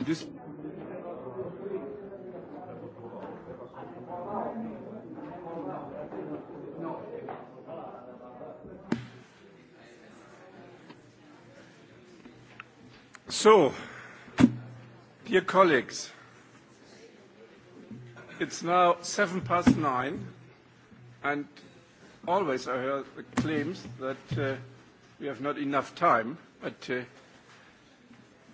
This So, dear colleagues, it's now seven past nine, and always I hear the claims that uh, we have not enough time, but uh,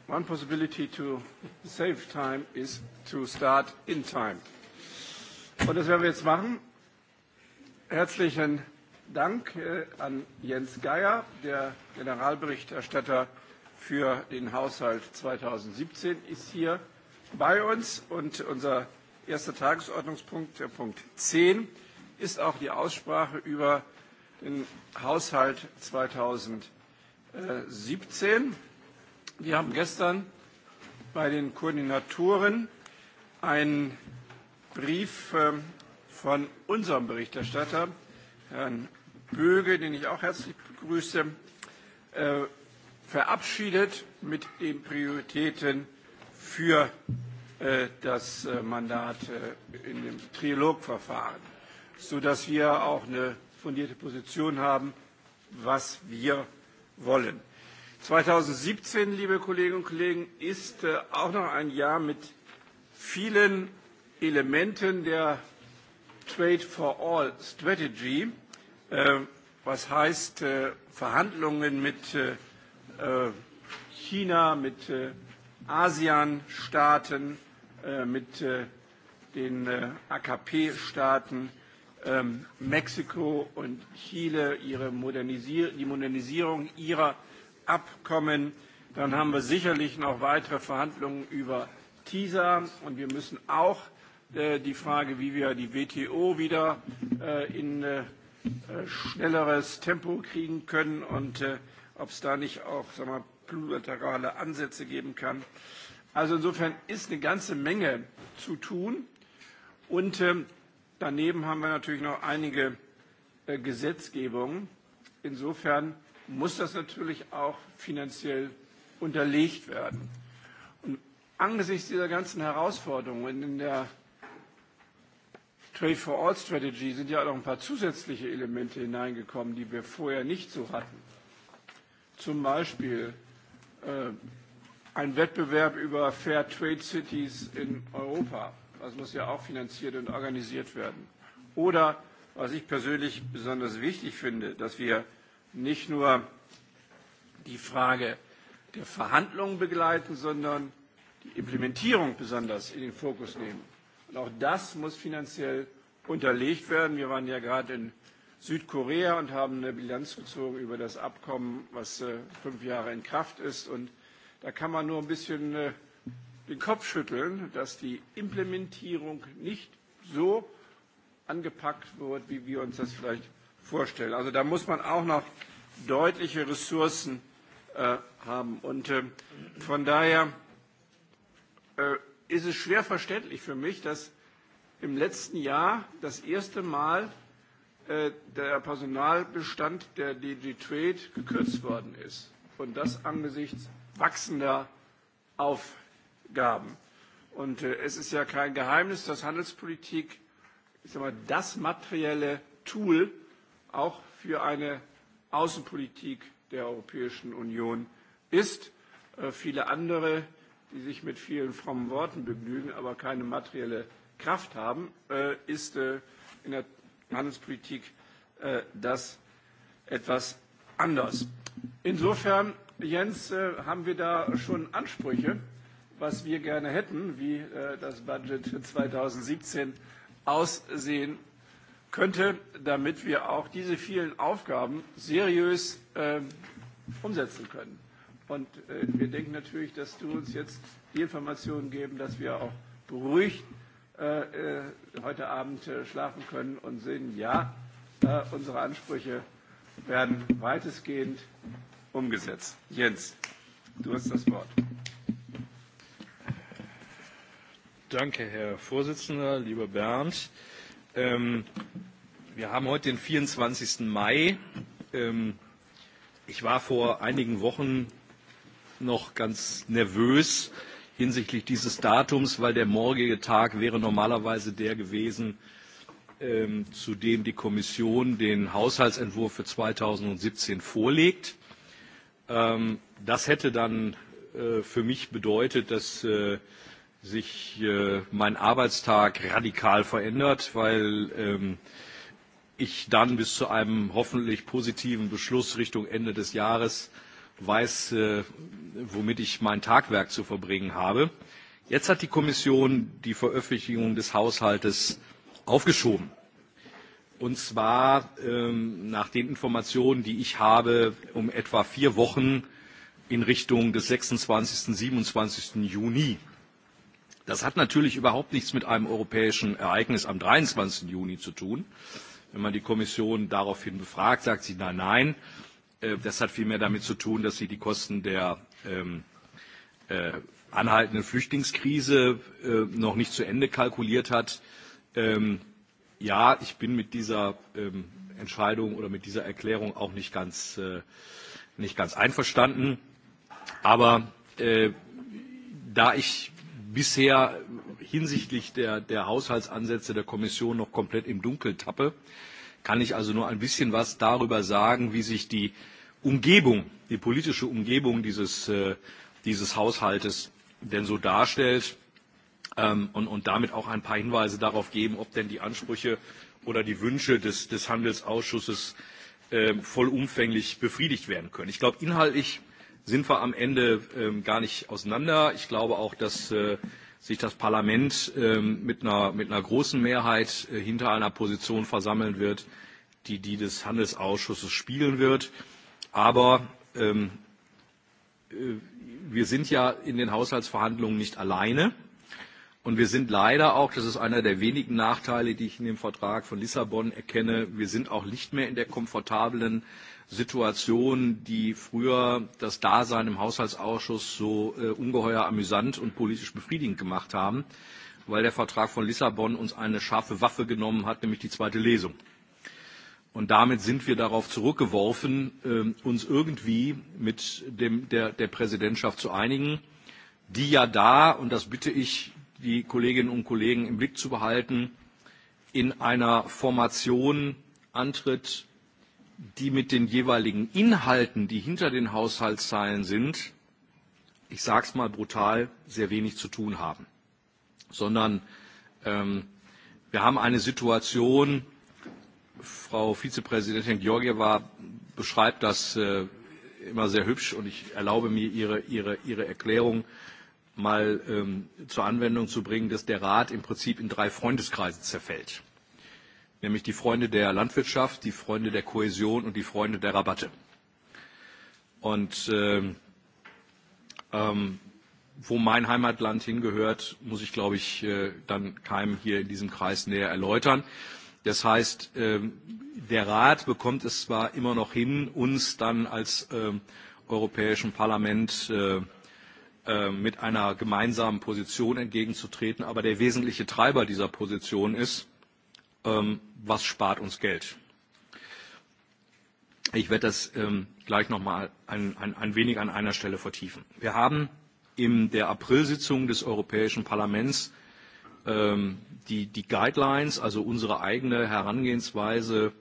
One possibility to save time is to start in time. Und das werden wir jetzt machen. Herzlichen Dank äh, an Jens Geier, der Generalberichterstatter für den Haushalt 2017, ist hier bei uns. Und unser erster Tagesordnungspunkt, der Punkt 10, ist auch die Aussprache über den Haushalt 2017. Wir haben gestern bei den Koordinatoren einen Brief ähm, von unserem Berichterstatter, Herrn Böge, den ich auch herzlich begrüße, äh, verabschiedet mit den Prioritäten für äh, das äh, Mandat in dem Trilogverfahren, sodass wir auch eine fundierte Position haben, was wir wollen. 2017, liebe Kolleginnen und Kollegen, ist äh, auch noch ein Jahr mit vielen Elementen der Trade for All Strategy, äh, was heißt äh, Verhandlungen mit äh, äh, China, mit äh, ASEAN-Staaten, mit den AKP-Staaten, ähm, Mexiko und Chile, ihre Modernisierung, die Modernisierung ihrer Abkommen. Dann haben wir sicherlich noch weitere Verhandlungen über TISA und wir müssen auch äh, die Frage, wie wir die WTO wieder äh, in äh, schnelleres Tempo kriegen können und äh, ob es da nicht auch sagen wir, plurilaterale Ansätze geben kann. Also insofern ist eine ganze Menge zu tun. Und äh, daneben haben wir natürlich noch einige äh, Gesetzgebungen. Insofern muss das natürlich auch finanziell unterlegt werden. Und angesichts dieser ganzen Herausforderungen in der Trade for All Strategy sind ja auch noch ein paar zusätzliche Elemente hineingekommen, die wir vorher nicht so hatten. Zum Beispiel äh, ein Wettbewerb über Fair Trade Cities in Europa. Das muss ja auch finanziert und organisiert werden. Oder, was ich persönlich besonders wichtig finde, dass wir nicht nur die Frage der Verhandlungen begleiten, sondern die Implementierung besonders in den Fokus nehmen. Und auch das muss finanziell unterlegt werden. Wir waren ja gerade in Südkorea und haben eine Bilanz gezogen über das Abkommen, was äh, fünf Jahre in Kraft ist. Und da kann man nur ein bisschen äh, den Kopf schütteln, dass die Implementierung nicht so angepackt wird, wie wir uns das vielleicht vorstellen. Also da muss man auch noch deutliche Ressourcen äh, haben. Und äh, von daher äh, ist es schwer verständlich für mich, dass im letzten Jahr das erste Mal äh, der Personalbestand der DG Trade gekürzt worden ist. Und das angesichts wachsender Aufgaben. Und äh, es ist ja kein Geheimnis, dass Handelspolitik ich sag mal, das materielle Tool auch für eine Außenpolitik der Europäischen Union ist. Äh, viele andere, die sich mit vielen frommen Worten begnügen, aber keine materielle Kraft haben, äh, ist äh, in der Handelspolitik äh, das etwas anders. Insofern, Jens, äh, haben wir da schon Ansprüche, was wir gerne hätten, wie äh, das Budget 2017 aussehen könnte, damit wir auch diese vielen Aufgaben seriös äh, umsetzen können. Und äh, wir denken natürlich, dass du uns jetzt die Informationen geben, dass wir auch beruhigt äh, äh, heute Abend äh, schlafen können und sehen, ja, äh, unsere Ansprüche werden weitestgehend umgesetzt. Jens, du hast das Wort. Danke, Herr Vorsitzender, lieber Bernd. Äh, Ähm, wir haben heute den 24. Mai. Ähm, ich war vor einigen Wochen noch ganz nervös hinsichtlich dieses Datums, weil der morgige Tag wäre normalerweise der gewesen, ähm, zu dem die Kommission den Haushaltsentwurf für 2017 vorlegt. Ähm, das hätte dann äh, für mich bedeutet, dass äh, sich äh, mein Arbeitstag radikal verändert, weil ähm, ich dann bis zu einem hoffentlich positiven Beschluss Richtung Ende des Jahres weiß, äh, womit ich mein Tagwerk zu verbringen habe. Jetzt hat die Kommission die Veröffentlichung des Haushaltes aufgeschoben. Und zwar ähm, nach den Informationen, die ich habe, um etwa vier Wochen in Richtung des 26. 27. Juni. Das hat natürlich überhaupt nichts mit einem europäischen Ereignis am 23. Juni zu tun. Wenn man die Kommission daraufhin befragt, sagt sie nein, nein. Äh, das hat vielmehr damit zu tun, dass sie die Kosten der ähm, äh, anhaltenden Flüchtlingskrise äh, noch nicht zu Ende kalkuliert hat. Ähm, ja, ich bin mit dieser ähm, Entscheidung oder mit dieser Erklärung auch nicht ganz, äh, nicht ganz einverstanden. Aber äh, da ich bisher hinsichtlich der, der Haushaltsansätze der Kommission noch komplett im Dunkeln tappe, kann ich also nur ein bisschen was darüber sagen, wie sich die Umgebung, die politische Umgebung dieses, äh, dieses Haushaltes denn so darstellt ähm, und, und damit auch ein paar Hinweise darauf geben, ob denn die Ansprüche oder die Wünsche des, des Handelsausschusses äh, vollumfänglich befriedigt werden können. Ich glaube, inhaltlich äh, sind wir am Ende ähm, gar nicht auseinander. Ich glaube auch, dass äh, sich das Parlament ähm, mit, einer, mit einer großen Mehrheit äh, hinter einer Position versammeln wird, die die des Handelsausschusses spielen wird. Aber ähm, äh, wir sind ja in den Haushaltsverhandlungen nicht alleine. Und wir sind leider auch, das ist einer der wenigen Nachteile, die ich in dem Vertrag von Lissabon erkenne, wir sind auch nicht mehr in der komfortablen äh, Situation, die früher das Dasein im Haushaltsausschuss so äh, ungeheuer amüsant und politisch befriedigend gemacht haben, weil der Vertrag von Lissabon uns eine scharfe Waffe genommen hat, nämlich die zweite Lesung. Und damit sind wir darauf zurückgeworfen, äh, uns irgendwie mit dem, der, der Präsidentschaft zu einigen, die ja da, und das bitte ich die Kolleginnen und Kollegen im Blick zu behalten, in einer Formation antritt, die mit den jeweiligen Inhalten, die hinter den Haushaltszeilen sind, ich sage es mal brutal, sehr wenig zu tun haben, sondern ähm, wir haben eine Situation, Frau Vizepräsidentin Georgieva beschreibt das äh, immer sehr hübsch und ich erlaube mir, Ihre, ihre, ihre Erklärung mal ähm, zur Anwendung zu bringen, dass der Rat im Prinzip in drei Freundeskreise zerfällt nämlich die Freunde der Landwirtschaft, die Freunde der Kohäsion und die Freunde der Rabatte. Und ähm, ähm, wo mein Heimatland hingehört, muss ich, glaube ich, äh, dann keinem hier in diesem Kreis näher erläutern. Das heißt, ähm, der Rat bekommt es zwar immer noch hin, uns dann als ähm, Europäischem Parlament äh, äh, mit einer gemeinsamen Position entgegenzutreten, aber der wesentliche Treiber dieser Position ist, ähm, was spart uns Geld. Ich werde das ähm, gleich noch mal ein, ein, ein wenig an einer Stelle vertiefen. Wir haben in der Aprilsitzung des Europäischen Parlaments ähm, die, die Guidelines, also unsere eigene Herangehensweise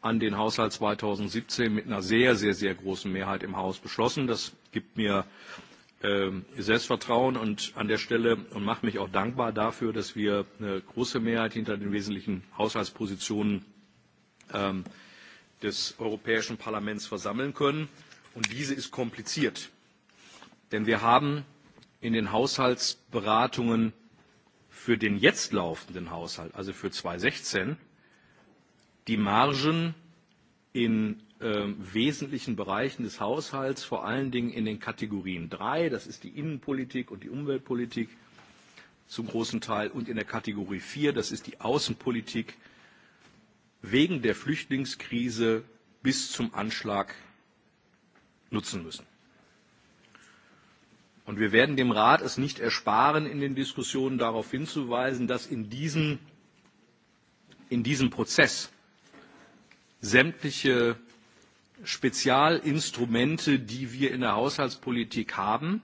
an den Haushalt 2017 mit einer sehr, sehr, sehr großen Mehrheit im Haus beschlossen. Das gibt mir äh, Ähm, Selbstvertrauen und an der Stelle und mache mich auch dankbar dafür, dass wir eine große Mehrheit hinter den wesentlichen Haushaltspositionen ähm, des Europäischen Parlaments versammeln können. Und diese ist kompliziert. Denn wir haben in den Haushaltsberatungen für den jetzt laufenden Haushalt, also für 2016, die Margen in Ähm, wesentlichen Bereichen des Haushalts, vor allen Dingen in den Kategorien 3, das ist die Innenpolitik und die Umweltpolitik zum großen Teil, und in der Kategorie 4, das ist die Außenpolitik, wegen der Flüchtlingskrise bis zum Anschlag nutzen müssen. Und wir werden dem Rat es nicht ersparen, in den Diskussionen darauf hinzuweisen, dass in diesem, in diesem Prozess sämtliche Spezialinstrumente, die wir in der Haushaltspolitik haben,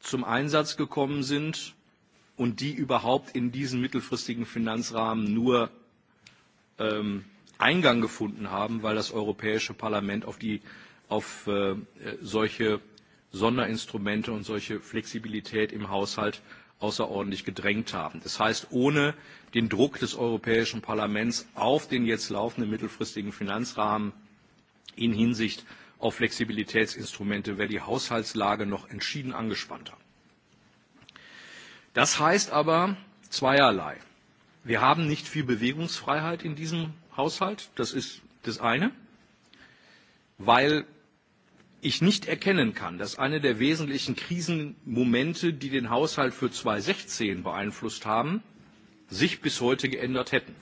zum Einsatz gekommen sind und die überhaupt in diesen mittelfristigen Finanzrahmen nur ähm, Eingang gefunden haben, weil das Europäische Parlament auf, die, auf äh, solche Sonderinstrumente und solche Flexibilität im Haushalt außerordentlich gedrängt haben. Das heißt, ohne den Druck des Europäischen Parlaments auf den jetzt laufenden mittelfristigen Finanzrahmen in Hinsicht auf Flexibilitätsinstrumente wäre die Haushaltslage noch entschieden angespannter. Das heißt aber zweierlei. Wir haben nicht viel Bewegungsfreiheit in diesem Haushalt. Das ist das eine, weil ich nicht erkennen kann, dass eine der wesentlichen Krisenmomente, die den Haushalt für 2016 beeinflusst haben, sich bis heute geändert hätten.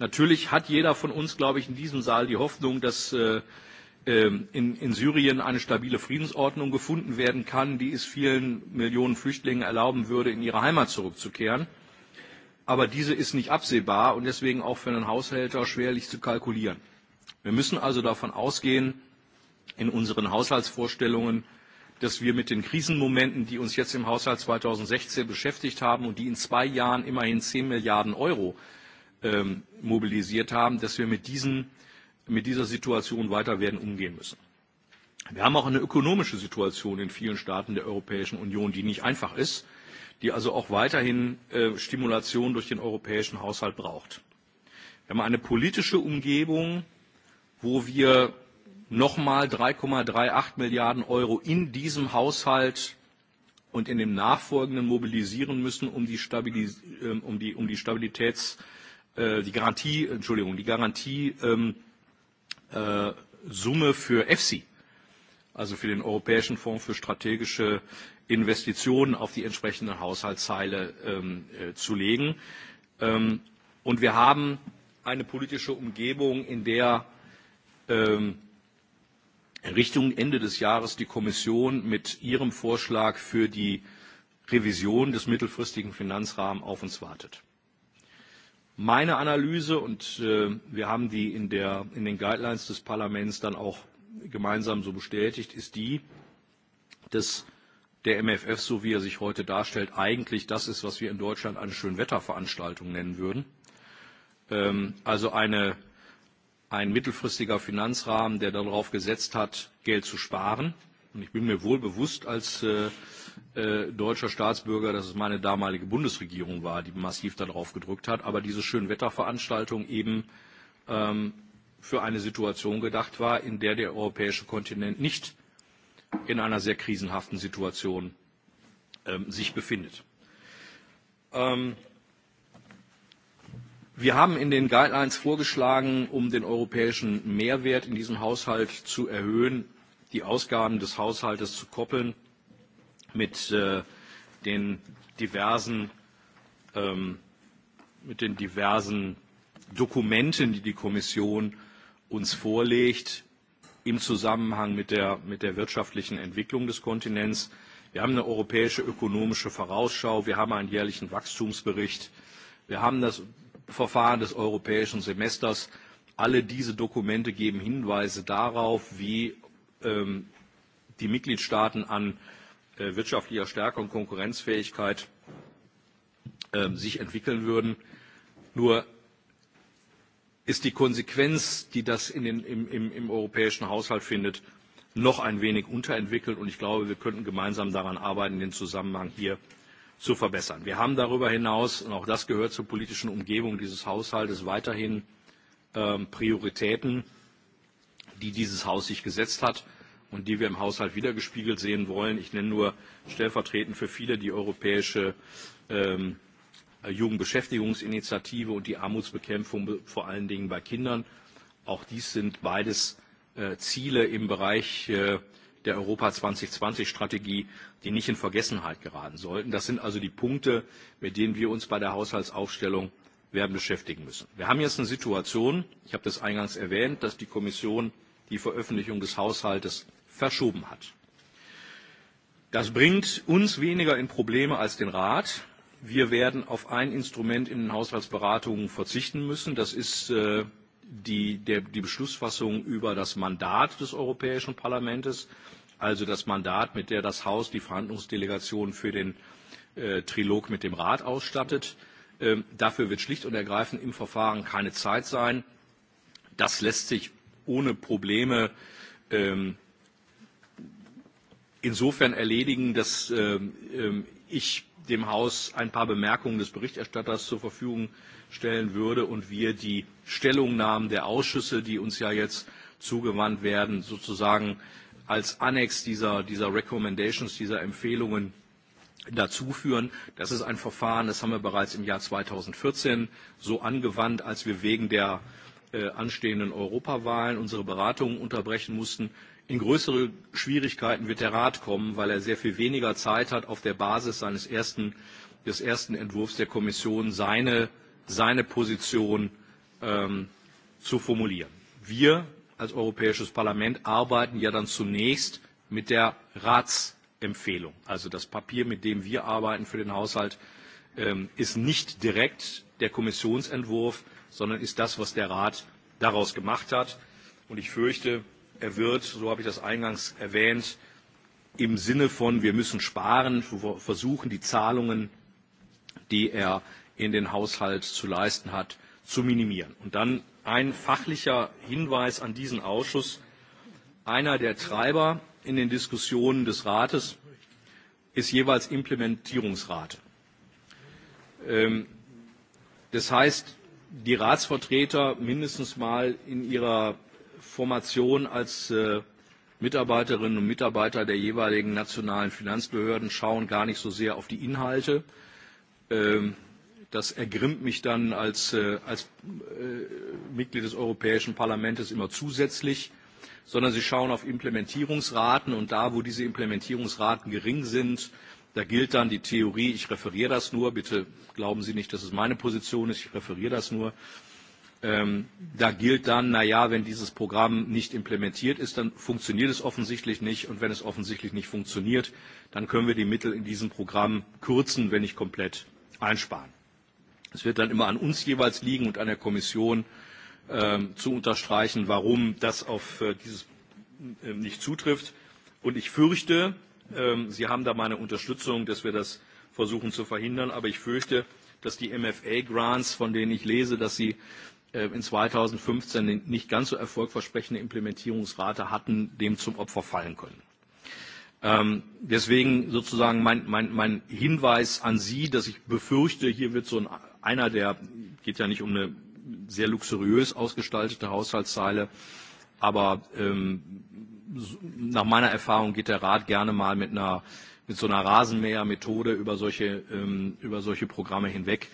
Natürlich hat jeder von uns, glaube ich, in diesem Saal die Hoffnung, dass äh, ähm, in, in Syrien eine stabile Friedensordnung gefunden werden kann, die es vielen Millionen Flüchtlingen erlauben würde, in ihre Heimat zurückzukehren. Aber diese ist nicht absehbar und deswegen auch für einen Haushälter schwerlich zu kalkulieren. Wir müssen also davon ausgehen, in unseren Haushaltsvorstellungen, dass wir mit den Krisenmomenten, die uns jetzt im Haushalt 2016 beschäftigt haben und die in zwei Jahren immerhin 10 Milliarden Euro ähm, mobilisiert haben, dass wir mit, diesen, mit dieser Situation weiter werden umgehen müssen. Wir haben auch eine ökonomische Situation in vielen Staaten der Europäischen Union, die nicht einfach ist, die also auch weiterhin äh, Stimulation durch den europäischen Haushalt braucht. Wir haben eine politische Umgebung, wo wir nochmal 3,38 Milliarden Euro in diesem Haushalt und in dem nachfolgenden mobilisieren müssen, um die, Stabilis äh, um die, um die Stabilitäts- äh, äh, die Garantie, Entschuldigung, die Garantiesumme ähm, äh, für EFSI, also für den Europäischen Fonds für strategische Investitionen auf die entsprechenden Haushaltszeile ähm, äh, zu legen. Ähm, und wir haben eine politische Umgebung, in der ähm, Richtung Ende des Jahres die Kommission mit ihrem Vorschlag für die Revision des mittelfristigen Finanzrahmens auf uns wartet. Meine Analyse, und äh, wir haben die in, der, in den Guidelines des Parlaments dann auch gemeinsam so bestätigt, ist die, dass der MFF, so wie er sich heute darstellt, eigentlich das ist, was wir in Deutschland eine Schönwetterveranstaltung nennen würden. Ähm, also eine, ein mittelfristiger Finanzrahmen, der darauf gesetzt hat, Geld zu sparen – Und ich bin mir wohl bewusst als äh, äh, deutscher Staatsbürger, dass es meine damalige Bundesregierung war, die massiv darauf gedrückt hat, aber diese Schönwetterveranstaltung eben ähm, für eine Situation gedacht war, in der der europäische Kontinent nicht in einer sehr krisenhaften Situation ähm, sich befindet. Ähm, wir haben in den Guidelines vorgeschlagen, um den europäischen Mehrwert in diesem Haushalt zu erhöhen, die Ausgaben des Haushaltes zu koppeln mit äh, den diversen, ähm, mit den diversen Dokumenten, die die Kommission uns vorlegt im Zusammenhang mit der, mit der wirtschaftlichen Entwicklung des Kontinents. Wir haben eine europäische ökonomische Vorausschau, wir haben einen jährlichen Wachstumsbericht, wir haben das Verfahren des europäischen Semesters. Alle diese Dokumente geben Hinweise darauf, wie Ähm, die Mitgliedstaaten an äh, wirtschaftlicher Stärke und Konkurrenzfähigkeit ähm, sich entwickeln würden. Nur ist die Konsequenz, die das in den, im, im, im europäischen Haushalt findet, noch ein wenig unterentwickelt. Und ich glaube, wir könnten gemeinsam daran arbeiten, den Zusammenhang hier zu verbessern. Wir haben darüber hinaus, und auch das gehört zur politischen Umgebung dieses Haushaltes, weiterhin ähm, Prioritäten die dieses Haus sich gesetzt hat und die wir im Haushalt wiedergespiegelt sehen wollen. Ich nenne nur stellvertretend für viele die europäische ähm, Jugendbeschäftigungsinitiative und die Armutsbekämpfung vor allen Dingen bei Kindern. Auch dies sind beides äh, Ziele im Bereich äh, der Europa 2020 Strategie, die nicht in Vergessenheit geraten sollten. Das sind also die Punkte, mit denen wir uns bei der Haushaltsaufstellung werden beschäftigen müssen. Wir haben jetzt eine Situation, ich habe das eingangs erwähnt, dass die Kommission die Veröffentlichung des Haushaltes verschoben hat. Das bringt uns weniger in Probleme als den Rat. Wir werden auf ein Instrument in den Haushaltsberatungen verzichten müssen. Das ist äh, die, der, die Beschlussfassung über das Mandat des Europäischen Parlaments, also das Mandat, mit der das Haus die Verhandlungsdelegation für den äh, Trilog mit dem Rat ausstattet. Ähm, dafür wird schlicht und ergreifend im Verfahren keine Zeit sein. Das lässt sich ohne Probleme ähm, insofern erledigen, dass ähm, ähm, ich dem Haus ein paar Bemerkungen des Berichterstatters zur Verfügung stellen würde und wir die Stellungnahmen der Ausschüsse, die uns ja jetzt zugewandt werden, sozusagen als Annex dieser, dieser Recommendations, dieser Empfehlungen dazuführen. Das ist ein Verfahren, das haben wir bereits im Jahr 2014 so angewandt, als wir wegen der äh, anstehenden Europawahlen unsere Beratungen unterbrechen mussten. In größere Schwierigkeiten wird der Rat kommen, weil er sehr viel weniger Zeit hat, auf der Basis seines ersten, des ersten Entwurfs der Kommission seine, seine Position ähm, zu formulieren. Wir als Europäisches Parlament arbeiten ja dann zunächst mit der Ratsempfehlung. Also das Papier, mit dem wir arbeiten für den Haushalt, ähm, ist nicht direkt der Kommissionsentwurf, sondern ist das, was der Rat daraus gemacht hat. Und ich fürchte, er wird, so habe ich das eingangs erwähnt, im Sinne von, wir müssen sparen, versuchen, die Zahlungen, die er in den Haushalt zu leisten hat, zu minimieren. Und dann ein fachlicher Hinweis an diesen Ausschuss. Einer der Treiber in den Diskussionen des Rates ist jeweils Implementierungsrate. Ähm, das heißt, die Ratsvertreter mindestens mal in ihrer Formation als äh, Mitarbeiterinnen und Mitarbeiter der jeweiligen nationalen Finanzbehörden schauen gar nicht so sehr auf die Inhalte. Ähm, das ergrimmt mich dann als, äh, als äh, Mitglied des Europäischen Parlaments immer zusätzlich, sondern sie schauen auf Implementierungsraten und da, wo diese Implementierungsraten gering sind, äh, Da gilt dann die Theorie, ich referiere das nur, bitte glauben Sie nicht, dass es meine Position ist, ich referiere das nur. Ähm, da gilt dann, naja, wenn dieses Programm nicht implementiert ist, dann funktioniert es offensichtlich nicht. Und wenn es offensichtlich nicht funktioniert, dann können wir die Mittel in diesem Programm kürzen, wenn nicht komplett einsparen. Es wird dann immer an uns jeweils liegen und an der Kommission äh, zu unterstreichen, warum das auf äh, dieses äh, nicht zutrifft. Und ich fürchte, Ähm, sie haben da meine Unterstützung, dass wir das versuchen zu verhindern. Aber ich fürchte, dass die MFA-Grants, von denen ich lese, dass sie äh, in 2015 nicht ganz so erfolgversprechende Implementierungsrate hatten, dem zum Opfer fallen können. Ähm, deswegen sozusagen mein, mein, mein Hinweis an Sie, dass ich befürchte, hier wird so ein, einer der, geht ja nicht um eine sehr luxuriös ausgestaltete Haushaltszeile, aber ähm, nach meiner Erfahrung geht der Rat gerne mal mit einer mit so einer Rasenmähermethode über solche ähm, über solche Programme hinweg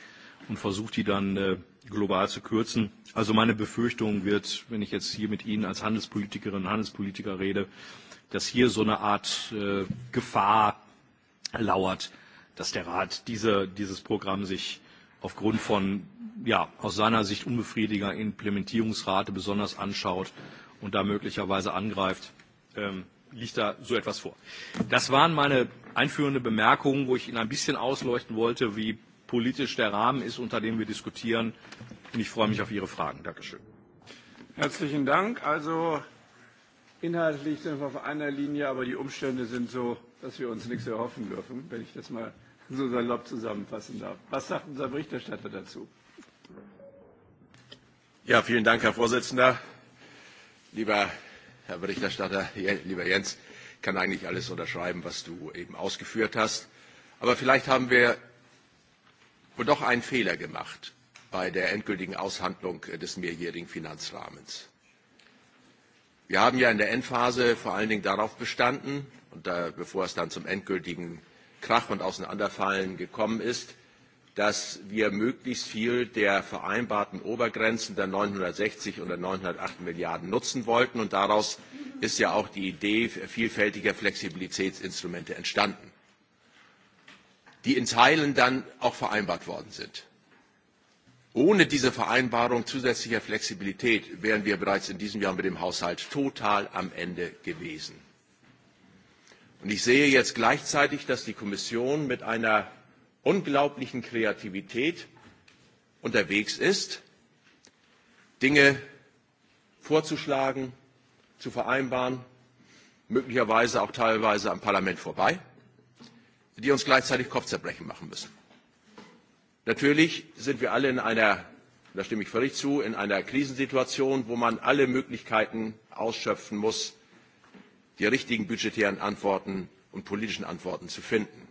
und versucht die dann äh, global zu kürzen. Also meine Befürchtung wird, wenn ich jetzt hier mit Ihnen als Handelspolitikerin und Handelspolitiker rede, dass hier so eine Art äh, Gefahr lauert, dass der Rat diese, dieses Programm sich aufgrund von ja, aus seiner Sicht unbefriediger Implementierungsrate besonders anschaut und da möglicherweise angreift ähm, liegt da so etwas vor. Das waren meine einführende Bemerkungen, wo ich Ihnen ein bisschen ausleuchten wollte, wie politisch der Rahmen ist, unter dem wir diskutieren. Und ich freue mich auf Ihre Fragen. Dankeschön. Herzlichen Dank. Also inhaltlich sind wir auf einer Linie, aber die Umstände sind so, dass wir uns nichts erhoffen dürfen, wenn ich das mal so salopp zusammenfassen darf. Was sagt unser Berichterstatter dazu? Ja, vielen Dank, Herr Vorsitzender. Lieber Herr Berichterstatter, lieber Jens, kann eigentlich alles unterschreiben, was du eben ausgeführt hast. Aber vielleicht haben wir wohl doch einen Fehler gemacht bei der endgültigen Aushandlung äh, des mehrjährigen Finanzrahmens. Wir haben ja in der Endphase vor allen Dingen darauf bestanden, und da, bevor es dann zum endgültigen Krach und Auseinanderfallen gekommen ist, dass wir möglichst viel der vereinbarten Obergrenzen der 960 oder 908 Milliarden nutzen wollten. Und daraus ist ja auch die Idee vielfältiger Flexibilitätsinstrumente entstanden, die in Teilen dann auch vereinbart worden sind. Ohne diese Vereinbarung zusätzlicher Flexibilität wären wir bereits in diesem Jahr mit dem Haushalt total am Ende gewesen. Und ich sehe jetzt gleichzeitig, dass die Kommission mit einer unglaublichen Kreativität unterwegs ist, Dinge vorzuschlagen, zu vereinbaren, möglicherweise auch teilweise am Parlament vorbei, die uns gleichzeitig Kopfzerbrechen machen müssen. Natürlich sind wir alle in einer, da stimme ich völlig zu, in einer Krisensituation, wo man alle Möglichkeiten ausschöpfen muss, die richtigen budgetären Antworten und politischen Antworten zu finden.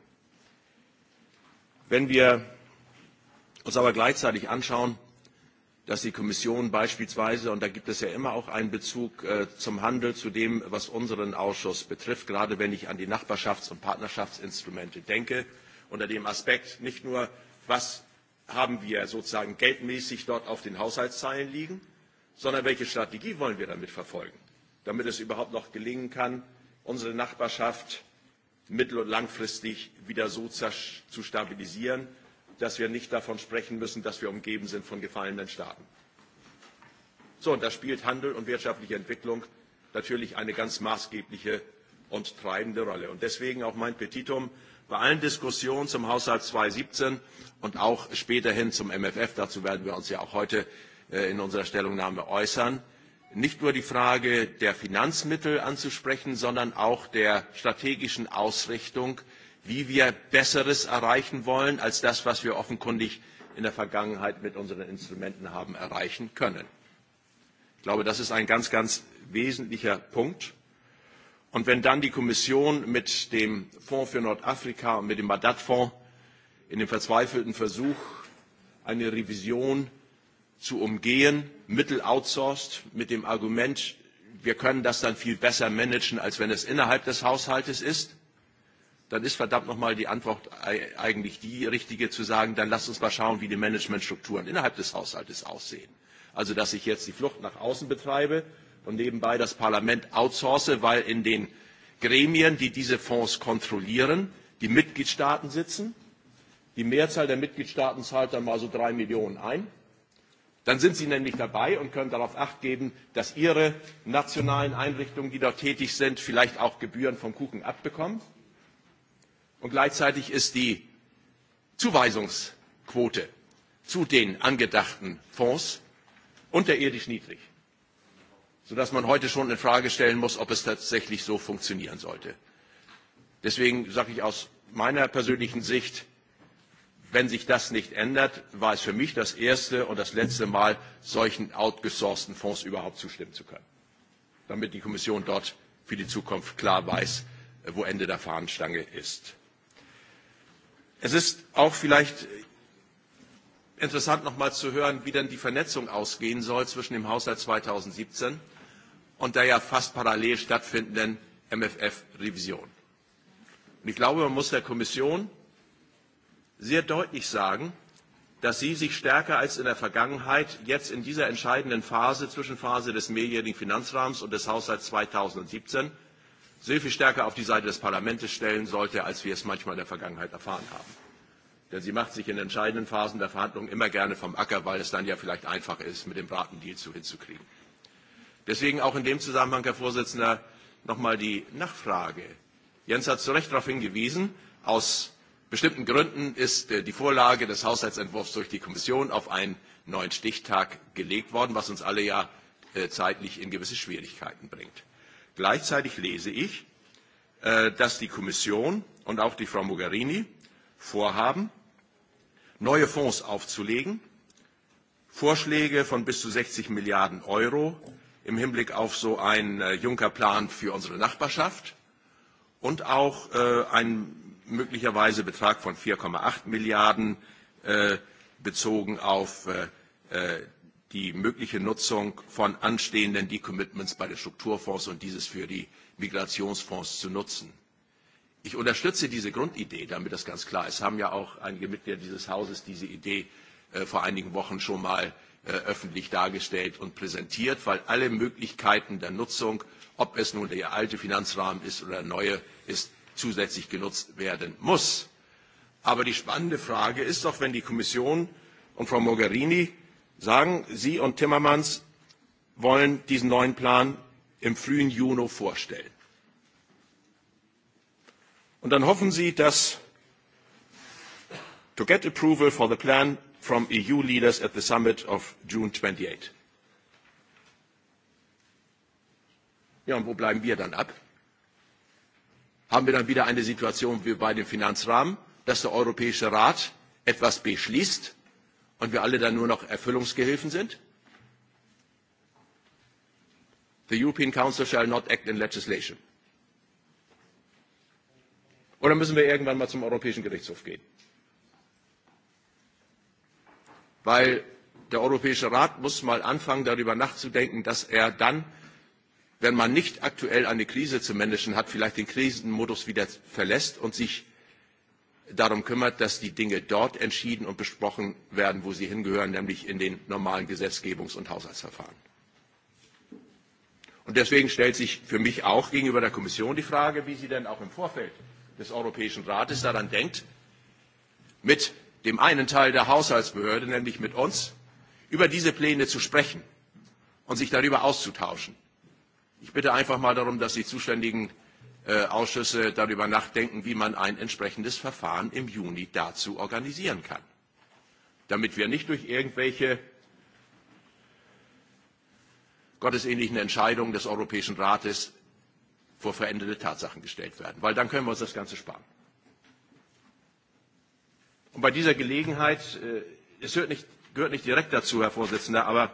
Wenn wir uns aber gleichzeitig anschauen, dass die Kommission beispielsweise, und da gibt es ja immer auch einen Bezug äh, zum Handel, zu dem, was unseren Ausschuss betrifft, gerade wenn ich an die Nachbarschafts- und Partnerschaftsinstrumente denke, unter dem Aspekt nicht nur, was haben wir sozusagen geldmäßig dort auf den Haushaltszeilen liegen, sondern welche Strategie wollen wir damit verfolgen, damit es überhaupt noch gelingen kann, unsere Nachbarschaft mittel- und langfristig wieder so zu stabilisieren, dass wir nicht davon sprechen müssen, dass wir umgeben sind von gefallenen Staaten. So, und da spielt Handel und wirtschaftliche Entwicklung natürlich eine ganz maßgebliche und treibende Rolle. Und deswegen auch mein Petitum bei allen Diskussionen zum Haushalt 2017 und auch späterhin zum MFF, dazu werden wir uns ja auch heute äh, in unserer Stellungnahme äußern, nicht nur die Frage der Finanzmittel anzusprechen, sondern auch der strategischen Ausrichtung, wie wir Besseres erreichen wollen als das, was wir offenkundig in der Vergangenheit mit unseren Instrumenten haben erreichen können. Ich glaube, das ist ein ganz, ganz wesentlicher Punkt. Und wenn dann die Kommission mit dem Fonds für Nordafrika und mit dem Madad-Fonds in dem verzweifelten Versuch, eine Revision zu umgehen, Mittel outsourced mit dem Argument, wir können das dann viel besser managen, als wenn es innerhalb des Haushaltes ist, dann ist verdammt nochmal die Antwort eigentlich die richtige zu sagen, dann lasst uns mal schauen, wie die Managementstrukturen innerhalb des Haushaltes aussehen. Also dass ich jetzt die Flucht nach außen betreibe und nebenbei das Parlament outsource, weil in den Gremien, die diese Fonds kontrollieren, die Mitgliedstaaten sitzen. Die Mehrzahl der Mitgliedstaaten zahlt dann mal so drei Millionen ein Dann sind Sie nämlich dabei und können darauf Acht geben, dass Ihre nationalen Einrichtungen, die dort tätig sind, vielleicht auch Gebühren vom Kuchen abbekommen. Und gleichzeitig ist die Zuweisungsquote zu den angedachten Fonds unterirdisch niedrig, sodass man heute schon in Frage stellen muss, ob es tatsächlich so funktionieren sollte. Deswegen sage ich aus meiner persönlichen Sicht, Wenn sich das nicht ändert, war es für mich das erste und das letzte Mal, solchen outgesourcten Fonds überhaupt zustimmen zu können, damit die Kommission dort für die Zukunft klar weiß, wo Ende der Fahnenstange ist. Es ist auch vielleicht interessant, noch mal zu hören, wie denn die Vernetzung ausgehen soll zwischen dem Haushalt 2017 und der ja fast parallel stattfindenden MFF-Revision. Und ich glaube, man muss der Kommission sehr deutlich sagen, dass Sie sich stärker als in der Vergangenheit jetzt in dieser entscheidenden Phase, Zwischenphase des mehrjährigen Finanzrahmens und des Haushalts 2017, sehr viel stärker auf die Seite des Parlaments stellen sollte, als wir es manchmal in der Vergangenheit erfahren haben. Denn sie macht sich in entscheidenden Phasen der Verhandlungen immer gerne vom Acker, weil es dann ja vielleicht einfach ist, mit dem Bratendeal zu hinzukriegen. Deswegen auch in dem Zusammenhang, Herr Vorsitzender, nochmal die Nachfrage. Jens hat zu Recht darauf hingewiesen, aus bestimmten Gründen ist äh, die Vorlage des Haushaltsentwurfs durch die Kommission auf einen neuen Stichtag gelegt worden, was uns alle ja äh, zeitlich in gewisse Schwierigkeiten bringt. Gleichzeitig lese ich, äh, dass die Kommission und auch die Frau Mogherini vorhaben, neue Fonds aufzulegen, Vorschläge von bis zu 60 Milliarden Euro im Hinblick auf so einen Juncker-Plan für unsere Nachbarschaft und auch einen möglicherweise Betrag von 4,8 Milliarden äh, bezogen auf äh, äh, die mögliche Nutzung von anstehenden Decommitments bei den Strukturfonds und dieses für die Migrationsfonds zu nutzen. Ich unterstütze diese Grundidee, damit das ganz klar ist. Haben ja auch einige Mitglieder dieses Hauses diese Idee äh, vor einigen Wochen schon mal äh, öffentlich dargestellt und präsentiert, weil alle Möglichkeiten der Nutzung, ob es nun der alte Finanzrahmen ist oder der neue ist, zusätzlich genutzt werden muss. Aber die spannende Frage ist doch, wenn die Kommission und Frau Mogherini sagen, Sie und Timmermans wollen diesen neuen Plan im frühen Juni vorstellen. Und dann hoffen Sie, dass to get approval for the plan from EU leaders at the summit of June 28. Ja, und wo bleiben wir dann ab? haben wir dann wieder eine Situation wie bei dem Finanzrahmen, dass der Europäische Rat etwas beschließt und wir alle dann nur noch Erfüllungsgehilfen sind? The European Council shall not act in legislation. Oder müssen wir irgendwann mal zum Europäischen Gerichtshof gehen? Weil der Europäische Rat muss mal anfangen, darüber nachzudenken, dass er dann wenn man nicht aktuell eine Krise zu managen hat, vielleicht den Krisenmodus wieder verlässt und sich darum kümmert, dass die Dinge dort entschieden und besprochen werden, wo sie hingehören, nämlich in den normalen Gesetzgebungs- und Haushaltsverfahren. Und deswegen stellt sich für mich auch gegenüber der Kommission die Frage, wie sie denn auch im Vorfeld des Europäischen Rates daran denkt, mit dem einen Teil der Haushaltsbehörde, nämlich mit uns, über diese Pläne zu sprechen und sich darüber auszutauschen. Ich bitte einfach mal darum, dass die zuständigen äh, Ausschüsse darüber nachdenken, wie man ein entsprechendes Verfahren im Juni dazu organisieren kann, damit wir nicht durch irgendwelche gottesähnlichen Entscheidungen des Europäischen Rates vor veränderte Tatsachen gestellt werden, weil dann können wir uns das Ganze sparen. Und bei dieser Gelegenheit, äh, es hört nicht, gehört nicht direkt dazu, Herr Vorsitzender, aber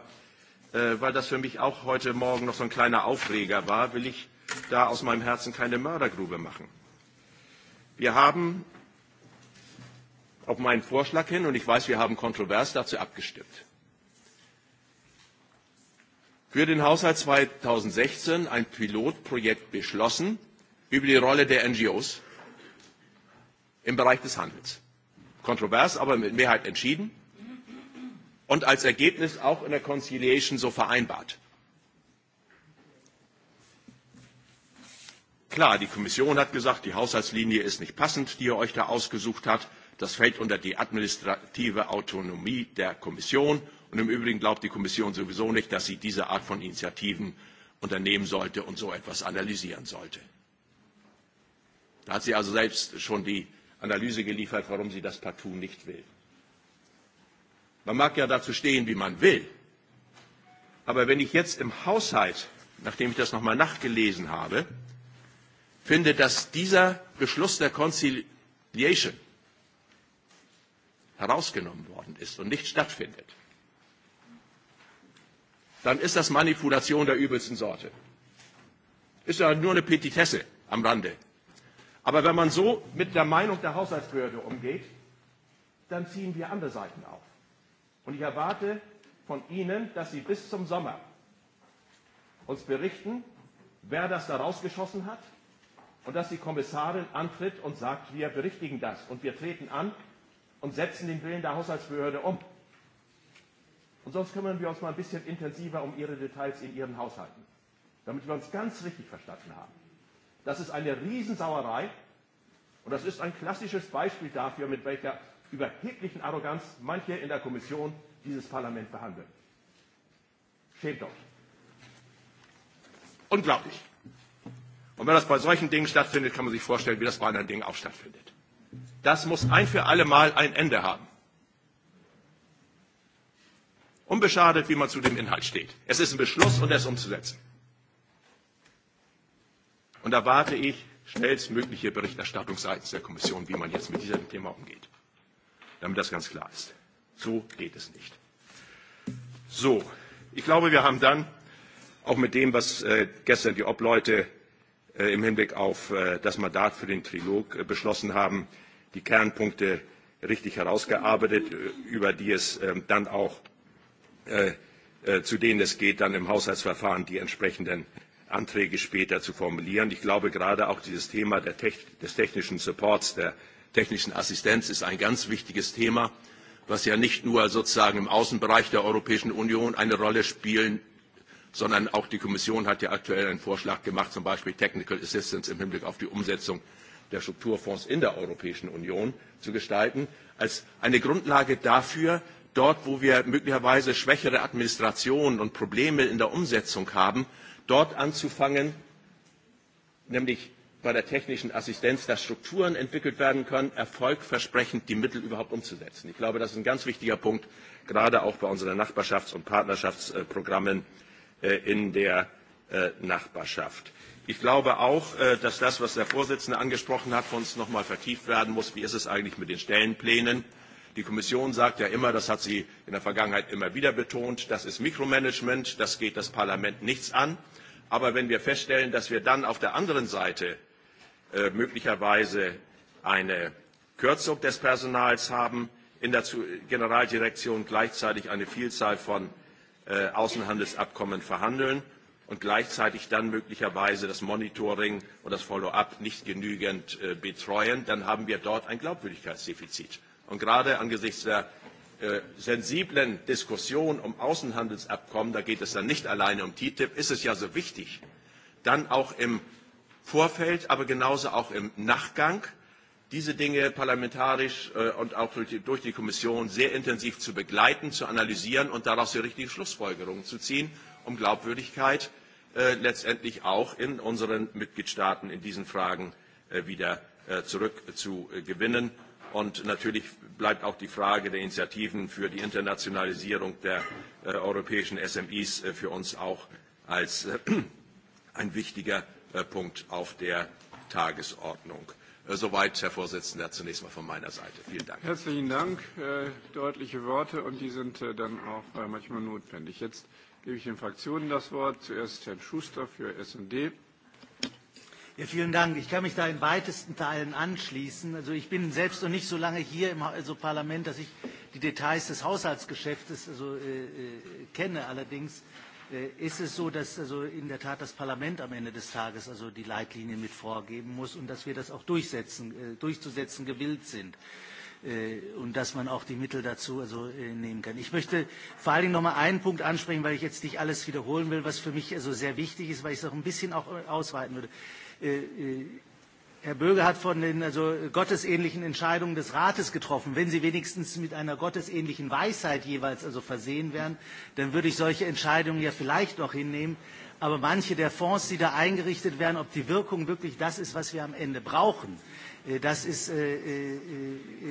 äh, weil das für mich auch heute Morgen noch so ein kleiner Aufreger war, will ich da aus meinem Herzen keine Mördergrube machen. Wir haben auf meinen Vorschlag hin, und ich weiß, wir haben kontrovers dazu abgestimmt, für den Haushalt 2016 ein Pilotprojekt beschlossen über die Rolle der NGOs im Bereich des Handels. Kontrovers, aber mit Mehrheit entschieden und als Ergebnis auch in der Conciliation so vereinbart. Klar, die Kommission hat gesagt, die Haushaltslinie ist nicht passend, die ihr euch da ausgesucht hat. Das fällt unter die administrative Autonomie der Kommission. Und im Übrigen glaubt die Kommission sowieso nicht, dass sie diese Art von Initiativen unternehmen sollte und so etwas analysieren sollte. Da hat sie also selbst schon die Analyse geliefert, warum sie das partout nicht will. Man mag ja dazu stehen, wie man will. Aber wenn ich jetzt im Haushalt, nachdem ich das nochmal nachgelesen habe, finde, dass dieser Beschluss der Conciliation herausgenommen worden ist und nicht stattfindet, dann ist das Manipulation der übelsten Sorte. Ist ja nur eine Petitesse am Rande. Aber wenn man so mit der Meinung der Haushaltsbehörde umgeht, dann ziehen wir andere Seiten auf. Und ich erwarte von Ihnen, dass Sie bis zum Sommer uns berichten, wer das da rausgeschossen hat und dass die Kommissarin antritt und sagt, wir berichtigen das und wir treten an und setzen den Willen der Haushaltsbehörde um. Und sonst kümmern wir uns mal ein bisschen intensiver um Ihre Details in Ihren Haushalten, damit wir uns ganz richtig verstanden haben. Das ist eine Riesensauerei und das ist ein klassisches Beispiel dafür, mit welcher überheblichen Arroganz manche in der Kommission dieses Parlament behandeln. Schämt euch. Unglaublich. Und wenn das bei solchen Dingen stattfindet, kann man sich vorstellen, wie das bei anderen Dingen auch stattfindet. Das muss ein für alle Mal ein Ende haben. Unbeschadet, wie man zu dem Inhalt steht. Es ist ein Beschluss und er ist umzusetzen. Und da warte ich schnellstmögliche Berichterstattung seitens der Kommission, wie man jetzt mit diesem Thema umgeht damit das ganz klar ist. So geht es nicht. So, ich glaube, wir haben dann auch mit dem, was äh, gestern die Obleute äh, im Hinblick auf äh, das Mandat für den Trilog äh, beschlossen haben, die Kernpunkte richtig herausgearbeitet, äh, über die es äh, dann auch äh, äh, zu denen es geht, dann im Haushaltsverfahren die entsprechenden Anträge später zu formulieren. Ich glaube gerade auch dieses Thema der Tech des technischen Supports der technischen Assistenz ist ein ganz wichtiges Thema, was ja nicht nur sozusagen im Außenbereich der Europäischen Union eine Rolle spielen, sondern auch die Kommission hat ja aktuell einen Vorschlag gemacht, zum Beispiel Technical Assistance im Hinblick auf die Umsetzung der Strukturfonds in der Europäischen Union zu gestalten, als eine Grundlage dafür, dort, wo wir möglicherweise schwächere Administrationen und Probleme in der Umsetzung haben, dort anzufangen, nämlich bei der technischen Assistenz, dass Strukturen entwickelt werden können, erfolgversprechend die Mittel überhaupt umzusetzen. Ich glaube, das ist ein ganz wichtiger Punkt, gerade auch bei unseren Nachbarschafts- und Partnerschaftsprogrammen äh, in der äh, Nachbarschaft. Ich glaube auch, äh, dass das, was der Vorsitzende angesprochen hat, von uns noch mal vertieft werden muss. Wie ist es eigentlich mit den Stellenplänen? Die Kommission sagt ja immer, das hat sie in der Vergangenheit immer wieder betont, das ist Mikromanagement, das geht das Parlament nichts an. Aber wenn wir feststellen, dass wir dann auf der anderen Seite äh, möglicherweise eine Kürzung des Personals haben, in der Generaldirektion gleichzeitig eine Vielzahl von äh, Außenhandelsabkommen verhandeln und gleichzeitig dann möglicherweise das Monitoring und das Follow-up nicht genügend äh, betreuen, dann haben wir dort ein Glaubwürdigkeitsdefizit. Und gerade angesichts der äh, sensiblen Diskussion um Außenhandelsabkommen, da geht es dann nicht alleine um TTIP, ist es ja so wichtig, dann auch im Vorfeld, aber genauso auch im Nachgang diese Dinge parlamentarisch äh, und auch durch die, durch die Kommission sehr intensiv zu begleiten, zu analysieren und daraus die richtigen Schlussfolgerungen zu ziehen, um Glaubwürdigkeit äh, letztendlich auch in unseren Mitgliedstaaten in diesen Fragen äh, wieder äh, zurückzugewinnen. Äh, Und natürlich bleibt auch die Frage der Initiativen für die Internationalisierung der äh, europäischen SMIs äh, für uns auch als äh, ein wichtiger Äh, Punkt auf der Tagesordnung. Äh, soweit, Herr Vorsitzender, zunächst mal von meiner Seite. Vielen Dank. Herzlichen Dank. Äh, deutliche Worte und die sind dann auch manchmal notwendig. Jetzt gebe ich den Fraktionen das Wort. Zuerst Herrn Schuster für S&D. Ja, vielen Dank. Ich kann mich da in weitesten Teilen anschließen. Also ich bin selbst noch nicht so lange hier im also Parlament, dass ich die Details des Haushaltsgeschäftes also, äh, äh, kenne. Allerdings äh, Äh, ist es so, dass also in der Tat das Parlament am Ende des Tages also die Leitlinien mit vorgeben muss und dass wir das auch durchsetzen, äh, durchzusetzen gewillt sind äh, und dass man auch die Mittel dazu also nehmen kann. Ich möchte vor allen Dingen noch mal einen Punkt ansprechen, weil ich jetzt nicht alles wiederholen will, was für mich also sehr wichtig ist, weil ich es auch ein bisschen auch ausweiten würde. Herr Böge hat von den also gottesähnlichen Entscheidungen des Rates getroffen. Wenn sie wenigstens mit einer gottesähnlichen Weisheit jeweils also versehen wären, dann würde ich solche Entscheidungen ja vielleicht noch hinnehmen. Aber manche der Fonds, die da eingerichtet werden, ob die Wirkung wirklich das ist, was wir am Ende brauchen, Äh, das ist, äh, äh,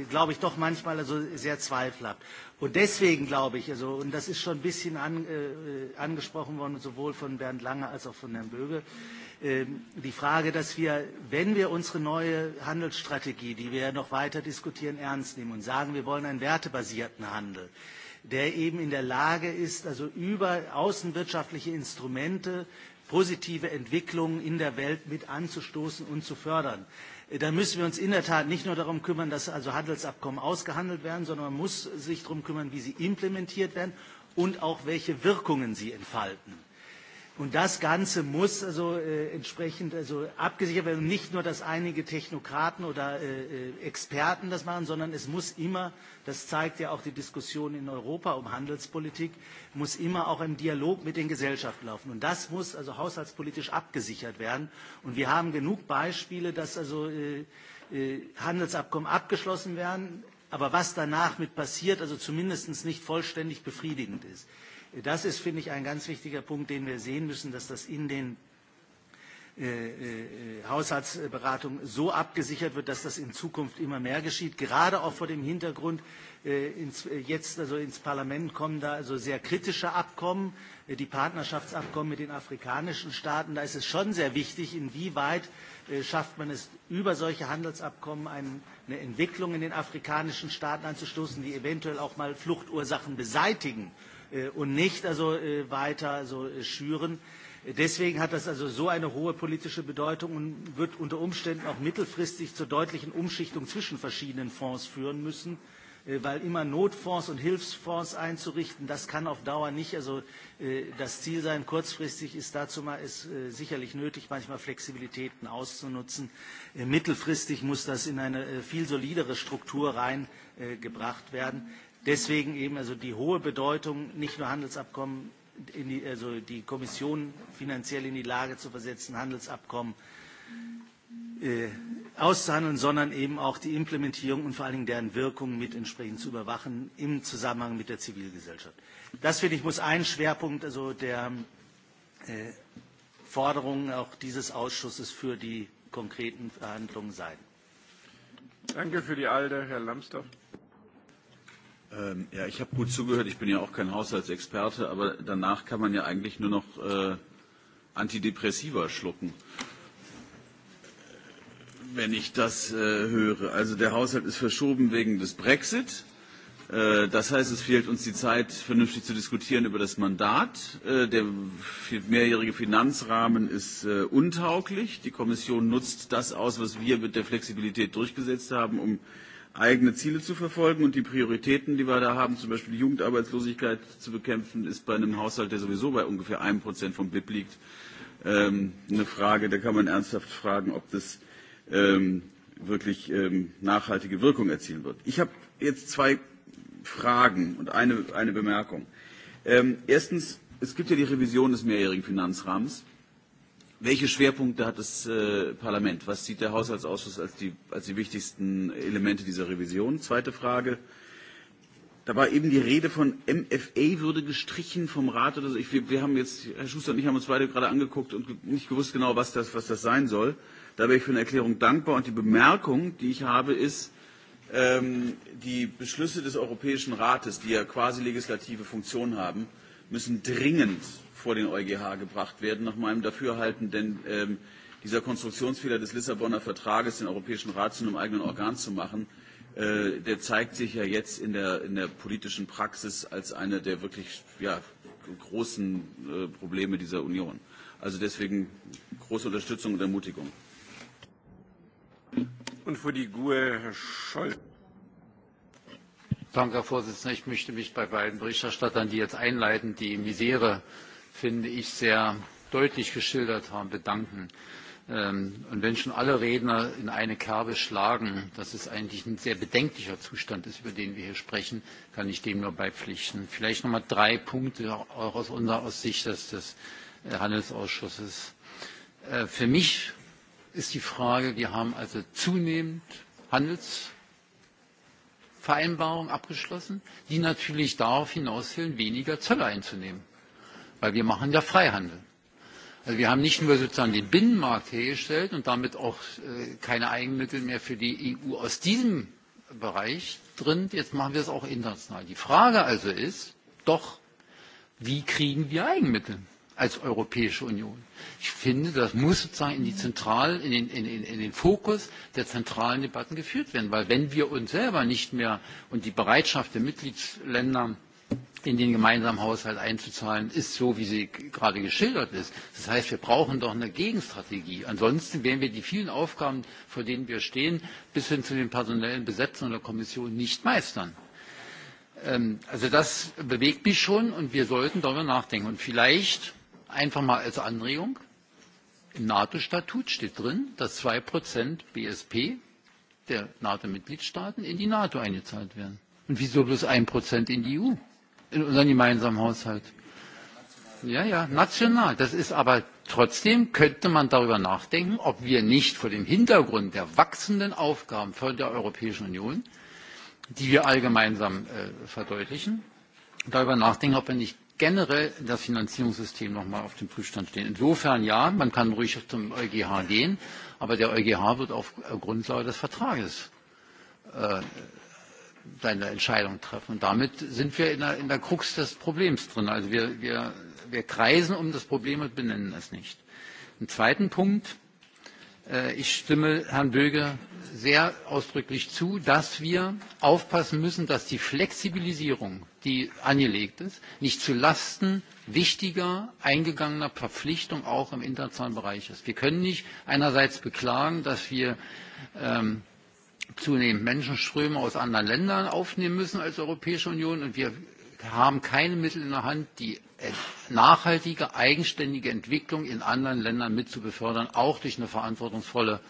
glaube ich, doch manchmal also sehr zweifelhaft. Und deswegen glaube ich, also, und das ist schon ein bisschen an, äh, angesprochen worden, sowohl von Bernd Lange als auch von Herrn Böge, äh, die Frage, dass wir, wenn wir unsere neue Handelsstrategie, die wir ja noch weiter diskutieren, ernst nehmen und sagen, wir wollen einen wertebasierten Handel, der eben in der Lage ist, also über außenwirtschaftliche Instrumente positive Entwicklungen in der Welt mit anzustoßen und zu fördern dann müssen wir uns in der Tat nicht nur darum kümmern, dass also Handelsabkommen ausgehandelt werden, sondern man muss sich darum kümmern, wie sie implementiert werden und auch welche Wirkungen sie entfalten. Und das Ganze muss also äh, entsprechend also abgesichert werden. Nicht nur, dass einige Technokraten oder äh, äh, Experten das machen, sondern es muss immer, das zeigt ja auch die Diskussion in Europa um Handelspolitik, muss immer auch im Dialog mit den Gesellschaften laufen. Und das muss also haushaltspolitisch abgesichert werden. Und wir haben genug Beispiele, dass also äh, äh, Handelsabkommen abgeschlossen werden, aber was danach mit passiert, also zumindest nicht vollständig befriedigend ist. Das ist, finde ich, ein ganz wichtiger Punkt, den wir sehen müssen, dass das in den äh, äh, Haushaltsberatung so abgesichert wird, dass das in Zukunft immer mehr geschieht. Gerade auch vor dem Hintergrund, äh, ins, äh, jetzt also ins Parlament kommen da also sehr kritische Abkommen, äh, die Partnerschaftsabkommen mit den afrikanischen Staaten. Da ist es schon sehr wichtig, inwieweit äh, schafft man es, über solche Handelsabkommen einen, eine Entwicklung in den afrikanischen Staaten anzustoßen, die eventuell auch mal Fluchtursachen beseitigen. Äh, äh, und nicht also äh, weiter also, äh, schüren. Äh, deswegen hat das also so eine hohe politische Bedeutung und wird unter Umständen auch mittelfristig zur deutlichen Umschichtung zwischen verschiedenen Fonds führen müssen, äh, weil immer Notfonds und Hilfsfonds einzurichten, das kann auf Dauer nicht also äh, das Ziel sein. Kurzfristig ist dazu mal ist sicherlich nötig, manchmal Flexibilitäten auszunutzen. Mittelfristig muss das in eine viel solidere Struktur reingebracht werden deswegen eben also die hohe Bedeutung, nicht nur Handelsabkommen, in die, also die Kommission finanziell in die Lage zu versetzen, Handelsabkommen äh, auszuhandeln, sondern eben auch die Implementierung und vor allen Dingen deren Wirkung mit entsprechend zu überwachen im Zusammenhang mit der Zivilgesellschaft. Das finde ich muss ein Schwerpunkt also der äh, Forderungen auch dieses Ausschusses für die konkreten Verhandlungen sein. Danke für die ALDE, Herr Lambsdorff. Ähm, ja, ich habe gut zugehört. Ich bin ja auch kein Haushaltsexperte, aber danach kann man ja eigentlich nur noch äh, Antidepressiva schlucken, wenn ich das äh, höre. Also der Haushalt ist verschoben wegen des Brexit. Äh, das heißt, es fehlt uns die Zeit, vernünftig zu diskutieren über das Mandat. Äh, der mehrjährige Finanzrahmen ist äh, untauglich. Die Kommission nutzt das aus, was wir mit der Flexibilität durchgesetzt haben, um äh, eigene Ziele zu verfolgen. Und die Prioritäten, die wir da haben, zum Beispiel die Jugendarbeitslosigkeit zu bekämpfen, ist bei einem Haushalt, der sowieso bei ungefähr einem Prozent vom BIP liegt, ähm, eine Frage, da kann man ernsthaft fragen, ob das ähm, wirklich ähm, nachhaltige Wirkung erzielen wird. Ich habe jetzt zwei Fragen und eine, eine Bemerkung. Ähm, erstens, es gibt ja die Revision des mehrjährigen Finanzrahmens. Äh, Welche Schwerpunkte hat das äh, Parlament? Was sieht der Haushaltsausschuss als die, als die wichtigsten Elemente dieser Revision? Zweite Frage. Da war eben die Rede von MFA würde gestrichen vom Rat oder so. Ich, wir, wir haben jetzt, Herr Schuster und ich haben uns beide gerade angeguckt und nicht gewusst genau, was das, was das sein soll. Da wäre ich für eine Erklärung dankbar. Und die Bemerkung, die ich habe, ist, ähm, die Beschlüsse des Europäischen Rates, die ja quasi legislative Funktion haben, äh, müssen dringend vor den EuGH gebracht werden, nach meinem Dafürhalten, denn ähm, dieser Konstruktionsfehler des Lissabonner Vertrages, den Europäischen Rat zu einem eigenen Organ zu machen, äh, der zeigt sich ja jetzt in der, in der politischen Praxis als einer der wirklich ja, großen äh, Probleme dieser Union. Also deswegen große Unterstützung und Ermutigung. Und für die GUE, Herr Scholz. Danke, Herr Vorsitzender. Ich möchte mich bei beiden Berichterstattern, die jetzt einleiten, die Misere, finde ich, sehr deutlich geschildert haben, bedanken. Ähm, und wenn schon alle Redner in eine Kerbe schlagen, dass es eigentlich ein sehr bedenklicher Zustand ist, über den wir hier sprechen, kann ich dem nur beipflichten. Vielleicht nochmal drei Punkte auch aus unserer aus Sicht des, des äh, Handelsausschusses. Äh, für mich ist die Frage, wir haben also zunehmend Handels vereinbarung abgeschlossen die natürlich darauf hinauszielen weniger zölle einzunehmen denn wir machen ja freihandel. Also wir haben nicht nur sozusagen den binnenmarkt hergestellt und damit auch äh, keine eigenmittel mehr für die eu aus diesem bereich drin jetzt machen wir es auch international. die frage also ist doch wie kriegen wir eigenmittel? als Europäische Union. Ich finde, das muss sozusagen in, die Zentral, in, den, in, in, in den Fokus der zentralen Debatten geführt werden, weil wenn wir uns selber nicht mehr und die Bereitschaft der Mitgliedsländer in den gemeinsamen Haushalt einzuzahlen, ist so, wie sie gerade geschildert ist. Das heißt, wir brauchen doch eine Gegenstrategie. Ansonsten werden wir die vielen Aufgaben, vor denen wir stehen, bis hin zu den personellen Besetzungen der Kommission nicht meistern. Ähm, also das bewegt mich schon und wir sollten darüber nachdenken. Und vielleicht einfach mal als anregung im nato statut steht drin dass zwei prozent bsp der nato mitgliedstaaten in die nato eingezahlt werden. und wieso bloß ein prozent in die eu in unseren gemeinsamen haushalt? ja ja national. das ist aber trotzdem könnte man darüber nachdenken ob wir nicht vor dem hintergrund der wachsenden aufgaben der europäischen union die wir alle gemeinsam äh, verdeutlichen darüber nachdenken ob wir nicht generell das Finanzierungssystem nochmal auf dem Prüfstand stehen. Insofern ja, man kann ruhig zum EuGH gehen, aber der EuGH wird auf äh, Grundlage des Vertrages äh, seine Entscheidung treffen. Und damit sind wir in der, in der Krux des Problems drin. Also wir, wir, wir kreisen um das Problem und benennen es nicht. Einen zweiten Punkt Äh, ich stimme Herrn Böge sehr ausdrücklich zu, dass wir aufpassen müssen, dass die Flexibilisierung, die angelegt ist, nicht zu Lasten wichtiger eingegangener Verpflichtungen auch im internationalen Bereich ist. Wir können nicht einerseits beklagen, dass wir ähm, zunehmend Menschenströme aus anderen Ländern aufnehmen müssen als Europäische Union und wir haben keine Mittel in der Hand, die nachhaltige, eigenständige Entwicklung in anderen Ländern mit zu befördern, auch durch eine verantwortungsvolle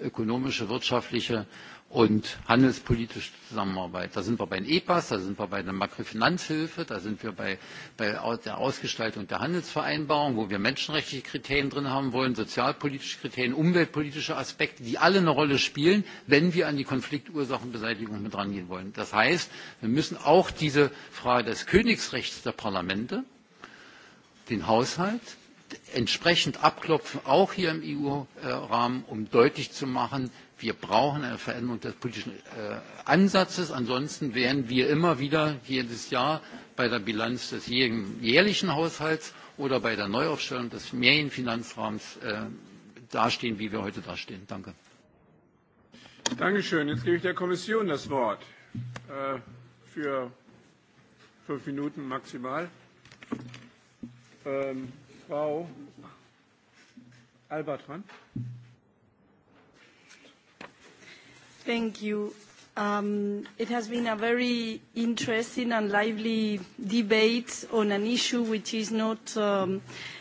ökonomische, wirtschaftliche und handelspolitische Zusammenarbeit. Da sind wir bei den EPAs, da sind wir bei der Makrofinanzhilfe, da sind wir bei, bei der Ausgestaltung der Handelsvereinbarung, wo wir menschenrechtliche Kriterien drin haben wollen, sozialpolitische Kriterien, umweltpolitische Aspekte, die alle eine Rolle spielen, wenn wir an die Konfliktursachenbeseitigung mit rangehen wollen. Das heißt, wir müssen auch diese Frage des Königsrechts der Parlamente den haushalt entsprechend abklopfen auch hier im eu rahmen um deutlich zu machen wir brauchen eine veränderung des politischen äh, ansatzes ansonsten wären wir immer wieder jedes jahr bei der bilanz des jährlichen haushalts oder bei der neuaufstellung des mehrjährigen finanzrahmens äh, dastehen wie wir heute dastehen. danke. dankeschön. jetzt gebe ich der kommission das wort äh, für fünf minuten maximal ähm, Frau Albert dran. Thank you. Um, it has been a very interesting and lively debate on an issue which is not, um,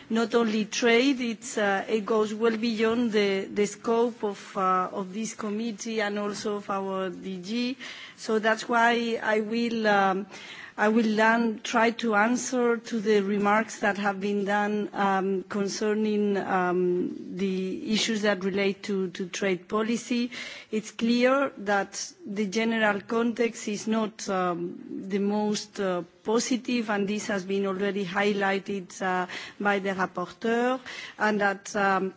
not only trade, it's, uh, it goes well beyond the, the scope of, uh, of this committee and also of our DG. So that's why I will um, I will then try to answer to the remarks that have been done um, concerning um, the issues that relate to, to trade policy. It's clear that the general context is not um, the most uh, positive, and this has been already highlighted uh, by the rapporteur, and that um,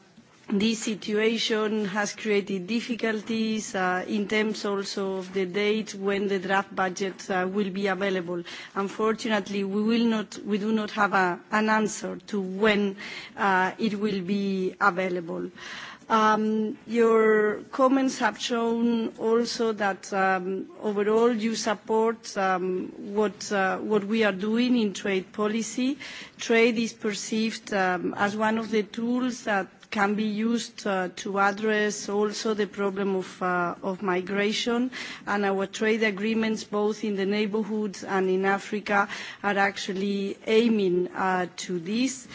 this situation has created difficulties uh, in terms also of the date when the draft budget uh, will be available. Unfortunately, we, will not, we do not have a, uh, an answer to when uh, it will be available. Um, your comments have shown also that um, overall you support um, what, uh, what we are doing in trade policy. Trade is perceived um, as one of the tools that can be used uh, to address also the problem of, uh, of migration. And our trade agreements, both in the neighborhoods and in Africa, are actually aiming uh, to this.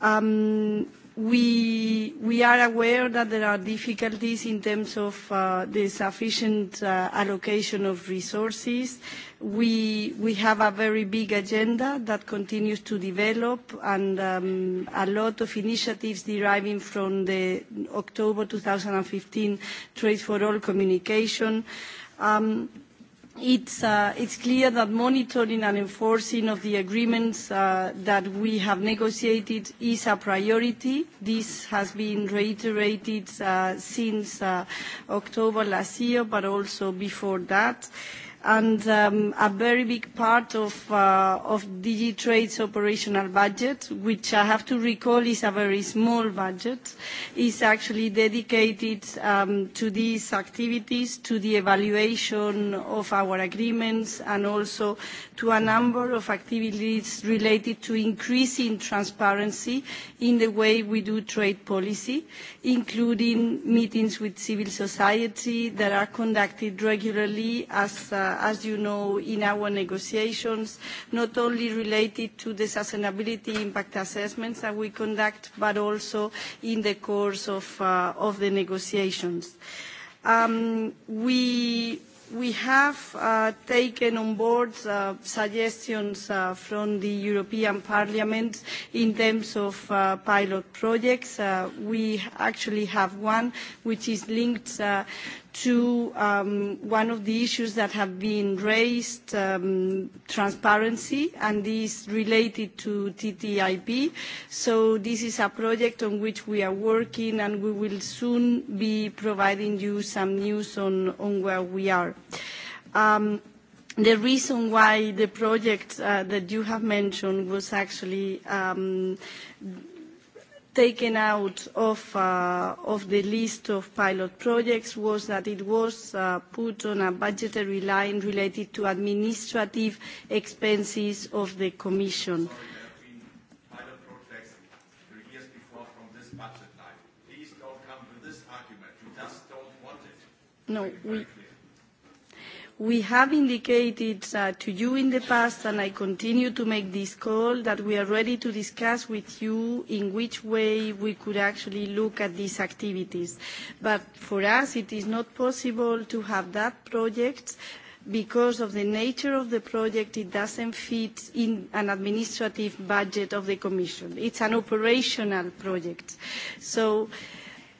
Um, We, we are aware that there are difficulties in terms of uh, the sufficient uh, allocation of resources. We, we have a very big agenda that continues to develop and um, a lot of initiatives deriving from the October 2015 Trade for All communication. Um, it's, uh, it's clear that monitoring and enforcing of the agreements uh, that we have negotiated is a priority. This has been reiterated uh, since uh, October last year, but also before that. Uh, and um, a very big part of, uh, of Digitrade's operational budget, which I have to recall is a very small budget, is actually dedicated um, to these activities, to the evaluation of our agreements, and also to a number of activities related to increasing transparency in the way we do trade policy, including meetings with civil society that are conducted regularly as uh, Uh, as you know, in our negotiations, not only related to the sustainability impact assessments that we conduct, but also in the course of, uh, of the negotiations. Um, we we have uh, taken on board uh, suggestions uh, from the European Parliament in terms of uh, pilot projects. Uh, we actually have one which is linked uh, to um, one of the issues that have been raised, um, transparency, and this related to TTIP. So this is a project on which we are working, and we will soon be providing you some news on, on where we are. Um, the reason why the project uh, that you have mentioned was actually um, taken out of, uh, of the list of pilot projects was that it was uh, put on a budgetary line related to administrative expenses of the Commission. No, we, We have indicated uh, to you in the past, and I continue to make this call, that we are ready to discuss with you in which way we could actually look at these activities. But for us, it is not possible to have that project because of the nature of the project, it doesn't fit in an administrative budget of the Commission. It's an operational project. So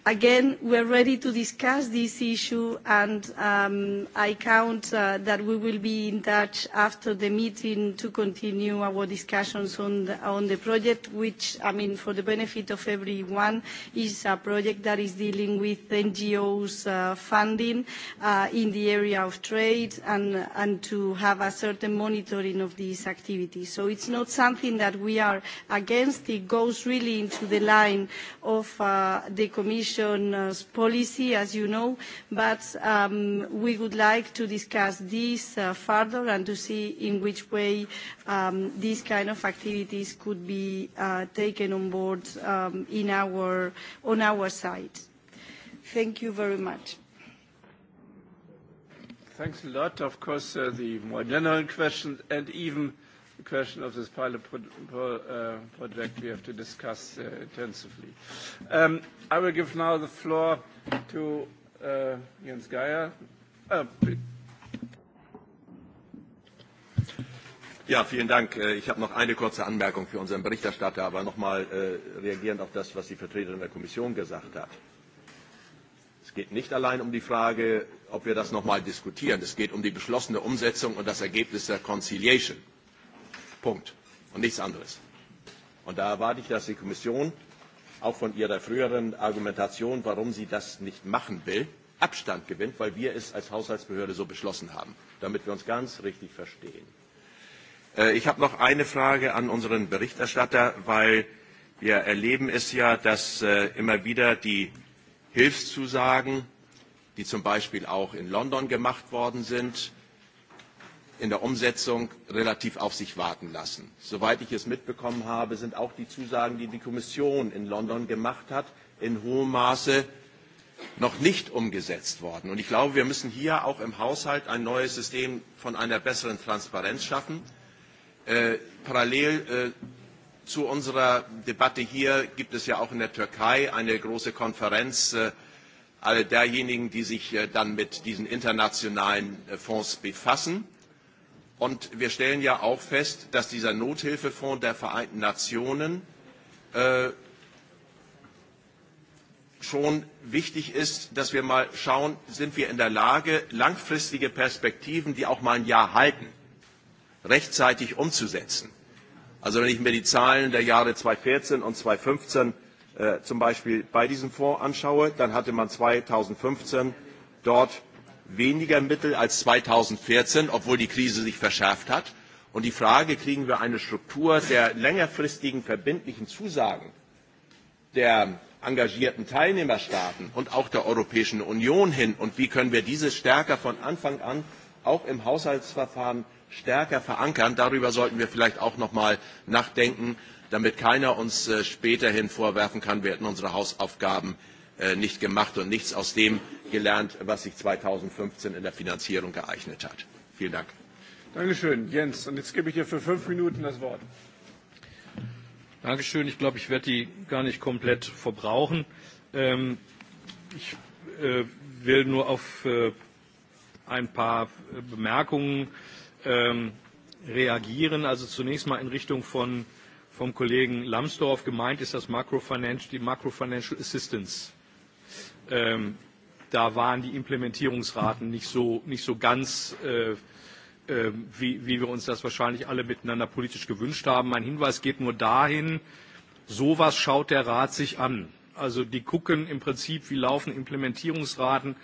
Again, we're ready to discuss this issue, and um, I count uh, that we will be in touch after the meeting to continue our discussions on the, on the project, which, I mean, for the benefit of everyone, is a project that is dealing with NGOs uh, funding uh, in the area of trade and, and to have a certain monitoring of these activities. So it's not something that we are against. It goes really into the line of uh, the Commission Commission's uh, policy, as you know, but um, we would like to discuss this uh, further and to see in which way um, these kind of activities could be uh, taken on board um, in our, on our side. Thank you very much. Thanks a lot. Of course, uh, the more general question and even question of this pilot pro pro uh, project we have to discuss uh, intensively. Um, I will give now the floor to uh, Jens Geier. Uh, Ja, vielen Dank. Äh, ich habe noch eine kurze Anmerkung für unseren Berichterstatter, aber nochmal äh, reagierend auf das, was die Vertreterin der Kommission gesagt hat. Es geht nicht allein um die Frage, ob wir das nochmal diskutieren. Es geht um die beschlossene Umsetzung und das Ergebnis der Conciliation. Punkt. Und nichts anderes. Und da erwarte ich, dass die Kommission auch von ihrer früheren Argumentation, warum sie das nicht machen will, Abstand gewinnt, weil wir es als Haushaltsbehörde so beschlossen haben, damit wir uns ganz richtig verstehen. Äh, ich habe noch eine Frage an unseren Berichterstatter, weil wir erleben es ja, dass äh, immer wieder die Hilfszusagen, die zum Beispiel auch in London gemacht worden sind, in der Umsetzung relativ auf sich warten lassen. Soweit ich es mitbekommen habe, sind auch die Zusagen, die die Kommission in London gemacht hat, in hohem Maße noch nicht umgesetzt worden. Und ich glaube, wir müssen hier auch im Haushalt ein neues System von einer besseren Transparenz schaffen. Äh, parallel äh, zu unserer Debatte hier gibt es ja auch in der Türkei eine große Konferenz äh, all derjenigen, die sich äh, dann mit diesen internationalen äh, Fonds befassen. Und wir stellen ja auch fest, dass dieser Nothilfefonds der Vereinten Nationen äh, schon wichtig ist, dass wir mal schauen, sind wir in der Lage, langfristige Perspektiven, die auch mal ein Jahr halten, rechtzeitig umzusetzen. Also wenn ich mir die Zahlen der Jahre 2014 und 2015 äh, zum Beispiel bei diesem Fonds anschaue, dann hatte man 2015 dort weniger Mittel als 2014, obwohl die Krise sich verschärft hat. Und die Frage, kriegen wir eine Struktur der längerfristigen verbindlichen Zusagen der engagierten Teilnehmerstaaten und auch der Europäischen Union hin? Und wie können wir diese stärker von Anfang an auch im Haushaltsverfahren stärker verankern? Darüber sollten wir vielleicht auch noch mal nachdenken, damit keiner uns äh, späterhin vorwerfen kann, wir hätten unsere Hausaufgaben Äh, nicht gemacht und nichts aus dem gelernt, was sich 2015 in der Finanzierung geeignet hat. Vielen Dank. Dankeschön, Jens. Und jetzt gebe ich dir für fünf Minuten das Wort. Dankeschön. Ich glaube, ich werde die gar nicht komplett verbrauchen. Ähm, ich äh, will nur auf äh, ein paar äh, Bemerkungen ähm, reagieren. Also zunächst mal in Richtung von, vom Kollegen Lambsdorff. Gemeint ist das Macro die Macro Financial Assistance ähm, da waren die Implementierungsraten nicht so, nicht so ganz, äh, äh, wie, wie wir uns das wahrscheinlich alle miteinander politisch gewünscht haben. Mein Hinweis geht nur dahin, sowas schaut der Rat sich an. Also die gucken im Prinzip, wie laufen Implementierungsraten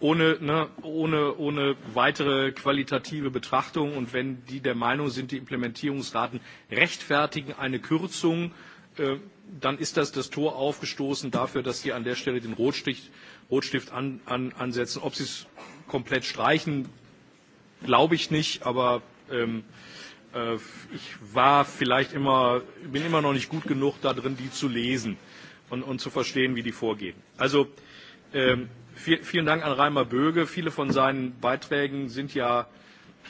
ohne, ne, ohne, ohne weitere qualitative Betrachtung. Und wenn die der Meinung sind, die Implementierungsraten rechtfertigen eine Kürzung, äh, Äh, dann ist das das Tor aufgestoßen dafür, dass Sie an der Stelle den Rotstift, Rotstift an, an, ansetzen. Ob Sie es komplett streichen, glaube ich nicht, aber ähm, äh, ich war vielleicht immer, bin immer noch nicht gut genug da drin, die zu lesen und, und zu verstehen, wie die vorgehen. Also ähm, viel, vielen Dank an Reimer Böge. Viele von seinen Beiträgen sind ja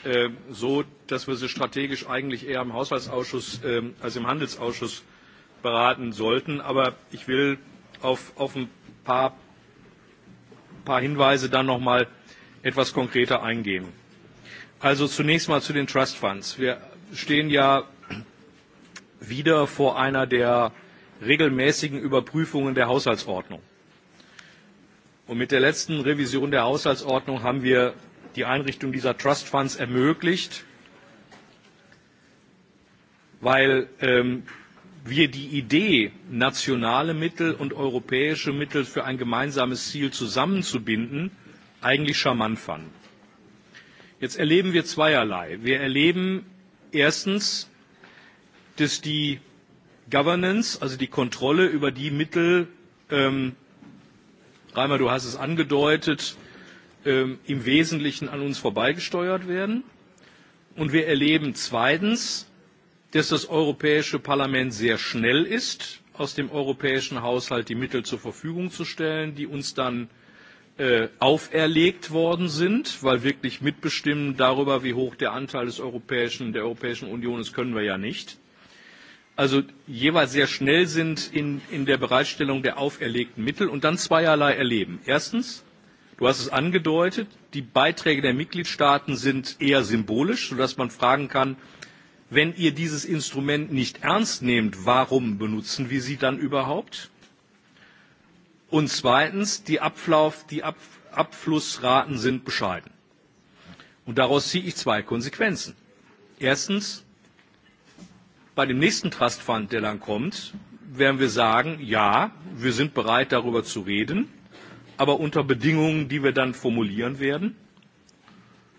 äh, so, dass wir sie strategisch eigentlich eher im Haushaltsausschuss äh, als im Handelsausschuss beraten sollten. Aber ich will auf, auf ein paar, paar Hinweise dann noch mal etwas konkreter eingehen. Also zunächst mal zu den Trust Funds. Wir stehen ja wieder vor einer der regelmäßigen Überprüfungen der Haushaltsordnung. Und mit der letzten Revision der Haushaltsordnung haben wir die Einrichtung dieser Trust Funds ermöglicht, weil ähm, wir die Idee, nationale Mittel und europäische Mittel für ein gemeinsames Ziel zusammenzubinden, eigentlich charmant fanden. Jetzt erleben wir zweierlei. Wir erleben erstens, dass die Governance, also die Kontrolle über die Mittel, ähm, Reimer, du hast es angedeutet, ähm, im Wesentlichen an uns vorbeigesteuert werden. Und wir erleben zweitens, dass das Europäische Parlament sehr schnell ist, aus dem europäischen Haushalt die Mittel zur Verfügung zu stellen, die uns dann äh, auferlegt worden sind, weil wirklich mitbestimmen darüber, wie hoch der Anteil des Europäischen, der Europäischen Union ist, können wir ja nicht. Also jeweils sehr schnell sind in, in der Bereitstellung der auferlegten Mittel und dann zweierlei erleben. Erstens, du hast es angedeutet, die Beiträge der Mitgliedstaaten sind eher symbolisch, sodass man fragen kann, Wenn ihr dieses Instrument nicht ernst nehmt, warum benutzen wir sie dann überhaupt? Und zweitens, die, Abflauf, die Ab Abflussraten sind bescheiden. Und daraus ziehe ich zwei Konsequenzen. Erstens, bei dem nächsten Trust Fund, der dann kommt, werden wir sagen, ja, wir sind bereit, darüber zu reden, aber unter Bedingungen, die wir dann formulieren werden.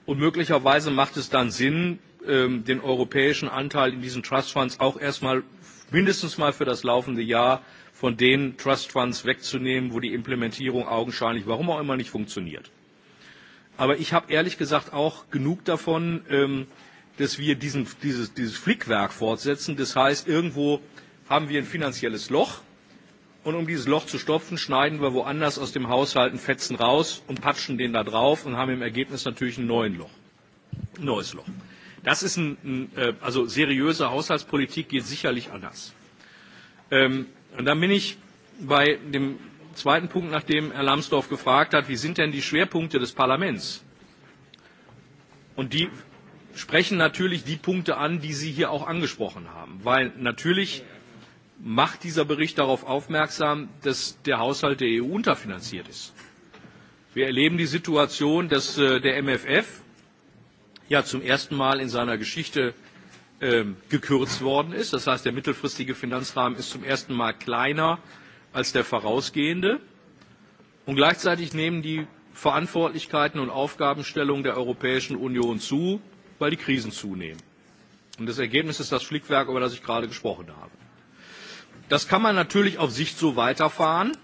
Und möglicherweise macht es dann Sinn, ähm, den europäischen Anteil in diesen Trust Funds auch erstmal mindestens mal für das laufende Jahr von den Trust Funds wegzunehmen, wo die Implementierung augenscheinlich, warum auch immer, nicht funktioniert. Aber ich habe ehrlich gesagt auch genug davon, ähm, dass wir diesen, dieses, dieses Flickwerk fortsetzen. Das heißt, irgendwo haben wir ein finanzielles Loch und um dieses Loch zu stopfen, schneiden wir woanders aus dem Haushalt einen Fetzen raus und patschen den da drauf und haben im Ergebnis natürlich ein neuen Loch, neues Loch. Das ist ein, ein äh, also seriöse Haushaltspolitik geht sicherlich anders. Ähm, und dann bin ich bei dem zweiten Punkt, nachdem Herr Lambsdorff gefragt hat, wie sind denn die Schwerpunkte des Parlaments? Und die sprechen natürlich die Punkte an, die Sie hier auch angesprochen haben, weil natürlich macht dieser Bericht darauf aufmerksam, dass der Haushalt der EU unterfinanziert ist. Wir erleben die Situation, dass äh, der MFF ja zum ersten Mal in seiner Geschichte ähm, gekürzt worden ist. Das heißt, der mittelfristige Finanzrahmen ist zum ersten Mal kleiner als der vorausgehende. Und gleichzeitig nehmen die Verantwortlichkeiten und Aufgabenstellungen der Europäischen Union zu, weil die Krisen zunehmen. Und das Ergebnis ist das Flickwerk, über das ich gerade gesprochen habe. Das kann man natürlich auf Sicht so weiterfahren.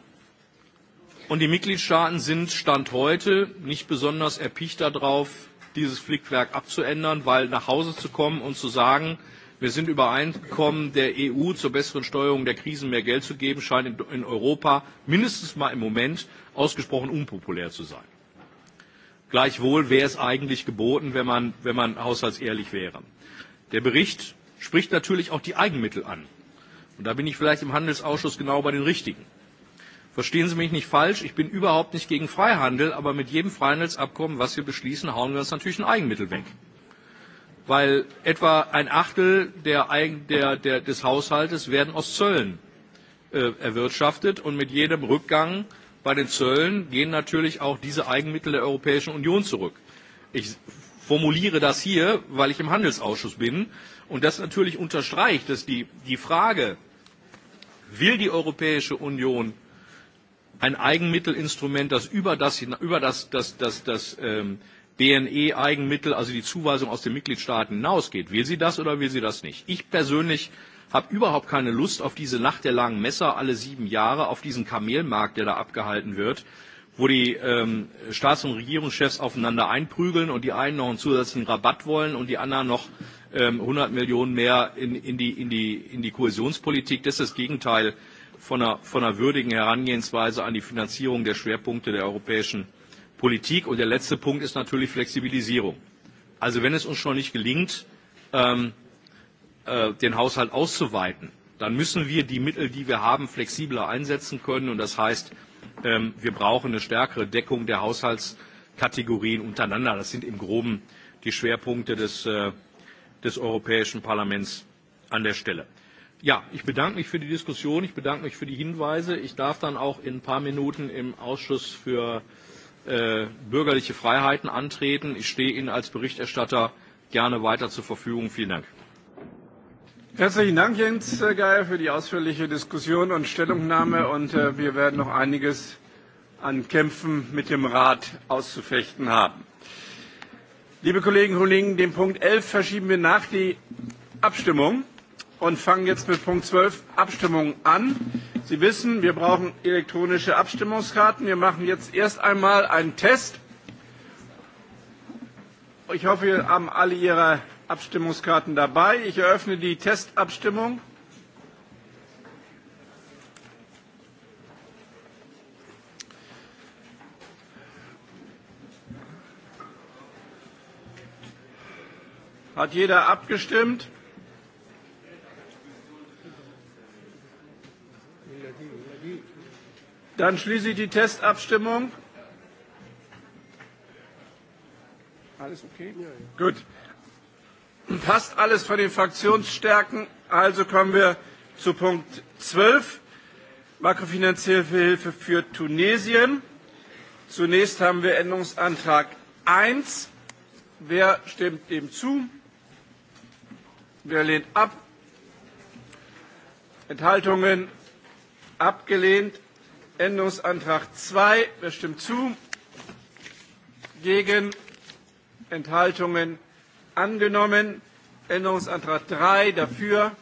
Und die Mitgliedstaaten sind Stand heute nicht besonders erpicht darauf, dieses Flickwerk abzuändern, weil nach Hause zu kommen und zu sagen, wir sind übereingekommen, der EU zur besseren Steuerung der Krisen mehr Geld zu geben, scheint in Europa mindestens mal im Moment ausgesprochen unpopulär zu sein. Gleichwohl wäre es eigentlich geboten, wenn man, wenn man haushaltsehrlich wäre. Der Bericht spricht natürlich auch die Eigenmittel an. Und da bin ich vielleicht im Handelsausschuss genau bei den Richtigen. Verstehen Sie mich nicht falsch, ich bin überhaupt nicht gegen Freihandel, aber mit jedem Freihandelsabkommen, was wir beschließen, hauen wir uns natürlich ein Eigenmittel weg. Weil etwa ein Achtel der, Eigen, der, der, des Haushaltes werden aus Zöllen äh, erwirtschaftet und mit jedem Rückgang bei den Zöllen gehen natürlich auch diese Eigenmittel der Europäischen Union zurück. Ich formuliere das hier, weil ich im Handelsausschuss bin und das natürlich unterstreicht, dass die, die Frage, will die Europäische Union ein Eigenmittelinstrument, das über das, über das, das, das, das ähm, BNE-Eigenmittel, also die Zuweisung aus den Mitgliedstaaten hinausgeht. Will sie das oder will sie das nicht? Ich persönlich habe überhaupt keine Lust auf diese Nacht der langen Messer alle sieben Jahre, auf diesen Kamelmarkt, der da abgehalten wird, wo die ähm, Staats- und Regierungschefs aufeinander einprügeln und die einen noch einen zusätzlichen Rabatt wollen und die anderen noch ähm, 100 Millionen mehr in, in, die, in, die, in die Kohäsionspolitik. Das ist das Gegenteil äh, von einer, von einer würdigen Herangehensweise an die Finanzierung der Schwerpunkte der europäischen Politik. Und der letzte Punkt ist natürlich Flexibilisierung. Also wenn es uns schon nicht gelingt, ähm, äh, den Haushalt auszuweiten, dann müssen wir die Mittel, die wir haben, flexibler einsetzen können. Und das heißt, ähm, wir brauchen eine stärkere Deckung der Haushaltskategorien untereinander. Das sind im Groben die Schwerpunkte des, äh, des Europäischen Parlaments an der Stelle. Ja, ich bedanke mich für die Diskussion, ich bedanke mich für die Hinweise. Ich darf dann auch in ein paar Minuten im Ausschuss für äh, bürgerliche Freiheiten antreten. Ich stehe Ihnen als Berichterstatter gerne weiter zur Verfügung. Vielen Dank. Herzlichen Dank, Jens Geier, für die ausführliche Diskussion und Stellungnahme. Und äh, wir werden noch einiges an Kämpfen mit dem Rat auszufechten haben. Liebe Kolleginnen und Kollegen, den Punkt 11 verschieben wir nach die Abstimmung und fangen jetzt mit Punkt 12 Abstimmung an. Sie wissen, wir brauchen elektronische Abstimmungskarten. Wir machen jetzt erst einmal einen Test. Ich hoffe, wir haben alle Ihre Abstimmungskarten dabei. Ich eröffne die Testabstimmung. Hat jeder abgestimmt? Dann schließe ich die Testabstimmung. Alles okay? Ja, ja. Gut. Passt alles von den Fraktionsstärken. Also kommen wir zu Punkt 12. Makrofinanzielle Hilfe für Tunesien. Zunächst haben wir Änderungsantrag 1. Wer stimmt dem zu? Wer lehnt ab? Enthaltungen? Abgelehnt. Änderungsantrag 2. Wer stimmt zu? Gegen? Enthaltungen? Angenommen. Änderungsantrag 3. Dafür?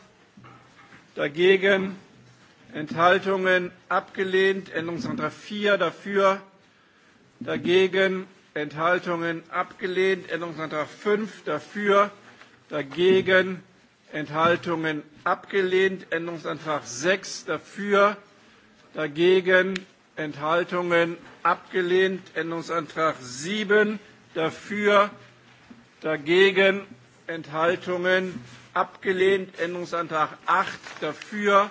Dagegen? Enthaltungen? Abgelehnt. Änderungsantrag 4. Dafür? Dagegen? Enthaltungen? Abgelehnt. Änderungsantrag 5. Dafür? Dagegen? Enthaltungen? Abgelehnt. Änderungsantrag 6. Dafür? Dagegen, dagegen Enthaltungen abgelehnt. Änderungsantrag 7 dafür, dagegen Enthaltungen abgelehnt. Änderungsantrag 8 dafür,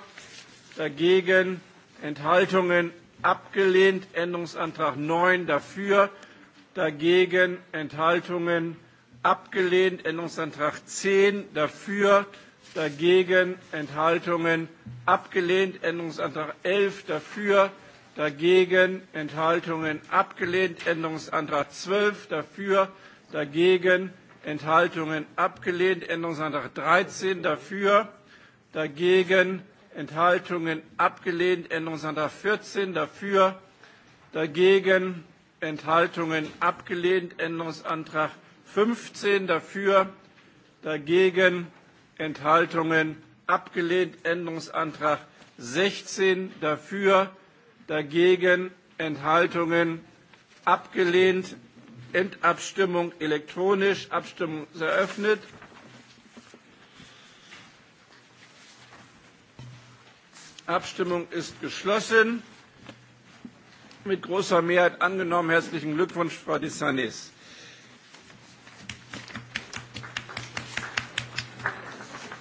dagegen Enthaltungen abgelehnt. Änderungsantrag 9 dafür, dagegen Enthaltungen abgelehnt. Änderungsantrag 10 dafür, dagegen dagegen, Enthaltungen abgelehnt. Änderungsantrag 11 dafür, dagegen, Enthaltungen abgelehnt. Änderungsantrag 12 dafür, dagegen, Enthaltungen abgelehnt. Änderungsantrag 13 dafür, dagegen, Enthaltungen abgelehnt. Änderungsantrag 14 dafür, dagegen, Enthaltungen abgelehnt. Änderungsantrag 15 dafür, dagegen, Enthaltungen abgelehnt. Änderungsantrag 16 dafür, dagegen Enthaltungen abgelehnt. Endabstimmung elektronisch. Abstimmung ist eröffnet. Abstimmung ist geschlossen. Mit großer Mehrheit angenommen. Herzlichen Glückwunsch, Frau de Sanis.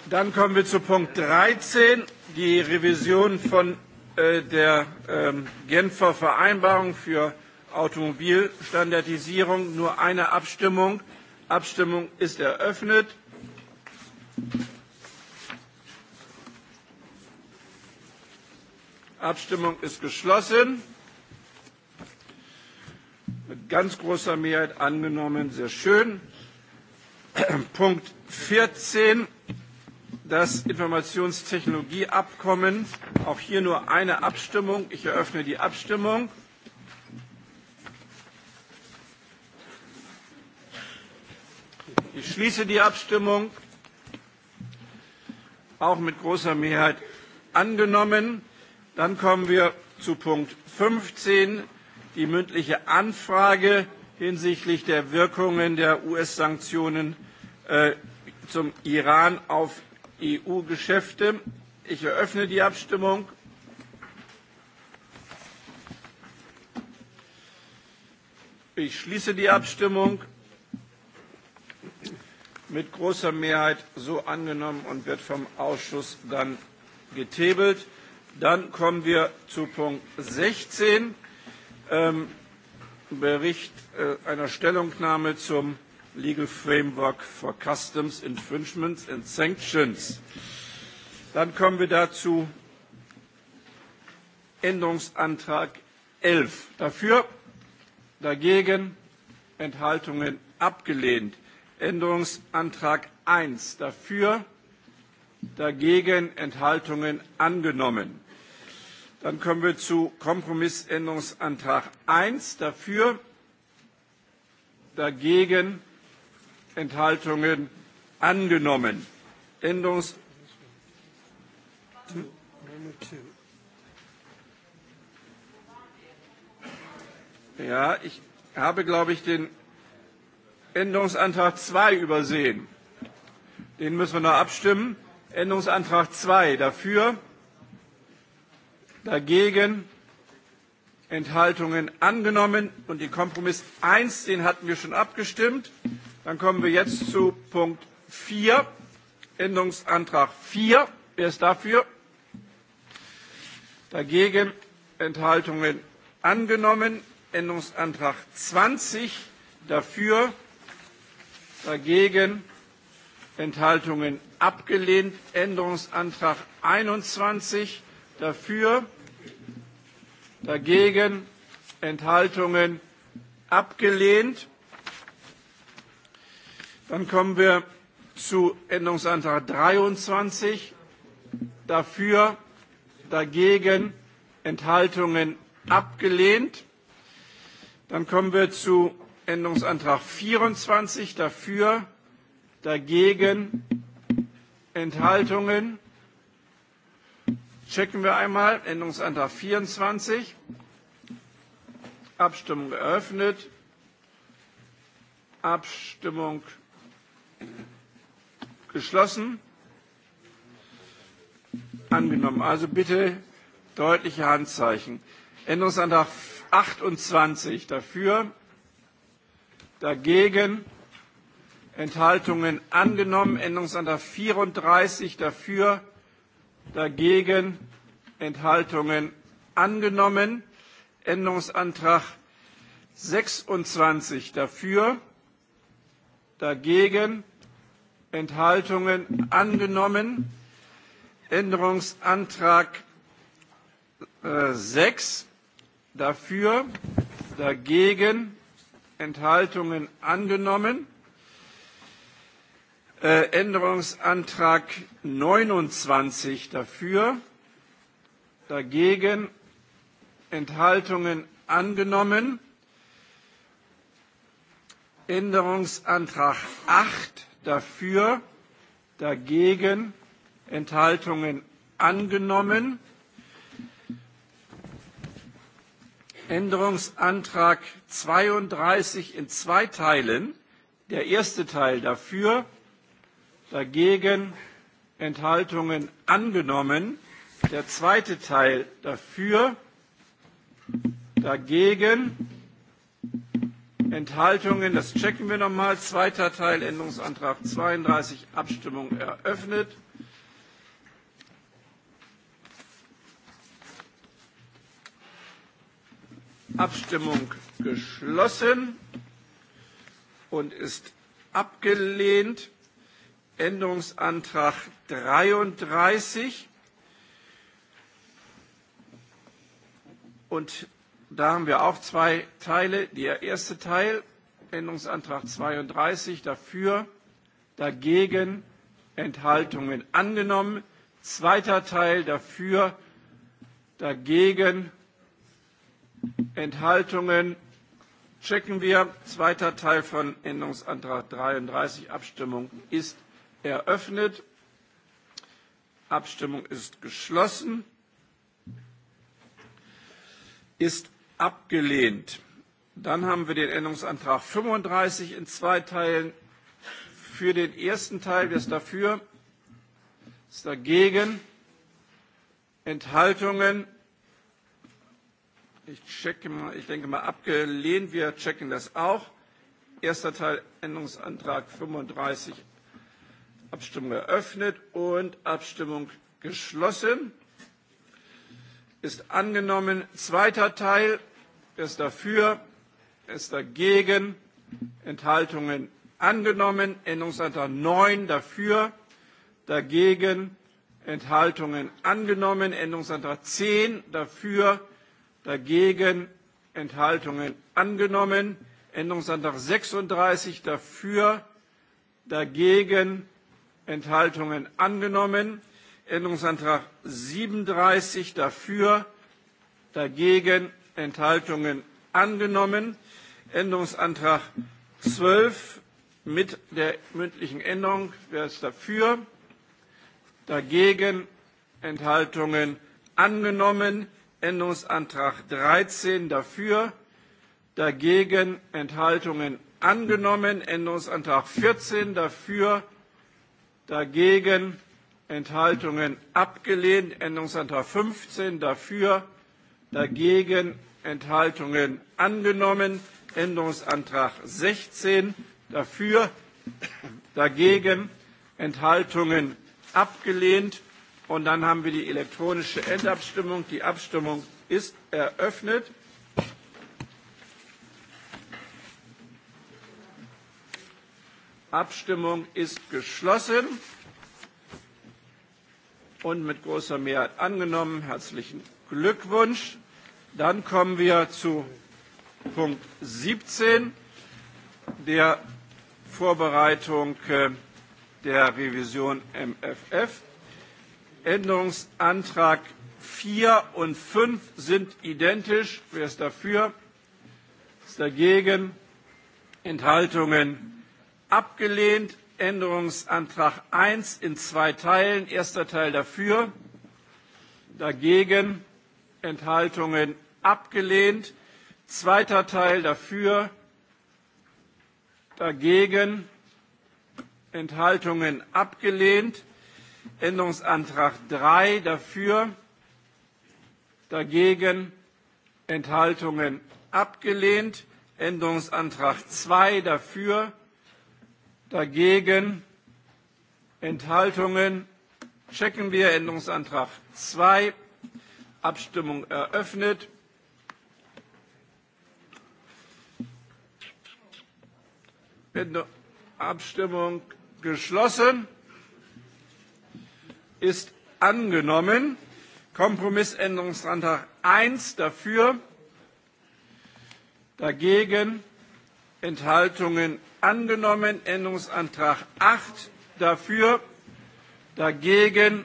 Dann kommen wir zu Punkt 13, die Revision von äh, der ähm, Genfer Vereinbarung für Automobilstandardisierung. Nur eine Abstimmung. Abstimmung ist eröffnet. Abstimmung ist geschlossen. Mit ganz großer Mehrheit angenommen. Sehr schön. Punkt 14 das Informationstechnologieabkommen. Auch hier nur eine Abstimmung. Ich eröffne die Abstimmung. Ich schließe die Abstimmung. Auch mit großer Mehrheit angenommen. Dann kommen wir zu Punkt 15, die mündliche Anfrage hinsichtlich der Wirkungen der US-Sanktionen äh, zum Iran auf EU-Geschäfte. Ich eröffne die Abstimmung. Ich schließe die Abstimmung. Mit großer Mehrheit so angenommen und wird vom Ausschuss dann getebelt. Dann kommen wir zu Punkt 16, ähm, Bericht äh, einer Stellungnahme zum Legal Framework for Customs Infringements and Sanctions. Dann kommen wir dazu Änderungsantrag 11. Dafür, dagegen, Enthaltungen abgelehnt. Änderungsantrag 1 dafür, dagegen, Enthaltungen angenommen. Dann kommen wir zu Kompromissänderungsantrag 1 dafür, dagegen, Enthaltungen angenommen. Änderungs ja, ich habe, glaube ich, den Änderungsantrag 2 übersehen. Den müssen wir noch abstimmen. Änderungsantrag 2 dafür, dagegen, Enthaltungen angenommen. Und den Kompromiss 1, den hatten wir schon abgestimmt. Dann kommen wir jetzt zu Punkt 4, Änderungsantrag 4. Wer ist dafür? Dagegen Enthaltungen angenommen. Änderungsantrag 20 dafür, dagegen Enthaltungen abgelehnt. Änderungsantrag 21 dafür, dagegen Enthaltungen abgelehnt. Dann kommen wir zu Änderungsantrag 23. Dafür, dagegen, Enthaltungen abgelehnt. Dann kommen wir zu Änderungsantrag 24. Dafür, dagegen, Enthaltungen. Checken wir einmal Änderungsantrag 24. Abstimmung geöffnet. Abstimmung geöffnet. Geschlossen. Angenommen. Also bitte deutliche Handzeichen. Änderungsantrag 28 dafür, dagegen, Enthaltungen angenommen. Änderungsantrag 34 dafür, dagegen, Enthaltungen angenommen. Änderungsantrag 26 dafür, dagegen, Enthaltungen angenommen. Änderungsantrag äh, 6 dafür, dagegen, Enthaltungen angenommen. Äh, Änderungsantrag 29 dafür, dagegen, Enthaltungen angenommen. Änderungsantrag 8 dafür, dagegen, Enthaltungen angenommen. Änderungsantrag 32 in zwei Teilen. Der erste Teil dafür, dagegen, Enthaltungen angenommen. Der zweite Teil dafür, dagegen, Enthaltungen. Das checken wir nochmal. Zweiter Teil, Änderungsantrag 32, Abstimmung eröffnet. Abstimmung geschlossen und ist abgelehnt. Änderungsantrag 33 und Da haben wir auch zwei Teile. Der erste Teil, Änderungsantrag 32, dafür, dagegen, Enthaltungen angenommen. Zweiter Teil, dafür, dagegen, Enthaltungen checken wir. Zweiter Teil von Änderungsantrag 33. Abstimmung ist eröffnet. Abstimmung ist geschlossen. Ist abgelehnt. Dann haben wir den Änderungsantrag 35 in zwei Teilen. Für den ersten Teil, wer ist dafür? Ist dagegen? Enthaltungen? Ich, checke mal, ich denke mal abgelehnt. Wir checken das auch. Erster Teil Änderungsantrag 35. Abstimmung eröffnet und Abstimmung geschlossen ist angenommen. Zweiter Teil, wer ist dafür, wer ist dagegen, Enthaltungen angenommen. Änderungsantrag 9 dafür, dagegen, Enthaltungen angenommen. Änderungsantrag 10 dafür, dagegen, Enthaltungen angenommen. Änderungsantrag 36 dafür, dagegen, Enthaltungen angenommen. Änderungsantrag 37 dafür, dagegen Enthaltungen angenommen. Änderungsantrag 12 mit der mündlichen Änderung. Wer ist dafür? Dagegen Enthaltungen angenommen. Änderungsantrag 13 dafür. Dagegen Enthaltungen angenommen. Änderungsantrag 14 dafür. Dagegen Enthaltungen abgelehnt. Änderungsantrag 15 dafür, dagegen Enthaltungen angenommen. Änderungsantrag 16 dafür, dagegen Enthaltungen abgelehnt. Und dann haben wir die elektronische Endabstimmung. Die Abstimmung ist eröffnet. Abstimmung ist geschlossen und mit großer Mehrheit angenommen. Herzlichen Glückwunsch. Dann kommen wir zu Punkt 17, der Vorbereitung äh, der Revision MFF. Änderungsantrag 4 und 5 sind identisch. Wer ist dafür? Ist dagegen? Enthaltungen? Abgelehnt. Änderungsantrag 1 in zwei Teilen. Erster Teil dafür, dagegen, Enthaltungen abgelehnt. Zweiter Teil dafür, dagegen, Enthaltungen abgelehnt. Änderungsantrag 3 dafür, dagegen, Enthaltungen abgelehnt. Änderungsantrag 2 dafür, dagegen, dagegen, Enthaltungen. Checken wir Änderungsantrag 2. Abstimmung eröffnet. Abstimmung geschlossen. Ist angenommen. Kompromissänderungsantrag 1 dafür, dagegen Enthaltungen angenommen. Änderungsantrag 8 dafür, dagegen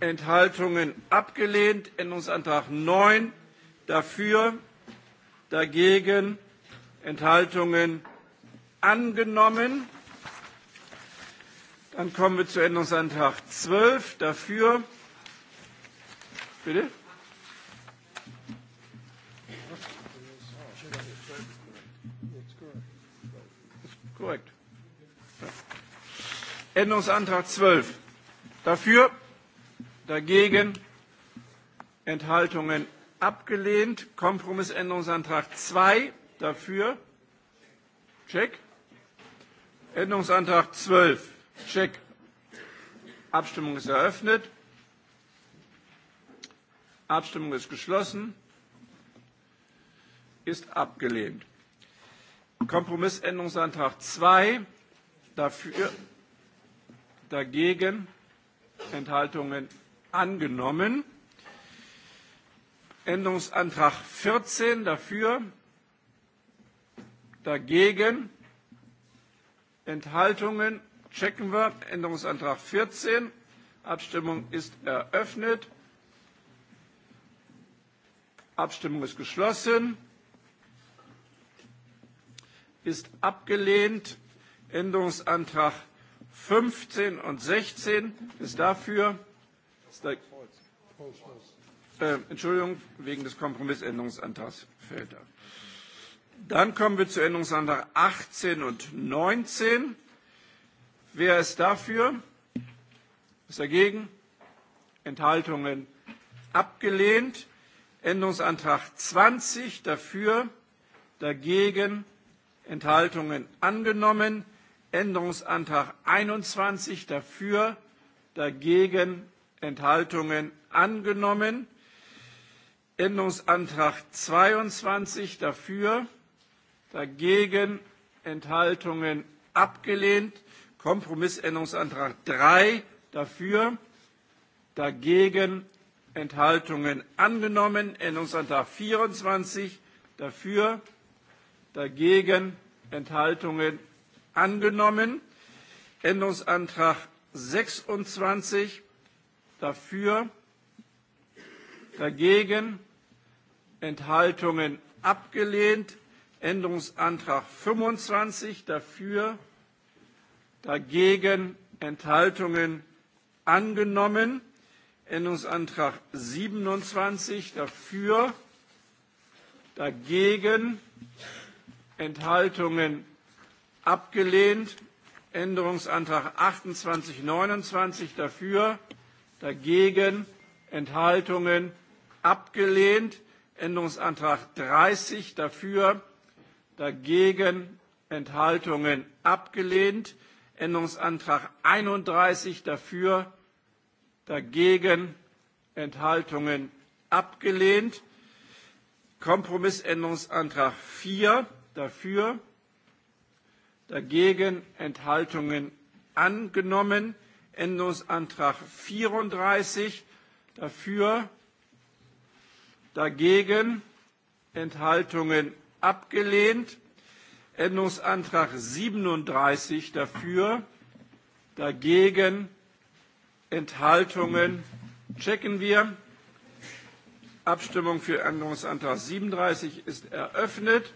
Enthaltungen abgelehnt. Änderungsantrag 9 dafür, dagegen Enthaltungen angenommen. Dann kommen wir zu Änderungsantrag 12 dafür. Bitte? Korrekt. Ja. Änderungsantrag 12. Dafür, dagegen, Enthaltungen abgelehnt. Kompromissänderungsantrag 2. Dafür, check. Änderungsantrag 12, check. Abstimmung ist eröffnet. Abstimmung ist geschlossen. Ist abgelehnt. Kompromissänderungsantrag 2 dafür, dagegen Enthaltungen angenommen. Änderungsantrag 14 dafür, dagegen Enthaltungen checken wir. Änderungsantrag 14. Abstimmung ist eröffnet. Abstimmung ist geschlossen ist abgelehnt. Änderungsantrag 15 und 16 ist dafür. Ist da, äh, Entschuldigung, wegen des Kompromissänderungsantrags fällt er. Dann kommen wir zu Änderungsantrag 18 und 19. Wer ist dafür? Ist dagegen? Enthaltungen abgelehnt. Änderungsantrag 20 dafür, dagegen Enthaltungen angenommen. Änderungsantrag 21 dafür, dagegen Enthaltungen angenommen. Änderungsantrag 22 dafür, dagegen Enthaltungen abgelehnt. Kompromissänderungsantrag 3 dafür, dagegen Enthaltungen angenommen. Änderungsantrag 24 dafür, dagegen Enthaltungen angenommen. Änderungsantrag 26 dafür, dagegen Enthaltungen abgelehnt. Änderungsantrag 25 dafür, dagegen Enthaltungen angenommen. Änderungsantrag 27 dafür, dagegen Enthaltungen abgelehnt. Änderungsantrag 28, 29 dafür, dagegen, Enthaltungen abgelehnt. Änderungsantrag 30 dafür, dagegen, Enthaltungen abgelehnt. Änderungsantrag 31 dafür, dagegen, Enthaltungen abgelehnt. Kompromissänderungsantrag 4 dafür, dagegen Enthaltungen angenommen. Änderungsantrag 34 dafür, dagegen Enthaltungen abgelehnt. Änderungsantrag 37 dafür, dagegen Enthaltungen checken wir. Abstimmung für Änderungsantrag 37 ist eröffnet.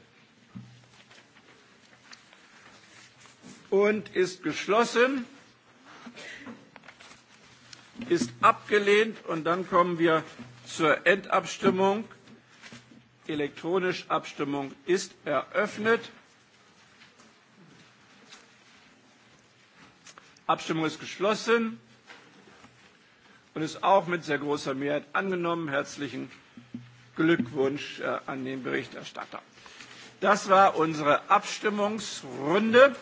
und ist geschlossen, ist abgelehnt. Und dann kommen wir zur Endabstimmung. Elektronische Abstimmung ist eröffnet. Abstimmung ist geschlossen und ist auch mit sehr großer Mehrheit angenommen. Herzlichen Glückwunsch äh, an den Berichterstatter. Das war unsere Abstimmungsrunde.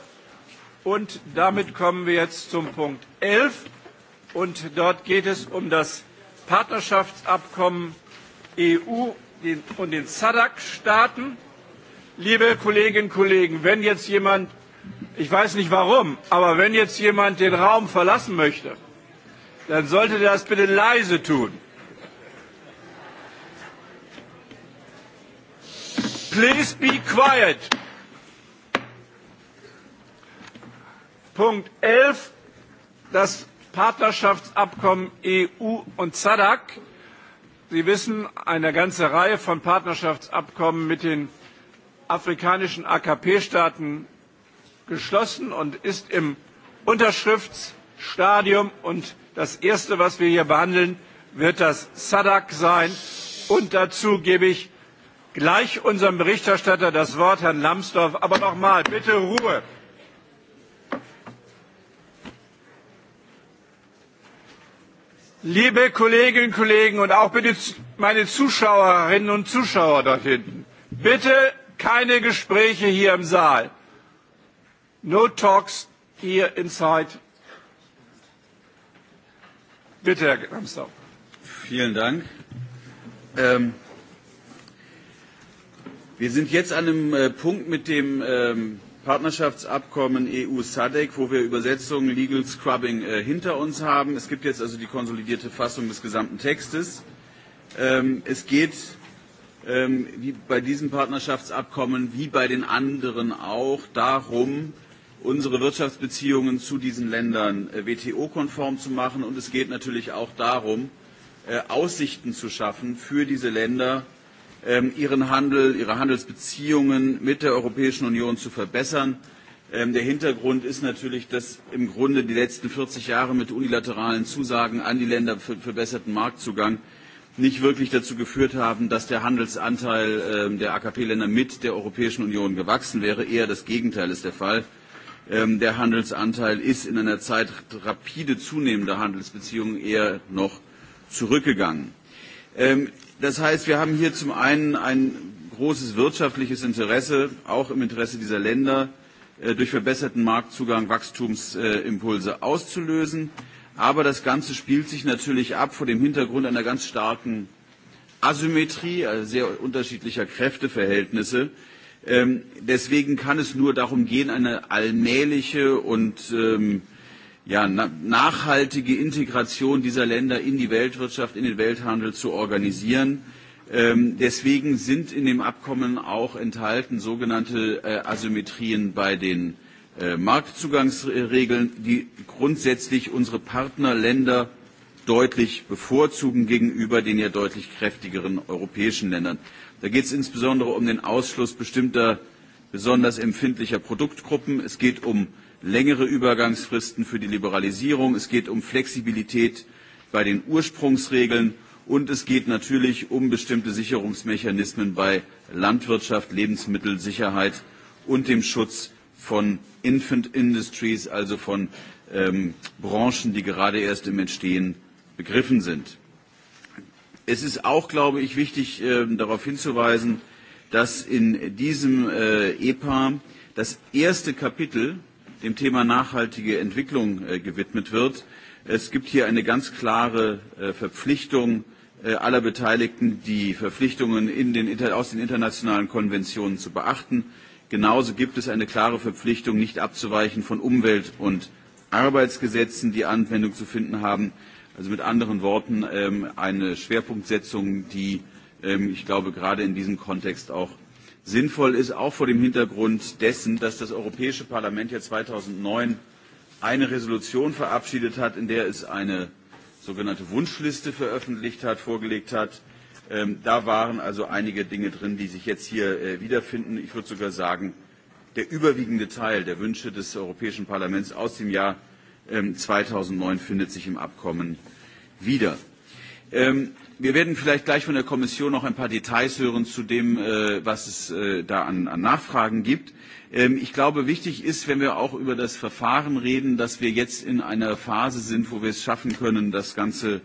Und damit kommen wir jetzt zum Punkt 11. Und dort geht es um das Partnerschaftsabkommen EU und den SADC-Staaten. Liebe Kolleginnen und Kollegen, wenn jetzt jemand, ich weiß nicht warum, aber wenn jetzt jemand den Raum verlassen möchte, dann sollte er das bitte leise tun. Please be quiet. Punkt 11, das Partnerschaftsabkommen EU und SADC. Sie wissen, eine ganze Reihe von Partnerschaftsabkommen mit den afrikanischen AKP-Staaten geschlossen und ist im Unterschriftsstadium. Und das Erste, was wir hier behandeln, wird das SADC sein. Und dazu gebe ich gleich unserem Berichterstatter das Wort, Herrn Lambsdorff. Aber nochmal, bitte Ruhe. Liebe Kolleginnen und Kollegen und auch bitte meine Zuschauerinnen und Zuschauer dort hinten, bitte keine Gespräche hier im Saal. No talks here inside. Bitte, Herr Ramsau. Vielen Dank. Ähm, wir sind jetzt an einem äh, Punkt mit dem ähm, Partnerschaftsabkommen EU-SADC, e wo wir Übersetzungen Legal Scrubbing äh, hinter uns haben. Es gibt jetzt also die konsolidierte Fassung des gesamten Textes. Ähm, es geht ähm, wie bei diesem Partnerschaftsabkommen wie bei den anderen auch darum, unsere Wirtschaftsbeziehungen zu diesen Ländern äh, WTO-konform zu machen. Und es geht natürlich auch darum, äh, Aussichten zu schaffen für diese Länder, äh, Ähm, ihren Handel, ihre Handelsbeziehungen mit der Europäischen Union zu verbessern. Ähm, der Hintergrund ist natürlich, dass im Grunde die letzten 40 Jahre mit unilateralen Zusagen an die Länder für verbesserten Marktzugang nicht wirklich dazu geführt haben, dass der Handelsanteil ähm, der AKP-Länder mit der Europäischen Union gewachsen wäre. Eher das Gegenteil ist der Fall. Der Handelsanteil ist in einer Zeit rapide zunehmender Handelsbeziehungen eher noch zurückgegangen. Das heißt, wir haben hier zum einen ein großes wirtschaftliches Interesse, auch im Interesse dieser Länder, äh, durch verbesserten Marktzugang Wachstumsimpulse auszulösen. Aber das Ganze spielt sich natürlich ab vor dem Hintergrund einer ganz starken Asymmetrie, also sehr unterschiedlicher Kräfteverhältnisse. Ähm, deswegen kann es nur darum gehen, eine allmähliche und ähm, ja, na, nachhaltige Integration dieser Länder in die Weltwirtschaft, in den Welthandel zu organisieren. Ähm, deswegen sind in dem Abkommen auch enthalten sogenannte äh, Asymmetrien bei den äh, Marktzugangsregeln, die grundsätzlich unsere Partnerländer deutlich bevorzugen gegenüber den ja deutlich kräftigeren europäischen Ländern. Da geht es insbesondere um den Ausschluss bestimmter besonders empfindlicher Produktgruppen. Es geht um äh, längere Übergangsfristen für die Liberalisierung, es geht um Flexibilität bei den Ursprungsregeln und es geht natürlich um bestimmte Sicherungsmechanismen bei Landwirtschaft, Lebensmittelsicherheit und dem Schutz von Infant Industries, also von ähm, Branchen, die gerade erst im Entstehen begriffen sind. Es ist auch, glaube ich, wichtig, äh, darauf hinzuweisen, dass in diesem äh, EPA das erste Kapitel dem Thema nachhaltige Entwicklung äh, gewidmet wird. Es gibt hier eine ganz klare äh, Verpflichtung äh, aller Beteiligten, die Verpflichtungen in den, aus den internationalen Konventionen zu beachten. Genauso gibt es eine klare Verpflichtung, nicht abzuweichen von Umwelt- und Arbeitsgesetzen, die Anwendung zu finden haben. Also mit anderen Worten ähm, eine Schwerpunktsetzung, die, ähm, ich glaube, gerade in diesem Kontext auch sinnvoll ist, auch vor dem Hintergrund dessen, dass das Europäische Parlament ja 2009 eine Resolution verabschiedet hat, in der es eine sogenannte Wunschliste veröffentlicht hat, vorgelegt hat. Ähm, da waren also einige Dinge drin, die sich jetzt hier äh, wiederfinden. Ich würde sogar sagen, der überwiegende Teil der Wünsche des Europäischen Parlaments aus dem Jahr ähm, 2009 findet sich im Abkommen wieder. Ähm, Wir werden vielleicht gleich von der Kommission noch ein paar Details hören zu dem, äh, was es äh, da an, an Nachfragen gibt. Ähm, ich glaube, wichtig ist, wenn wir auch über das Verfahren reden, dass wir jetzt in einer Phase sind, wo wir es schaffen können, das Ganze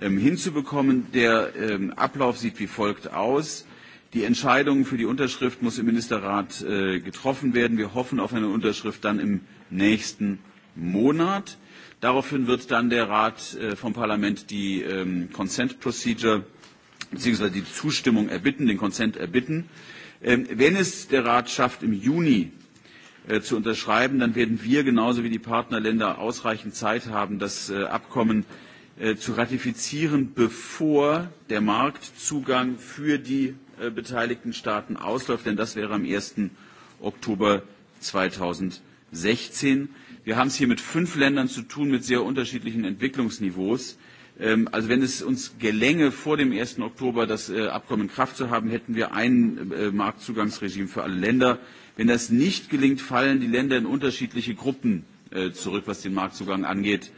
ähm, hinzubekommen. Der ähm, Ablauf sieht wie folgt aus. Die Entscheidung für die Unterschrift muss im Ministerrat äh, getroffen werden. Wir hoffen auf eine Unterschrift dann im nächsten Monat. Daraufhin wird dann der Rat äh, vom Parlament die ähm, Consent Procedure bzw. die Zustimmung erbitten, den Consent erbitten. Ähm, wenn es der Rat schafft, im Juni äh, zu unterschreiben, dann werden wir genauso wie die Partnerländer ausreichend Zeit haben, das äh, Abkommen äh, zu ratifizieren, bevor der Marktzugang für die äh, beteiligten Staaten ausläuft, denn das wäre am 1. Oktober 2016. Wir haben es hier mit fünf Ländern zu tun, mit sehr unterschiedlichen Entwicklungsniveaus. Ähm, also wenn es uns gelänge, vor dem 1. Oktober das äh, Abkommen in Kraft zu haben, hätten wir ein äh, Marktzugangsregime für alle Länder. Wenn das nicht gelingt, fallen die Länder in unterschiedliche Gruppen äh, zurück, was den Marktzugang angeht,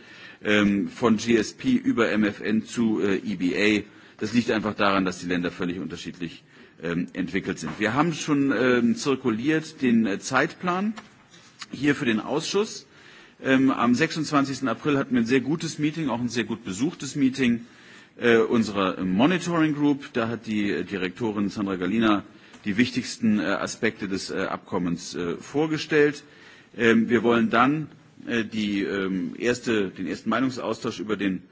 ähm, von GSP über MFN zu EBA. Das liegt einfach daran, dass die Länder völlig unterschiedlich ähm, entwickelt sind. Wir haben schon zirkuliert den Zeitplan hier für den Ausschuss. Ähm, am 26. April hatten wir ein sehr gutes Meeting, auch ein sehr gut besuchtes Meeting äh, unserer äh, Monitoring Group. Da hat die äh, Direktorin Sandra Galina die wichtigsten äh, Aspekte des äh, Abkommens äh, vorgestellt. Ähm, wir wollen dann äh, die, ähm, erste, den ersten Meinungsaustausch über den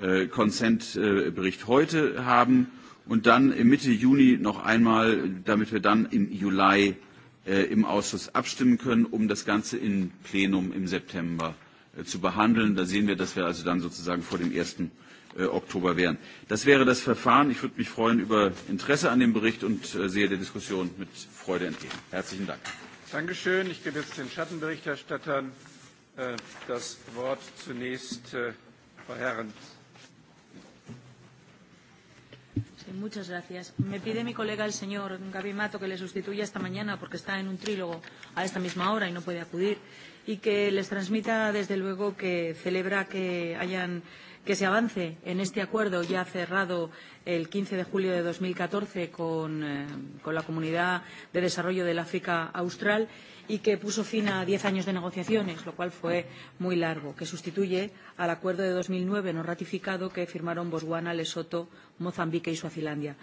äh, Consent-Bericht äh, heute haben und dann Mitte Juni noch einmal, damit wir dann im Juli äh, äh, im Ausschuss abstimmen können, um das Ganze im Plenum im September äh, zu behandeln. Da sehen wir, dass wir also dann sozusagen vor dem 1. Äh, Oktober wären. Das wäre das Verfahren. Ich würde mich freuen über Interesse an dem Bericht und äh, sehe der Diskussion mit Freude entgegen. Herzlichen Dank. Dankeschön. Ich gebe jetzt den Schattenberichterstattern äh, das Wort zunächst äh, bei Herrn Sí, muchas gracias. Me pide mi colega, el señor Gaby Mato, que le sustituya esta mañana porque está en un trílogo a esta misma hora y no puede acudir y que les transmita, desde luego, que celebra que hayan que se avance en este acuerdo ya cerrado el 15 de julio de 2014 con, eh, con la Comunidad de Desarrollo del África Austral y que puso fin a diez años de negociaciones, lo cual fue muy largo, que sustituye al acuerdo de 2009 no ratificado que firmaron Botswana, Lesoto, Mozambique y Suazilandia.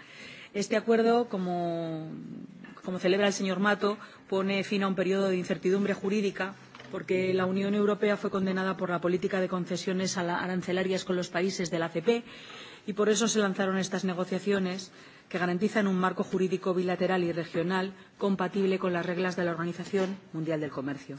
Este acuerdo, como, como celebra el señor Mato, pone fin a un periodo de incertidumbre jurídica porque la Unión Europea fue condenada por la política de concesiones arancelarias con los países de la ACP y por eso se lanzaron estas negociaciones que garantizan un marco jurídico bilateral y regional compatible con las reglas de la Organización Mundial del Comercio.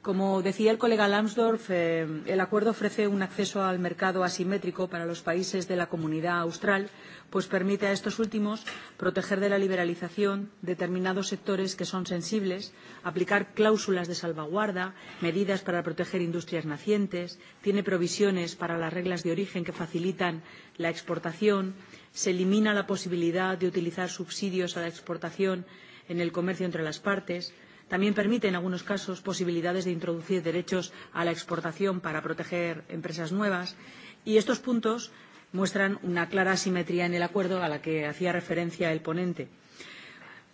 Como decía el colega Lambsdorff, eh, el acuerdo ofrece un acceso al mercado asimétrico para los países de la comunidad austral, pues permite a estos últimos proteger de la liberalización determinados sectores que son sensibles, aplicar cláusulas de salvaguarda, medidas para proteger industrias nacientes, tiene provisiones para las reglas de origen que facilitan la exportación, se elimina la posibilidad de utilizar subsidios a la exportación en el comercio entre las partes. También permite, en algunos casos, posibilidades de introducir derechos a la exportación para proteger empresas nuevas. Y estos puntos muestran una clara asimetría en el acuerdo a la que hacía referencia el ponente.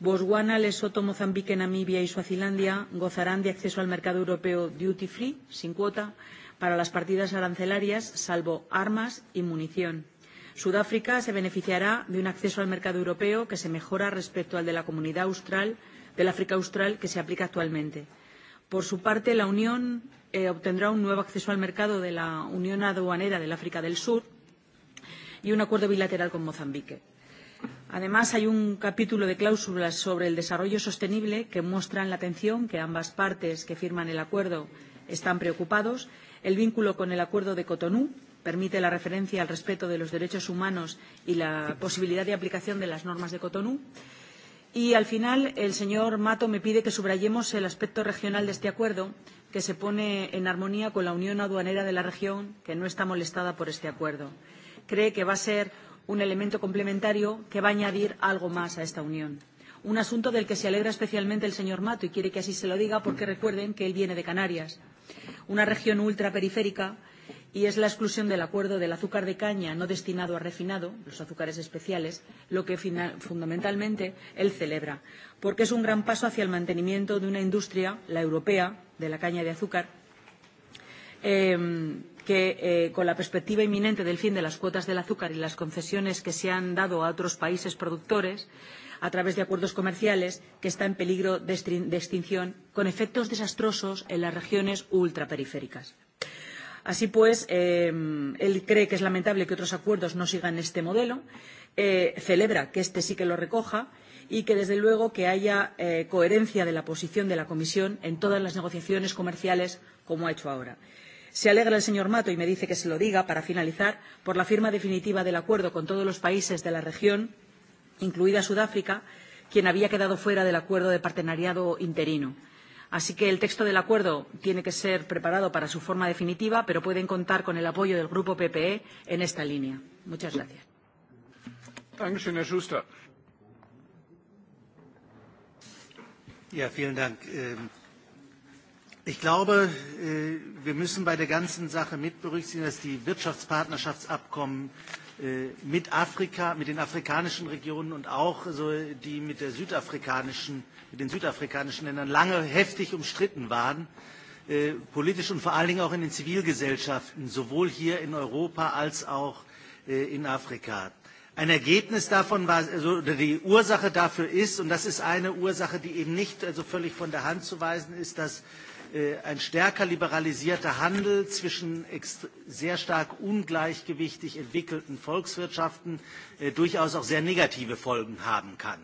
Botswana, Lesoto, Mozambique, Namibia y Suazilandia gozarán de acceso al mercado europeo duty free, sin cuota, para las partidas arancelarias, salvo armas y munición. Sudáfrica se beneficiará de un acceso al mercado europeo que se mejora respecto al de la comunidad austral, del África austral que se aplica actualmente. Por su parte, la Unión eh, obtendrá un nuevo acceso al mercado de la Unión Aduanera del África del Sur y un acuerdo bilateral con Mozambique. Además, hay un capítulo de cláusulas sobre el desarrollo sostenible que muestran la atención que ambas partes que firman el acuerdo están preocupados, el vínculo con el acuerdo de Cotonú permite la referencia al respeto de los derechos humanos y la posibilidad de aplicación de las normas de Cotonou. Y al final, el señor Mato me pide que subrayemos el aspecto regional de este acuerdo, que se pone en armonía con la Unión Aduanera de la región, que no está molestada por este acuerdo. Cree que va a ser un elemento complementario que va a añadir algo más a esta unión. Un asunto del que se alegra especialmente el señor Mato y quiere que así se lo diga porque recuerden que él viene de Canarias, una región ultraperiférica periférica y es la exclusión del acuerdo del azúcar de caña no destinado a refinado, los azúcares especiales, lo que final, fundamentalmente él celebra, porque es un gran paso hacia el mantenimiento de una industria, la europea, de la caña de azúcar, eh, que eh, con la perspectiva inminente del fin de las cuotas del azúcar y las concesiones que se han dado a otros países productores a través de acuerdos comerciales que está en peligro de, extin de extinción con efectos desastrosos en las regiones ultraperiféricas. Así pues, eh, él cree que es lamentable que otros acuerdos no sigan este modelo, eh, celebra que este sí que lo recoja y que, desde luego, que haya eh, coherencia de la posición de la Comisión en todas las negociaciones comerciales, como ha hecho ahora. Se alegra el señor Mato y me dice que se lo diga, para finalizar, por la firma definitiva del acuerdo con todos los países de la región, incluida Sudáfrica, quien había quedado fuera del acuerdo de partenariado interino. Así que el texto del acuerdo tiene que ser preparado para su forma definitiva, pero pueden contar con el apoyo del Grupo PPE en esta línea. Muchas gracias. Dankeschön, Herr Schuster. Ja, vielen Dank. Ähm, ich glaube, äh, wir müssen bei der ganzen Sache mit berücksichtigen, dass die Wirtschaftspartnerschaftsabkommen Äh, mit Afrika, mit den afrikanischen Regionen und auch so die mit, der südafrikanischen, mit den südafrikanischen Ländern lange heftig umstritten waren, äh, politisch und vor allen Dingen auch in den Zivilgesellschaften, sowohl hier in Europa als auch äh, in Afrika. Ein Ergebnis davon war, also die Ursache dafür ist, und das ist eine Ursache, die eben nicht also völlig von der Hand zu weisen ist, dass äh, Äh, ein stärker liberalisierter Handel zwischen sehr stark ungleichgewichtig entwickelten Volkswirtschaften äh, durchaus auch sehr negative Folgen haben kann.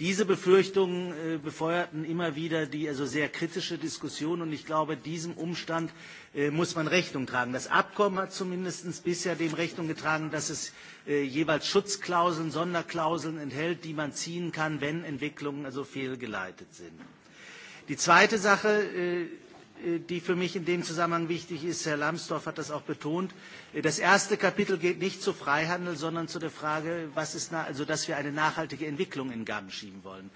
Diese Befürchtungen äh, befeuerten immer wieder die also sehr kritische Diskussion und ich glaube, diesem Umstand muss man Rechnung tragen. Das Abkommen hat zumindest bisher dem Rechnung getragen, dass es jeweils Schutzklauseln, Sonderklauseln enthält, die man ziehen kann, wenn Entwicklungen also fehlgeleitet sind. Die zweite Sache, äh, äh, die für mich in dem Zusammenhang wichtig ist, Herr Lambsdorff hat das auch betont, äh, das erste Kapitel geht nicht zu Freihandel, sondern zu der Frage, was ist, also dass wir eine nachhaltige Entwicklung in Gang schieben wollen.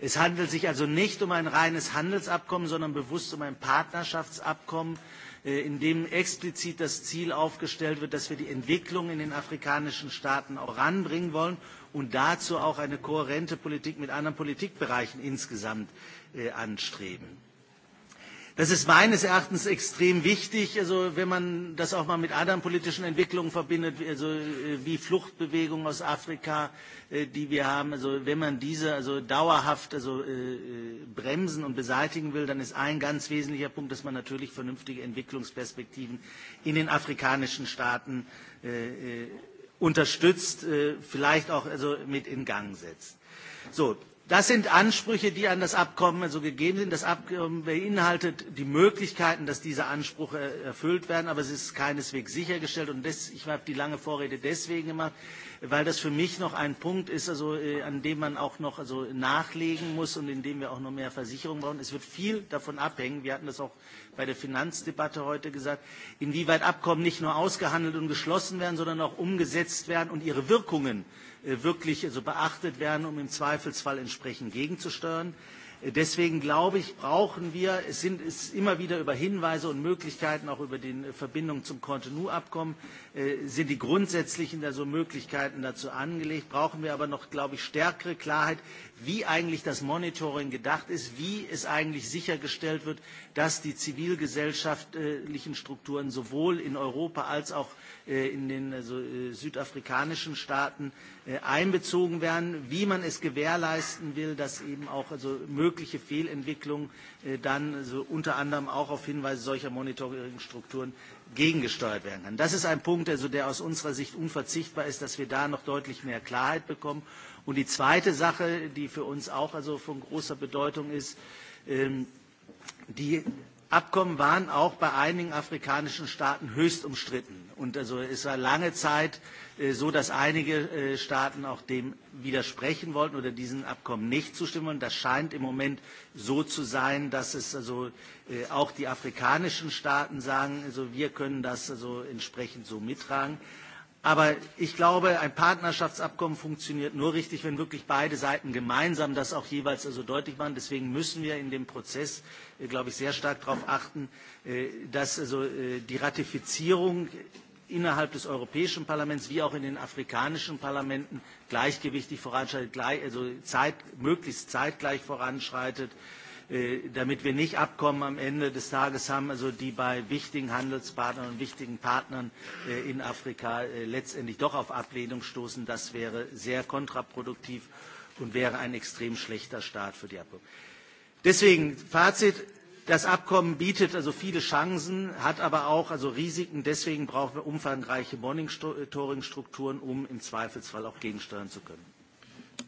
Es handelt sich also nicht um ein reines Handelsabkommen, sondern bewusst um ein Partnerschaftsabkommen, in dem explizit das Ziel aufgestellt wird, dass wir die Entwicklung in den afrikanischen Staaten auch ranbringen wollen und dazu auch eine kohärente Politik mit anderen Politikbereichen insgesamt Äh, anstreben. Das ist meines Erachtens extrem wichtig, also wenn man das auch mal mit anderen politischen Entwicklungen verbindet, also äh, wie Fluchtbewegungen aus Afrika, äh, die wir haben, also wenn man diese also dauerhaft also bremsen und beseitigen will, dann ist ein ganz wesentlicher Punkt, dass man natürlich vernünftige Entwicklungsperspektiven in den afrikanischen Staaten unterstützt, vielleicht auch also mit in Gang setzt. So, Das sind Ansprüche, die an das Abkommen also gegeben sind. Das Abkommen beinhaltet die Möglichkeiten, dass diese Ansprüche erfüllt werden, aber es ist keineswegs sichergestellt. Und das, ich habe die lange Vorrede deswegen gemacht, weil das für mich noch ein Punkt ist, also, äh, an dem man auch noch also, nachlegen muss und in dem wir auch noch mehr Versicherung brauchen. Es wird viel davon abhängen, wir hatten das auch bei der Finanzdebatte heute gesagt, inwieweit Abkommen nicht nur ausgehandelt und geschlossen werden, sondern auch umgesetzt werden und ihre Wirkungen äh, Äh, wirklich also äh, beachtet werden, um im Zweifelsfall entsprechend gegenzusteuern. Äh, deswegen glaube ich, brauchen wir, es sind es immer wieder über Hinweise und Möglichkeiten, auch über die Verbindung zum Cotonou-Abkommen, äh, sind die grundsätzlichen also Möglichkeiten dazu angelegt, brauchen wir aber noch, glaube ich, stärkere Klarheit, wie eigentlich das Monitoring gedacht ist, wie es eigentlich sichergestellt wird, dass die zivilgesellschaftlichen Strukturen sowohl in Europa als auch äh, in den also, äh, südafrikanischen Staaten äh, einbezogen werden, wie man es gewährleisten will, dass eben auch also mögliche Fehlentwicklungen dann also unter anderem auch auf Hinweise solcher Monitoringstrukturen gegengesteuert werden kann. Das ist ein Punkt, also der aus unserer Sicht unverzichtbar ist, dass wir da noch deutlich mehr Klarheit bekommen. Und die zweite Sache, die für uns auch also von großer Bedeutung ist, ähm, die Abkommen waren auch bei einigen afrikanischen Staaten höchst umstritten. Und also es war lange Zeit äh, so, dass einige äh, Staaten auch dem widersprechen wollten oder diesen Abkommen nicht zustimmen. Und das scheint im Moment so zu sein, dass es also äh, auch die afrikanischen Staaten sagen, also wir können das also entsprechend so mittragen. Aber ich glaube, ein Partnerschaftsabkommen funktioniert nur richtig, wenn wirklich beide Seiten gemeinsam das auch jeweils also deutlich machen. Deswegen müssen wir in dem Prozess, äh, glaube ich, sehr stark darauf achten, äh, dass also äh, die Ratifizierung innerhalb des Europäischen Parlaments wie auch in den afrikanischen Parlamenten gleichgewichtig voranschreitet, gleich, also zeit, möglichst zeitgleich voranschreitet. Äh, Äh, damit wir nicht Abkommen am Ende des Tages haben, also die bei wichtigen Handelspartnern und wichtigen Partnern äh, in Afrika äh, letztendlich doch auf Ablehnung stoßen. Das wäre sehr kontraproduktiv und wäre ein extrem schlechter Start für die Abkommen. Deswegen Fazit. Das Abkommen bietet also viele Chancen, hat aber auch also Risiken. Deswegen brauchen wir umfangreiche Monitoringstrukturen, um im Zweifelsfall auch gegensteuern zu können.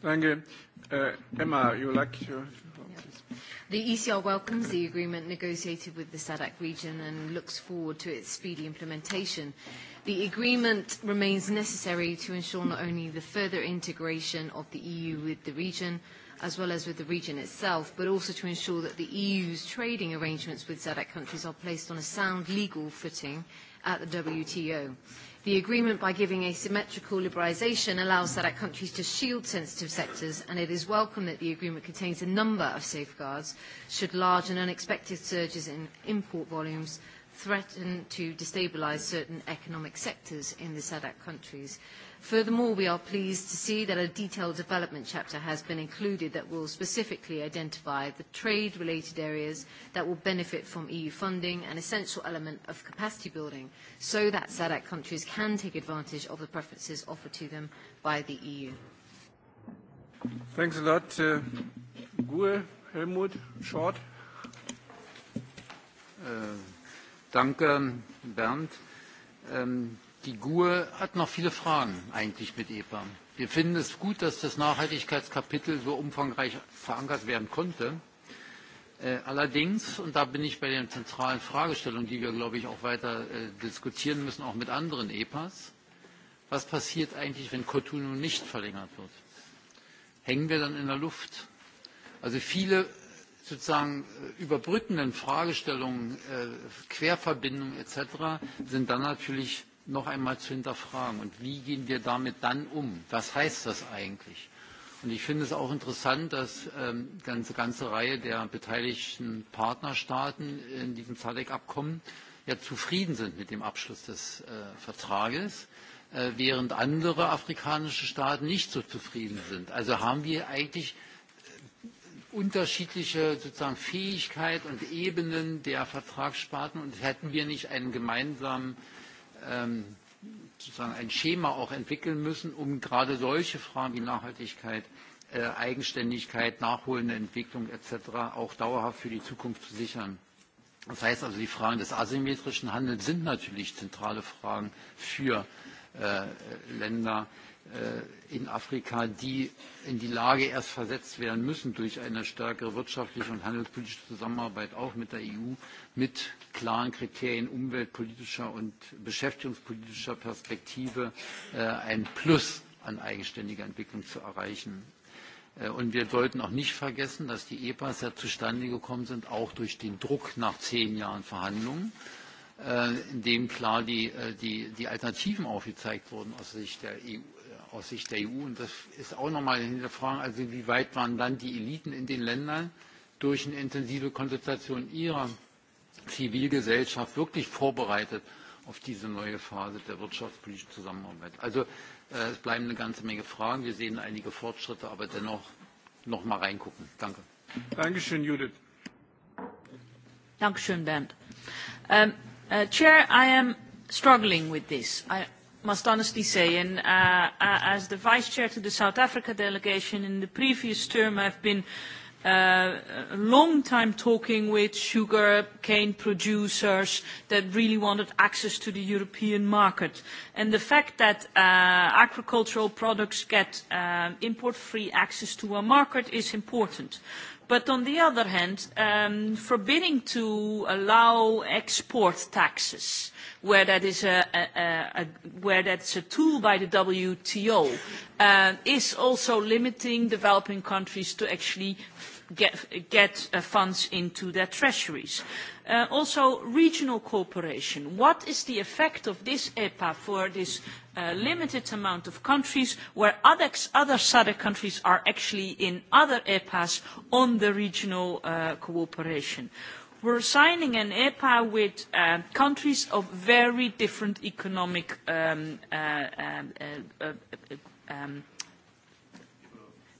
Danke. Äh, Emma, you like to... Please. The ECR welcomes the agreement negotiated with the SADC region and looks forward to its speedy implementation. The agreement remains necessary to ensure not only the further integration of the EU with the region, as well as with the region itself, but also to ensure that the EU's trading arrangements with SADC countries are placed on a sound legal footing at the WTO. The agreement, by giving asymmetrical liberalisation, allows SADC countries to shield sensitive sectors, and it is welcome that the agreement contains a number of safeguards should large and unexpected surges in import volumes threaten to destabilise certain economic sectors in the SADC countries. Uh, Furthermore, we are pleased to see that a detailed development chapter has been included that will specifically identify the trade-related areas that will benefit from EU funding, an essential element of capacity building, so that SADC countries can take advantage of the preferences offered to them by the EU. Thanks a lot. Uh, Gur, Helmut, short. Uh, danke, Bernd. Um, Die GUE hat noch viele Fragen eigentlich mit EPA. Wir finden es gut, dass das Nachhaltigkeitskapitel so umfangreich verankert werden konnte. Äh, allerdings, und da bin ich bei den zentralen Fragestellungen, die wir, glaube ich, auch weiter äh, diskutieren müssen, auch mit anderen EPAs, was passiert eigentlich, wenn Cotonou nicht verlängert wird? Hängen wir dann in der Luft? Also viele sozusagen äh, überbrückenden Fragestellungen, Querverbindungen etc. sind dann natürlich noch einmal zu hinterfragen. Und wie gehen wir damit dann um? Was heißt das eigentlich? Und ich finde es auch interessant, dass ähm, eine ganze, ganze Reihe der beteiligten Partnerstaaten in diesem ZADC-Abkommen ja zufrieden sind mit dem Abschluss des äh, Vertrages, äh, während andere afrikanische Staaten nicht so zufrieden sind. Also haben wir eigentlich äh, unterschiedliche sozusagen Fähigkeit und Ebenen der Vertragssparten und hätten wir nicht einen gemeinsamen äh, ähm, sozusagen ein Schema auch entwickeln müssen, um gerade solche Fragen wie Nachhaltigkeit, äh, Eigenständigkeit, nachholende Entwicklung etc. auch dauerhaft für die Zukunft zu sichern. Das heißt also, die Fragen des asymmetrischen Handels sind natürlich zentrale Fragen für äh, Äh, Länder äh, in Afrika, die in die Lage erst versetzt werden müssen durch eine stärkere wirtschaftliche und handelspolitische Zusammenarbeit auch mit der EU mit klaren Kriterien umweltpolitischer und beschäftigungspolitischer Perspektive äh, ein Plus an eigenständiger Entwicklung zu erreichen. Und wir sollten auch nicht vergessen, dass die EPAs ja zustande gekommen sind, auch durch den Druck nach zehn Jahren Verhandlungen. Äh, Äh, in dem klar die, äh, die, die Alternativen aufgezeigt wurden aus Sicht der EU äh, aus Sicht der EU. Und das ist auch nochmal hinterfragen, also wie weit waren dann die Eliten in den Ländern durch eine intensive Konsultation ihrer Zivilgesellschaft wirklich vorbereitet auf diese neue Phase der wirtschaftspolitischen Zusammenarbeit. Also äh, es bleiben eine ganze Menge Fragen. Wir sehen einige Fortschritte, aber dennoch noch mal reingucken. Danke. Dankeschön, Judith. Dankeschön, Bernd. Ähm, Uh, Chair, I am struggling with this, I must honestly say. And uh, uh, as the Vice Chair to the South Africa delegation in the previous term, I've been uh, a long time talking with sugar cane producers that really wanted access to the European market. And the fact that uh, agricultural products get um, import-free access to our market is important. Uh, But on the other hand, um, forbidding to allow export taxes, where that is a, a, a, where that's a tool by the WTO, uh, is also limiting developing countries to actually get, get uh, funds into their treasuries. Uh, also, regional cooperation. What is the effect of this EPA for this uh, limited amount of countries where other, other SADC countries are actually in other EPAs on the regional uh, cooperation. We're signing an EPA with uh, countries of very different economic um, uh, um, uh, uh, uh, um,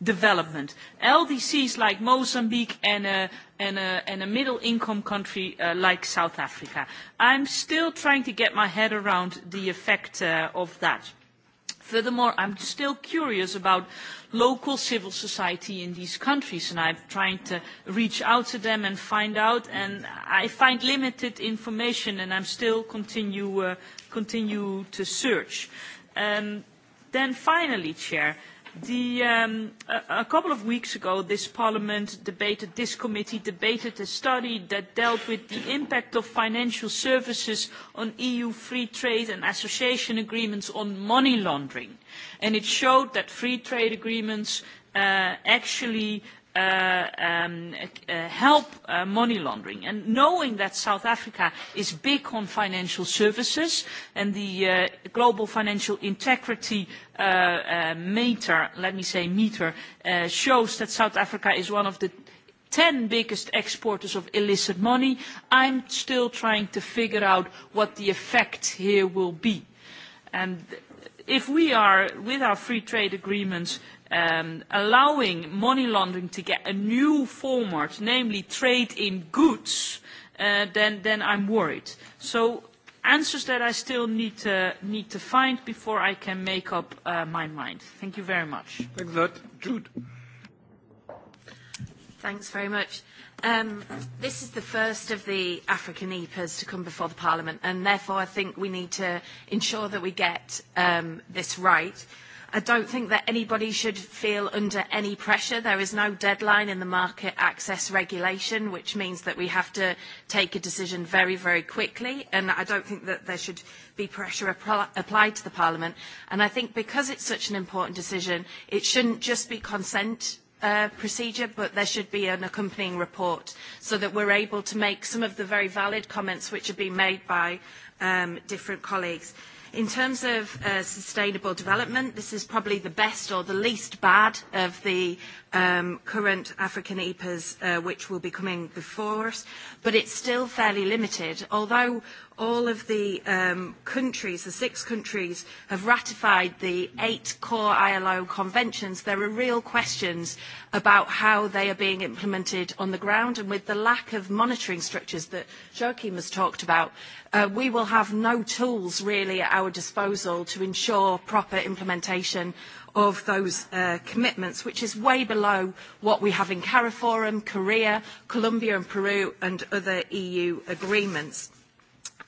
development. LDCs like Mozambique and a, and a, and a middle income country uh, like South Africa. I'm still trying to get my head around the effect uh, of that. Furthermore, I'm still curious about local civil society in these countries, and I'm trying to reach out to them and find out, and I find limited information, and I'm still continue, uh, continue to search. Um, then finally, Chair, uh, The, um, a, a couple of weeks ago, this Parliament debated, this committee debated a study that dealt with the impact of financial services on EU free trade and association agreements on money laundering. And it showed that free trade agreements uh, actually uh, Uh, um, uh, help uh, money laundering. And knowing that South Africa is big on financial services and the uh, global financial integrity uh, uh, meter, let me say meter, uh, shows that South Africa is one of the 10 biggest exporters of illicit money, I'm still trying to figure out what the effect here will be. And if we are, with our free trade agreements, um, allowing money laundering to get a new format, namely trade in goods, uh, then, then I'm worried. So answers that I still need to, need to find before I can make up uh, my mind. Thank you very much. Thanks a lot. Jude. Thanks very much. Um, this is the first of the African EPAs to come before the Parliament, and therefore I think we need to ensure that we get um, this right. Uh, I don't think that anybody should feel under any pressure. There is no deadline in the market access regulation, which means that we have to take a decision very, very quickly. And I don't think that there should be pressure applied to the Parliament. And I think because it's such an important decision, it shouldn't just be consent uh, procedure, but there should be an accompanying report so that we're able to make some of the very valid comments which have been made by um, different colleagues. In terms of uh, sustainable development, this is probably the best or the least bad of the um, current African EPAs, uh, which will be coming before us, but it's still fairly limited. Although all of the um, countries, the six countries, have ratified the eight core ILO conventions, there are real questions about how they are being implemented on the ground. And with the lack of monitoring structures that Joachim has talked about, uh, we will have no tools really at our disposal to ensure proper implementation of those uh, commitments, which is way below what we have in CARIFORUM, Korea, Colombia and Peru and other EU agreements.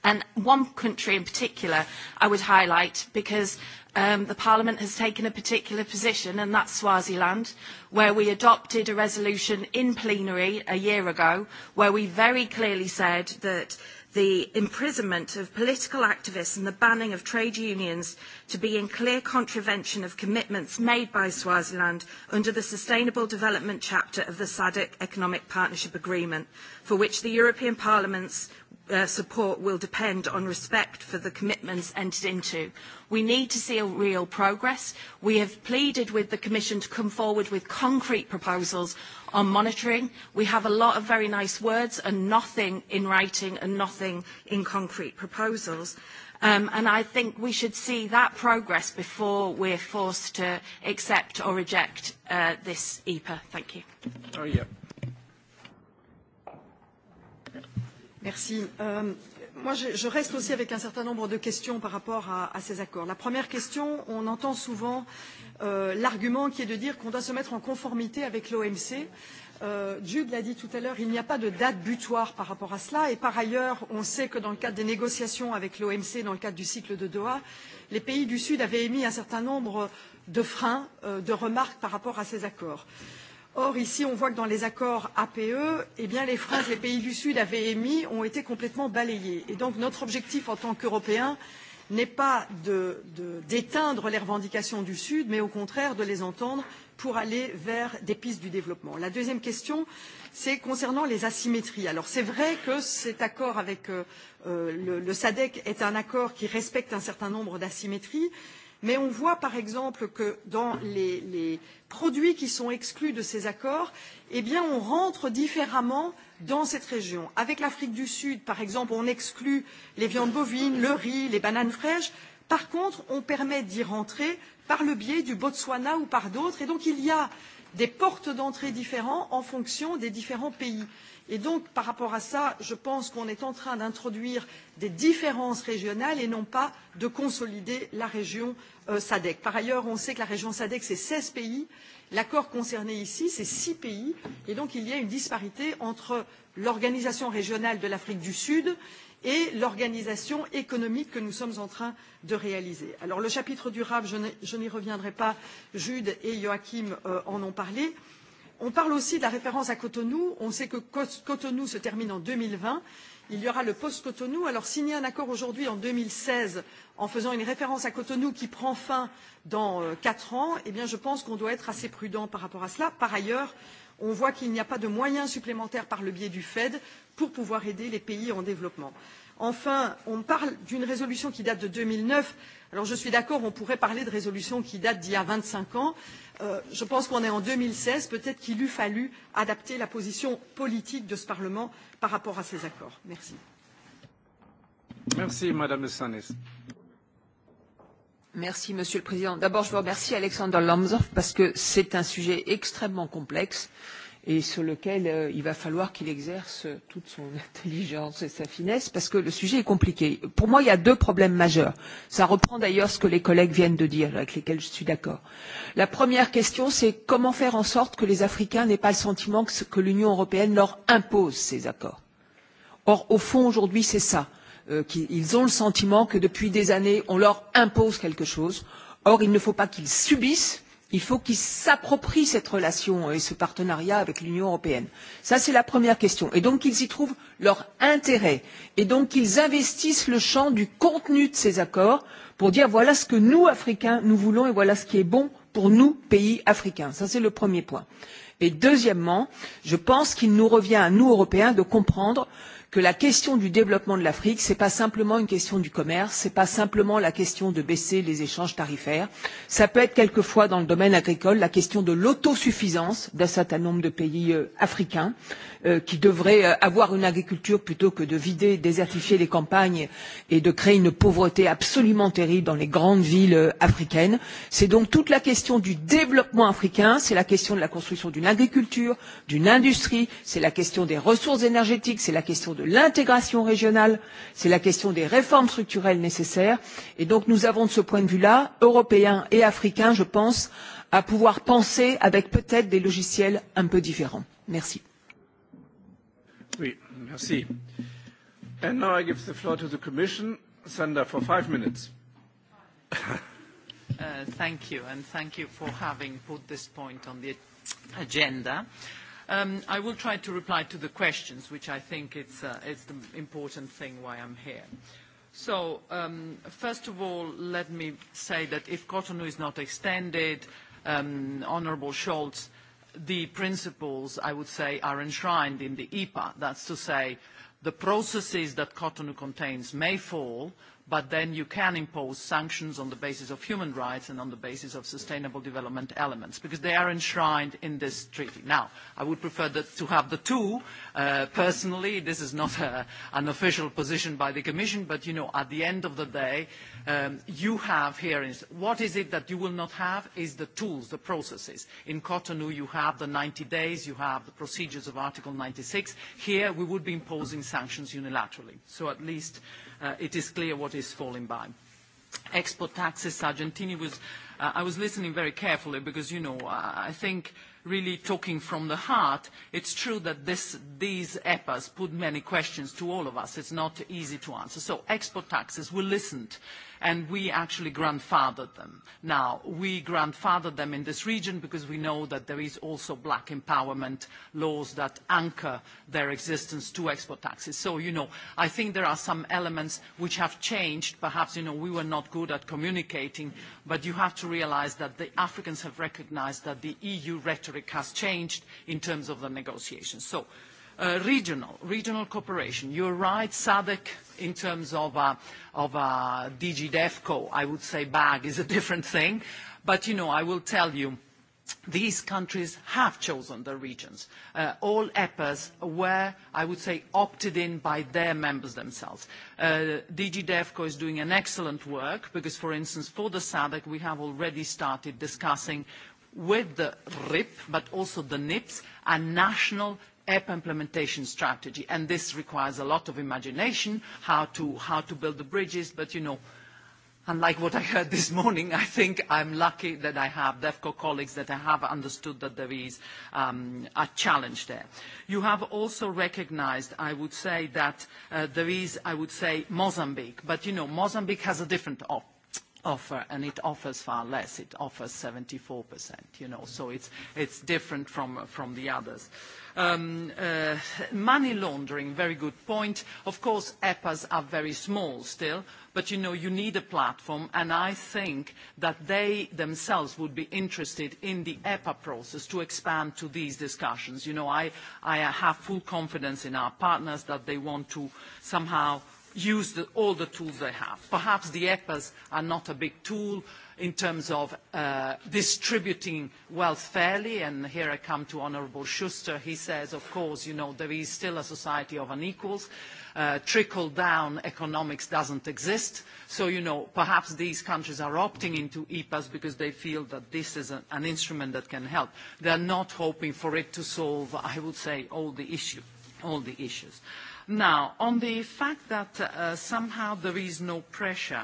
And one country in particular I would highlight because um, the Parliament has taken a particular position, and that's Swaziland, where we adopted a resolution in plenary a year ago where we very clearly said that the imprisonment of political activists and the banning of trade unions to be in clear contravention of commitments made by Swaziland under the Sustainable Development Chapter of the SADC Economic Partnership Agreement, for which the European Parliament's uh, support will depend on respect for the commitments entered into. We need to see a real progress. We have pleaded with the Commission to come forward with concrete proposals on monitoring. We have a lot of very nice words and nothing in writing and nothing in concrete proposals. Um, and I think we should see that progress before we're forced to accept or reject uh, this EPA. Thank you. Oh, yeah. Merci. Euh, moi, je, je reste aussi avec un certain nombre de questions par rapport à, à ces accords. La première question, on entend souvent euh, l'argument qui est de dire qu'on doit se mettre en conformité avec l'OMC. Euh, Jude l'a dit tout à l'heure, il n'y a pas de date butoir par rapport à cela. Et par ailleurs, on sait que dans le cadre des négociations avec l'OMC, dans le cadre du cycle de Doha, les pays du Sud avaient émis un certain nombre de freins, euh, de remarques par rapport à ces accords. Euh, Or, ici, on voit que dans les accords APE, eh bien, les phrases les pays du Sud avaient émises ont été complètement balayées. Et donc, notre objectif en tant qu'Européens n'est pas d'éteindre les revendications du Sud, mais au contraire de les entendre pour aller vers des pistes du développement. La deuxième question, c'est concernant les asymétries. Alors c'est vrai que cet accord avec euh, euh le, le SADEC est un accord qui respecte un certain nombre d'asymétries, mais on voit par exemple que dans les, les produits qui sont exclus de ces accords, eh bien, on rentre différemment dans cette région. Avec l'Afrique du Sud, par exemple, on exclut les viandes bovines, le riz, les bananes fraîches. Par contre, on permet d'y rentrer par le biais du Botswana ou par d'autres. Et donc, il y a des portes d'entrée différentes en fonction des différents pays. Et donc, par rapport à ça, je pense qu'on est en train d'introduire des différences régionales et non pas de consolider la région euh, SADEC. Par ailleurs, on sait que la région SADEC, c'est 16 pays. L'accord concerné ici, c'est 6 pays. Et donc, il y a une disparité entre l'organisation régionale de l'Afrique du Sud et l'organisation économique que nous sommes en train de réaliser. Alors, le chapitre durable, je n'y reviendrai pas, Jude et Joachim euh, en ont parlé. On parle aussi de la référence à Cotonou. On sait que Cotonou se termine en 2020. Il y aura le post-Cotonou. Alors, signer un accord aujourd'hui en 2016 en faisant une référence à Cotonou qui prend fin dans euh, quatre euh, ans, eh bien, je pense qu'on doit être assez prudent par rapport à cela. Par ailleurs, euh, on voit qu'il n'y a pas de moyens supplémentaires par le biais du fed pour pouvoir aider les pays en développement. enfin on parle d'une résolution qui date de deux mille neuf alors je suis d'accord on pourrait parler de résolutions qui datent d'il y a vingt cinq ans euh, je pense qu'on est en deux mille seize peut être qu'il eût fallu adapter la position politique de ce parlement par rapport à ces accords. merci. merci madame de sarnez. Merci, Monsieur le Président. D'abord, je vous remercie, Alexander Lambsdorff, parce que c'est un sujet extrêmement complexe et sur lequel euh, il va falloir qu'il exerce toute son intelligence et sa finesse, parce que le sujet est compliqué. Pour moi, il y a deux problèmes majeurs. Ça reprend d'ailleurs ce que les collègues viennent de dire, avec lesquels je suis d'accord. La première question, c'est comment faire en sorte que les Africains n'aient pas le sentiment que, que l'Union européenne leur impose ces accords. Or, au fond, aujourd'hui, c'est ça. Euh, euh, qu'ils ont le sentiment que depuis des années, on leur impose quelque chose. Or, il ne faut pas qu'ils subissent, il faut qu'ils s'approprient cette relation euh, et ce partenariat avec l'Union européenne. Ça, c'est la première question. Et donc, qu'ils y trouvent leur intérêt. Et donc, qu'ils investissent le champ du contenu de ces accords pour dire voilà ce que nous, Africains, nous voulons et voilà ce qui est bon pour nous, pays africains. Ça, c'est le premier point. Et deuxièmement, je pense qu'il nous revient à nous, Européens, de comprendre euh, que la question du développement de l'Afrique, ce n'est pas simplement une question du commerce, ce n'est pas simplement la question de baisser les échanges tarifaires, ça peut être quelquefois dans le domaine agricole la question de l'autosuffisance d'un certain nombre de pays euh, africains euh, qui devraient euh, avoir une agriculture plutôt que de vider, désertifier les campagnes et de créer une pauvreté absolument terrible dans les grandes villes euh, africaines. C'est donc toute la question du développement africain, c'est la question de la construction d'une agriculture, d'une industrie, c'est la question des ressources énergétiques, c'est la question de de l'intégration régionale, c'est la question des réformes structurelles nécessaires. Et donc nous avons de ce point de vue-là, européens et africains, je pense, à pouvoir penser avec peut-être des logiciels un peu différents. Merci. Oui, merci. And now I give the floor to the Commission, Sandra, for five minutes. uh, thank you, and thank you for having put this point on the agenda. Uh, Um, I will try to reply to the questions, which I think it's, uh, it's the important thing why I'm here. So, um, first of all, let me say that if Cotonou is not extended, um, Honorable Scholz, the principles, I would say, are enshrined in the EPA. That's to say, the processes that Cotonou contains may fall, but then you can impose sanctions on the basis of human rights and on the basis of sustainable development elements, because they are enshrined in this treaty. Now, I would prefer that to have the two. Uh, personally, this is not a, an official position by the Commission, but you know, at the end of the day, um, you have here, is, what is it that you will not have is the tools, the processes. In Cotonou, you have the 90 days, you have the procedures of Article 96. Here, we would be imposing sanctions unilaterally. So at least uh, uh, it is clear what is falling by. Export taxes, Argentina was, uh, I was listening very carefully because, you know, uh, I think really talking from the heart, it's true that this, these EPAs put many questions to all of us. It's not easy to answer. So export taxes, we listened. Uh, and we actually grandfathered them. Now, we grandfathered them in this region because we know that there is also black empowerment laws that anchor their existence to export taxes. So, you know, I think there are some elements which have changed. Perhaps, you know, we were not good at communicating, but you have to realize that the Africans have recognized that the EU rhetoric has changed in terms of the negotiations. So Uh, regional, regional cooperation. You're right, SADC in terms of, uh, of uh, DG DEFCO, I would say BAG is a different thing. But, you know, I will tell you, these countries have chosen the regions. Uh, all EPAs were, I would say, opted in by their members themselves. Uh, DG DEFCO is doing an excellent work because, for instance, for the SADC, we have already started discussing with the RIP, but also the NIPS, a national app implementation strategy. And this requires a lot of imagination, how to, how to build the bridges, but you know, unlike what I heard this morning, I think I'm lucky that I have DEFCO colleagues that I have understood that there is um, a challenge there. You have also recognized, I would say, that uh, there is, I would say, Mozambique. But, you know, Mozambique has a different op offer, and it offers far less. It offers 74%, you know, so it's, it's different from, from the others. Um, uh, money laundering, very good point. Of course, EPAs are very small still, but you know, you need a platform, and I think that they themselves would be interested in the EPA process to expand to these discussions. You know, I, I have full confidence in our partners that they want to somehow use the, all the tools they have. Perhaps the EPAs are not a big tool in terms of uh, distributing wealth fairly, and here I come to Honourable Schuster. He says, of course, you know, there is still a society of unequals. Uh, Trickle-down economics doesn't exist. So, you know, perhaps these countries are opting into EPAs because they feel that this is a, an instrument that can help. They're not hoping for it to solve, I would say, all the, issue, all the issues. Uh, Now, on the fact that uh, somehow there is no pressure,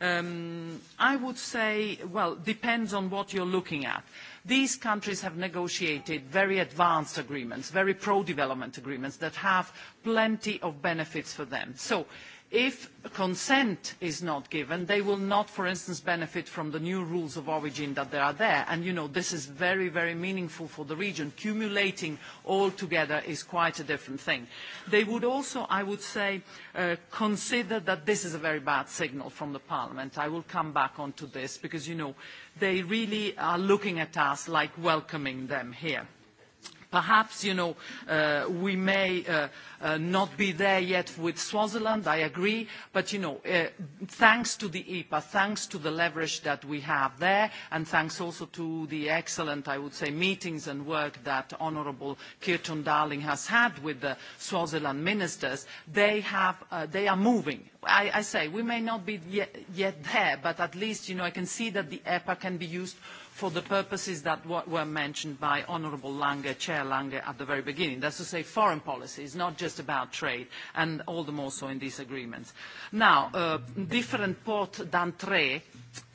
um, I would say, well, depends on what you're looking at. These countries have negotiated very advanced agreements, very pro-development agreements that have plenty of benefits for them. So If consent is not given, they will not, for instance, benefit from the new rules of origin that there are there. And, you know, this is very, very meaningful for the region. Cumulating all together is quite a different thing. They would also, I would say, uh, consider that this is a very bad signal from the Parliament. I will come back onto this because, you know, they really are looking at us like welcoming them here. Perhaps, you know, uh, we may uh, uh, not be there yet with Swaziland, I agree, but, you know, uh, thanks to the EPA, thanks to the leverage that we have there, and thanks also to the excellent, I would say, meetings and work that Honourable Kirton Darling has had with the Swaziland ministers, they, have, uh, they are moving. I, I say, we may not be yet, yet there, but at least, you know, I can see that the EPA can be used for the purposes that were mentioned by Honourable Lange, Chair Lange, at the very beginning. That's to say foreign policy is not just about trade, and all the more so in these agreements. Now, uh, different port d'entrée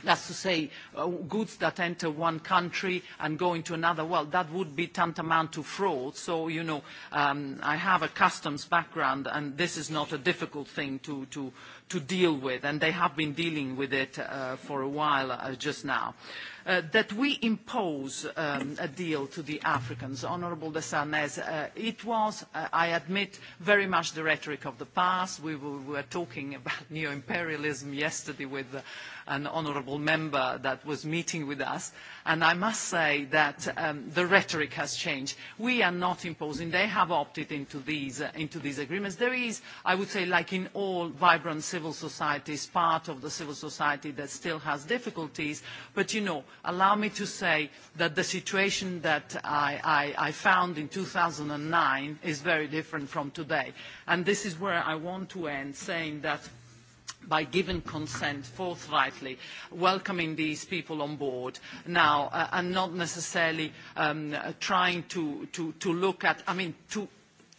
that's to say, uh, goods that enter one country and go into another, well, that would be tantamount to fraud. So, you know, um, I have a customs background, and this is not a difficult thing to, to, to deal with, and they have been dealing with it uh, for a while uh, just now. Uh, that we impose um, a deal to the Africans, Honorable de Sarnez, uh, it was, uh, I admit, very much the rhetoric of the past. We were, we were talking about neo-imperialism yesterday with uh, an honourable member that was meeting with us, and I must say that um, the rhetoric has changed. We are not imposing. They have opted into these, uh, into these agreements. There is, I would say, like in all vibrant civil societies, part of the civil society that still has difficulties. But, you know, allow me to say that the situation that I, I, I found in 2009 is very different from today. And this is where I want to end, saying that by giving consent forthrightly, welcoming these people on board now, uh, and not necessarily um, uh, trying to, to, to look at, I mean, to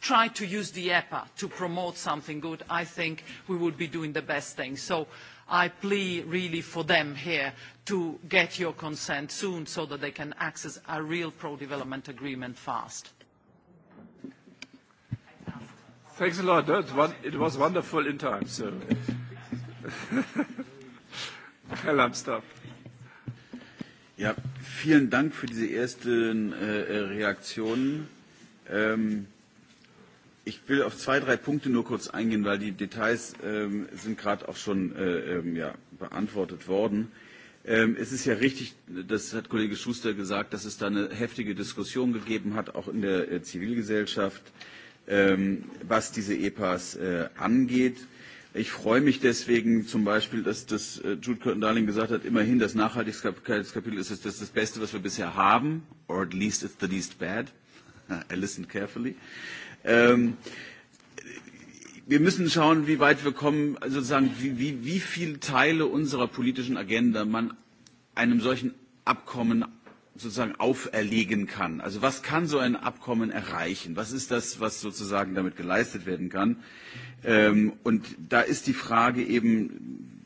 try to use the EPA to promote something good, I think we would be doing the best thing. So I plea really for them here to get your consent soon so that they can access a real pro-development agreement fast. Thanks a lot. It was wonderful in time, so. Herr Lambsdorff. Ja, vielen Dank für diese ersten äh, Reaktionen. Ähm, ich will auf zwei, drei Punkte nur kurz eingehen, weil die Details ähm, sind gerade auch schon äh, ähm, ja, beantwortet worden. Ähm, es ist ja richtig, das hat Kollege Schuster gesagt, dass es da eine heftige Diskussion gegeben hat, auch in der äh, Zivilgesellschaft, ähm, was diese EPAs äh, angeht. Äh, Ich freue mich deswegen zum Beispiel, dass das äh, Jude Curtin-Darling gesagt hat, immerhin das Nachhaltigkeitskapitel ist das, das, ist das Beste, was wir bisher haben, or at least it's the least bad. I listened carefully. Ähm, wir müssen schauen, wie weit wir kommen, sozusagen, wie, wie, wie viele Teile unserer politischen Agenda man einem solchen Abkommen sozusagen auferlegen kann. Also was kann so ein Abkommen erreichen? Was ist das, was sozusagen damit geleistet werden kann? Ähm, und da ist die Frage eben,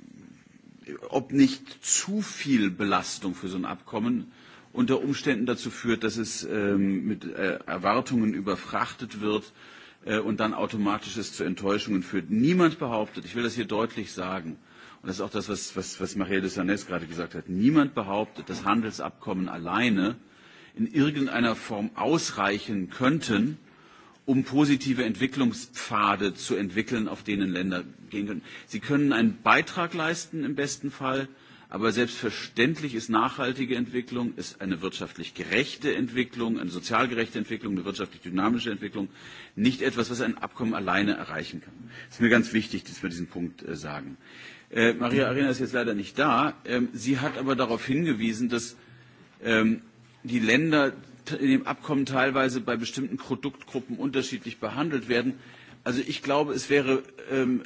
ob nicht zu viel Belastung für so ein Abkommen unter Umständen dazu führt, dass es ähm, mit äh, Erwartungen überfrachtet wird äh, und dann automatisch es zu Enttäuschungen führt. Niemand behauptet, ich will das hier deutlich sagen, äh, und das ist auch das, was, was, was Maria de Sarnez gerade gesagt hat, niemand behauptet, dass Handelsabkommen alleine in irgendeiner Form ausreichen könnten, um positive Entwicklungspfade zu entwickeln, auf denen Länder gehen können. Sie können einen Beitrag leisten im besten Fall, aber selbstverständlich ist nachhaltige Entwicklung, ist eine wirtschaftlich gerechte Entwicklung, eine sozial gerechte Entwicklung, eine wirtschaftlich dynamische Entwicklung nicht etwas, was ein Abkommen alleine erreichen kann. Es ist mir ganz wichtig, dass wir diesen Punkt äh, sagen. Äh, Äh, Maria Arena ist jetzt leider nicht da. Ähm, sie hat aber darauf hingewiesen, dass ähm, die Länder in dem Abkommen teilweise bei bestimmten Produktgruppen unterschiedlich behandelt werden. Also ich glaube, es wäre ähm,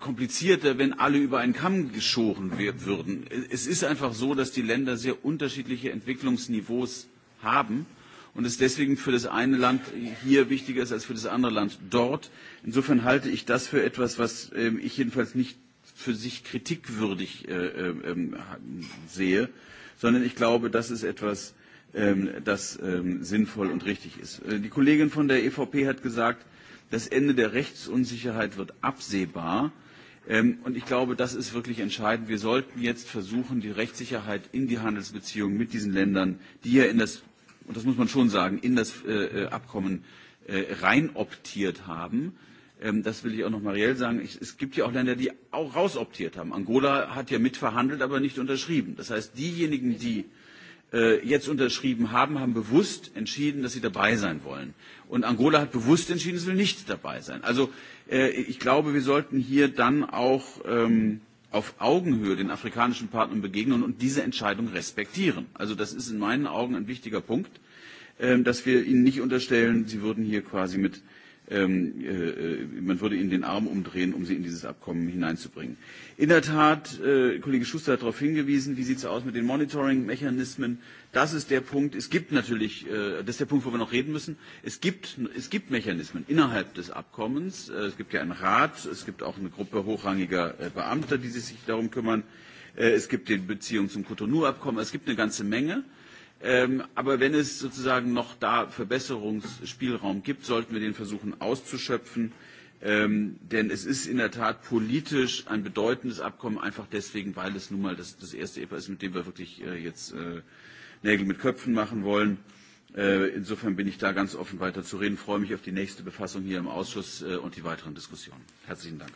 komplizierter, wenn alle über einen Kamm geschoren würden. Es ist einfach so, dass die Länder sehr unterschiedliche Entwicklungsniveaus haben und es deswegen für das eine Land hier wichtiger ist als für das andere Land dort. Insofern halte ich das für etwas, was äh, ich jedenfalls nicht für sich kritikwürdig äh, ähm, ähm, sehe, sondern ich glaube, das ist etwas, ähm, das ähm, sinnvoll und richtig ist. Äh, die Kollegin von der EVP hat gesagt, das Ende der Rechtsunsicherheit wird absehbar. Ähm, und ich glaube, das ist wirklich entscheidend. Wir sollten jetzt versuchen, die Rechtssicherheit in die Handelsbeziehungen mit diesen Ländern, die ja in das, und das muss man schon sagen, in das äh, äh Abkommen äh, rein optiert haben, äh, Ähm, das will ich auch noch Marielle sagen. Ich, es gibt ja auch Länder, die auch rausoptiert haben. Angola hat ja mitverhandelt, aber nicht unterschrieben. Das heißt, diejenigen, die äh, jetzt unterschrieben haben, haben bewusst entschieden, dass sie dabei sein wollen. Und Angola hat bewusst entschieden, es will nicht dabei sein. Also äh, ich glaube, wir sollten hier dann auch ähm, auf Augenhöhe den afrikanischen Partnern begegnen und diese Entscheidung respektieren. Also das ist in meinen Augen ein wichtiger Punkt, äh, dass wir ihnen nicht unterstellen, sie würden hier quasi mit ähm, äh, man würde ihnen den Arm umdrehen, um sie in dieses Abkommen hineinzubringen. In der Tat, äh, Kollege Schuster hat darauf hingewiesen, wie sieht es aus mit den Monitoring-Mechanismen? Das ist der Punkt. Es gibt natürlich, äh, das ist der Punkt, wo wir noch reden müssen. Es gibt, es gibt Mechanismen innerhalb des Abkommens. Äh, es gibt ja einen Rat, es gibt auch eine Gruppe hochrangiger äh, Beamter, die sich darum kümmern. Äh, es gibt die Beziehung zum Cotonou-Abkommen. Es gibt eine ganze Menge. Äh, Ähm, aber wenn es sozusagen noch da Verbesserungsspielraum gibt, sollten wir den versuchen auszuschöpfen. Ähm, denn es ist in der Tat politisch ein bedeutendes Abkommen, einfach deswegen, weil es nun mal das, das erste EPA ist, mit dem wir wirklich äh, jetzt äh, Nägel mit Köpfen machen wollen. Äh, insofern bin ich da ganz offen weiter zu reden, freue mich auf die nächste Befassung hier im Ausschuss äh, und die weiteren Diskussionen. Herzlichen Dank.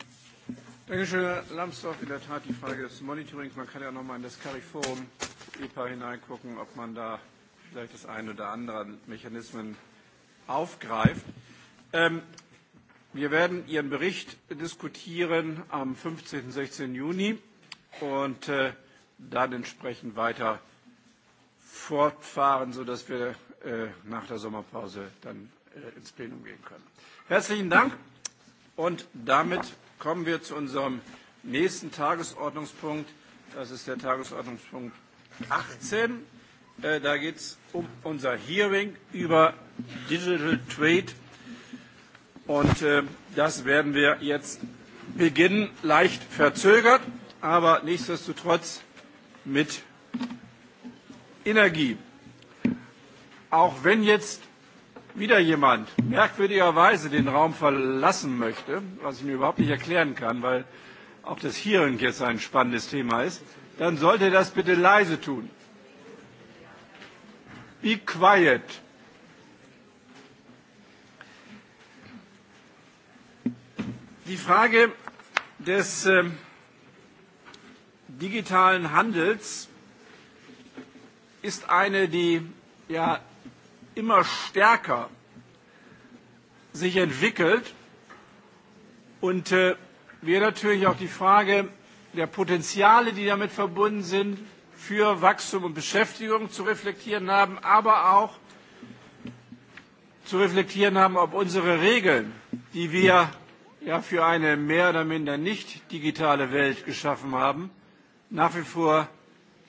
Dankeschön, Herr Lambsdorff. In der Tat die Frage des Monitorings. Man kann ja nochmal in das CARI-Forum EPA hineingucken, ob man da vielleicht das eine oder andere an Mechanismen aufgreift. Ähm, wir werden Ihren Bericht diskutieren am 15. und 16. Juni und äh, dann entsprechend weiter fortfahren, sodass wir äh, nach der Sommerpause dann äh, ins Plenum gehen können. Herzlichen Dank und damit kommen wir zu unserem nächsten Tagesordnungspunkt. Das ist der Tagesordnungspunkt 18. Äh, da geht es um unser Hearing über Digital Trade. Und äh, das werden wir jetzt beginnen, leicht verzögert, aber nichtsdestotrotz mit Energie. Auch wenn jetzt wieder jemand merkwürdigerweise den Raum verlassen möchte, was ich mir überhaupt nicht erklären kann, weil auch das Hearing jetzt ein spannendes Thema ist, äh, dann sollt ihr das bitte leise tun. Be quiet. Die Frage des äh, digitalen Handels ist eine, die ja immer stärker sich entwickelt und äh, wir natürlich auch die Frage der Potenziale, die damit verbunden sind, für Wachstum und Beschäftigung zu reflektieren haben, aber auch zu reflektieren haben, ob unsere Regeln, die wir ja für eine mehr oder minder nicht digitale Welt geschaffen haben, nach wie vor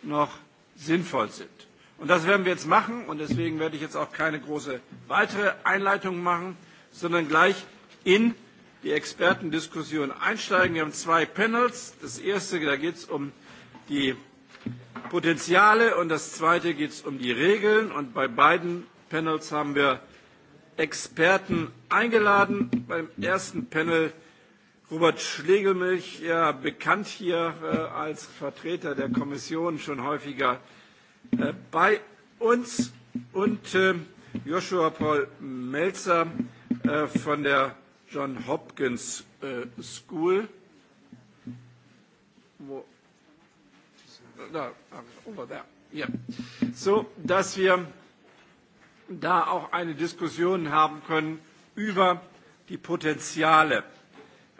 noch sinnvoll sind. Und das werden wir jetzt machen und deswegen werde ich jetzt auch keine große weitere Einleitung machen, sondern gleich in die Expertendiskussion einsteigen. Wir haben zwei Panels. Das erste, da geht es um die Potenziale und das zweite geht es um die Regeln. Und bei beiden Panels haben wir Experten eingeladen. Beim ersten Panel Robert Schlegelmilch, ja, bekannt hier äh, als Vertreter der Kommission schon häufiger äh, bei uns und äh, Joshua Paul Melzer äh, von der John Hopkins uh, School. Wo, da, over there. Ja. Yeah. So, dass wir da auch eine Diskussion haben können über die Potenziale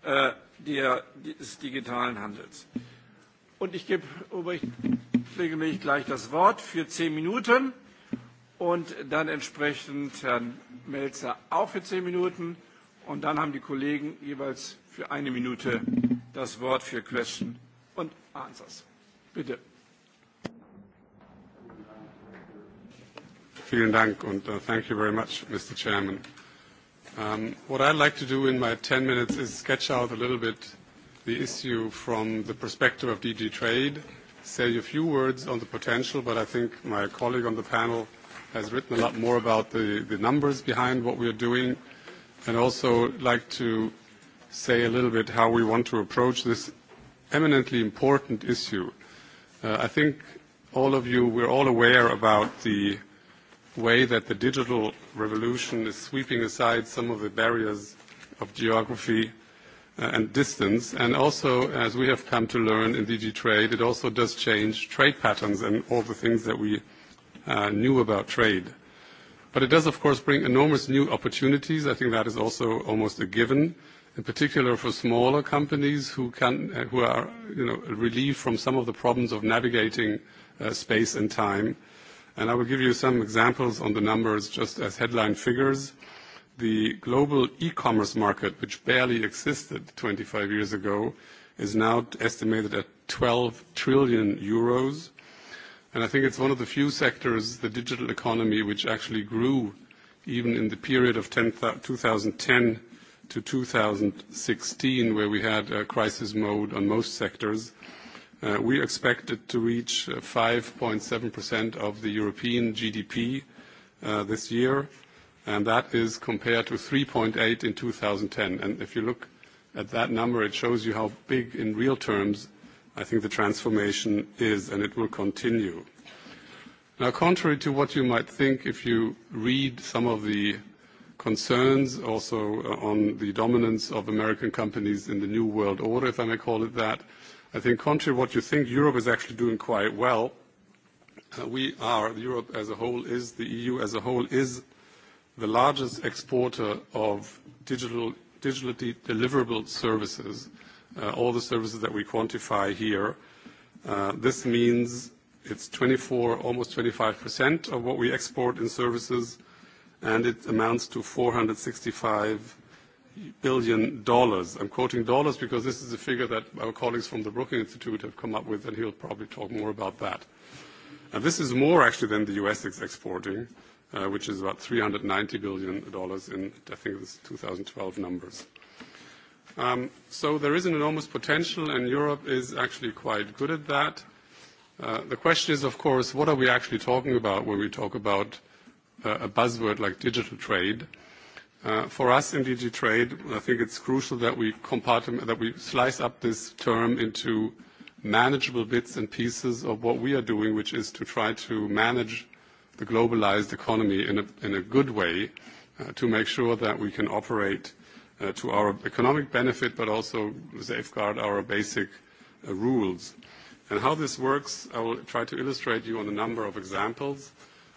äh, der, des digitalen Handels. Und ich gebe Ulrich Pflegemilch gleich das Wort für zehn Minuten und dann entsprechend Herrn Melzer auch für zehn Minuten Und dann haben die Kollegen jeweils für eine Minute das Wort für Question und Answers. Bitte. Vielen Dank und uh, thank you very much, Mr. Chairman. Um, what I'd like to do in my 10 minutes is sketch out a little bit the issue from the perspective of DG Trade, say a few words on the potential, but I think my colleague on the panel has written a lot more about the, the numbers behind what we are doing and also like to say a little bit how we want to approach this eminently important issue. Uh, I think all of you, we're all aware about the way that the digital revolution is sweeping aside some of the barriers of geography uh, and distance. And also, as we have come to learn in DG Trade, it also does change trade patterns and all the things that we uh, knew about trade. But it does, of course, bring enormous new opportunities. I think that is also almost a given, in particular for smaller companies who, can, uh, who are you know, relieved from some of the problems of navigating uh, space and time. And I will give you some examples on the numbers just as headline figures. The global e-commerce market, which barely existed 25 years ago, is now estimated at 12 trillion euros. And I think it's one of the few sectors, the digital economy, which actually grew even in the period of 10, 2010 to 2016, where we had a crisis mode on most sectors. Uh, we expect it to reach 5.7% uh, of the European GDP uh, this year, and that is compared to 3.8 in 2010. And if you look at that number, it shows you how big, in real terms, I think the transformation is, and it will continue. Now, contrary to what you might think if you read some of the concerns also uh, on the dominance of American companies in the New World Order, if I may call it that, I think contrary to what you think, Europe is actually doing quite well. Uh, we are, Europe as a whole is, the EU as a whole is the largest exporter of digital, digitally deliverable services. Uh, uh, all the services that we quantify here. Uh, this means it's 24, almost 25% of what we export in services, and it amounts to $465 billion. I'm quoting dollars because this is a figure that our colleagues from the Brookings Institute have come up with, and he'll probably talk more about that. And uh, this is more actually than the U.S. is exporting, uh, which is about $390 billion in, I think, this 2012 numbers. Um, so there is an enormous potential, and Europe is actually quite good at that. Uh, the question is, of course, what are we actually talking about when we talk about uh, a buzzword like digital trade? Uh, for us in DG Trade, I think it's crucial that we compartment, that we slice up this term into manageable bits and pieces of what we are doing, which is to try to manage the globalized economy in a, in a good way, uh, to make sure that we can operate uh, to our economic benefit, but also safeguard our basic uh, rules. And how this works, I will try to illustrate you on a number of examples.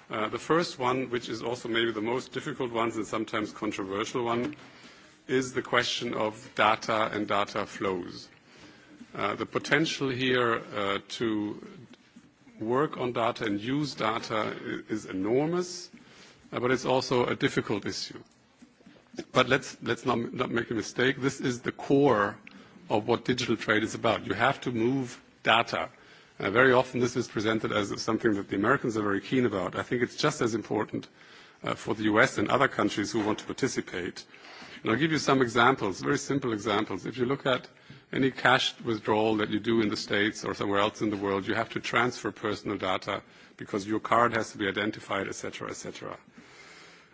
Uh, the first one, which is also maybe the most difficult one and sometimes controversial one, is the question of data and data flows. Uh, the potential here uh, to work on data and use data is, is enormous, uh, but it's also a difficult issue. But let's, let's not, not make a mistake. This is the core of what digital trade is about. You have to move data. Uh, very often this is presented as something that the Americans are very keen about. I think it's just as important uh, for the US and other countries who want to participate. And I'll give you some examples, very simple examples. If you look at any cash withdrawal that you do in the States or somewhere else in the world, you have to transfer personal data because your card has to be identified, et cetera, et cetera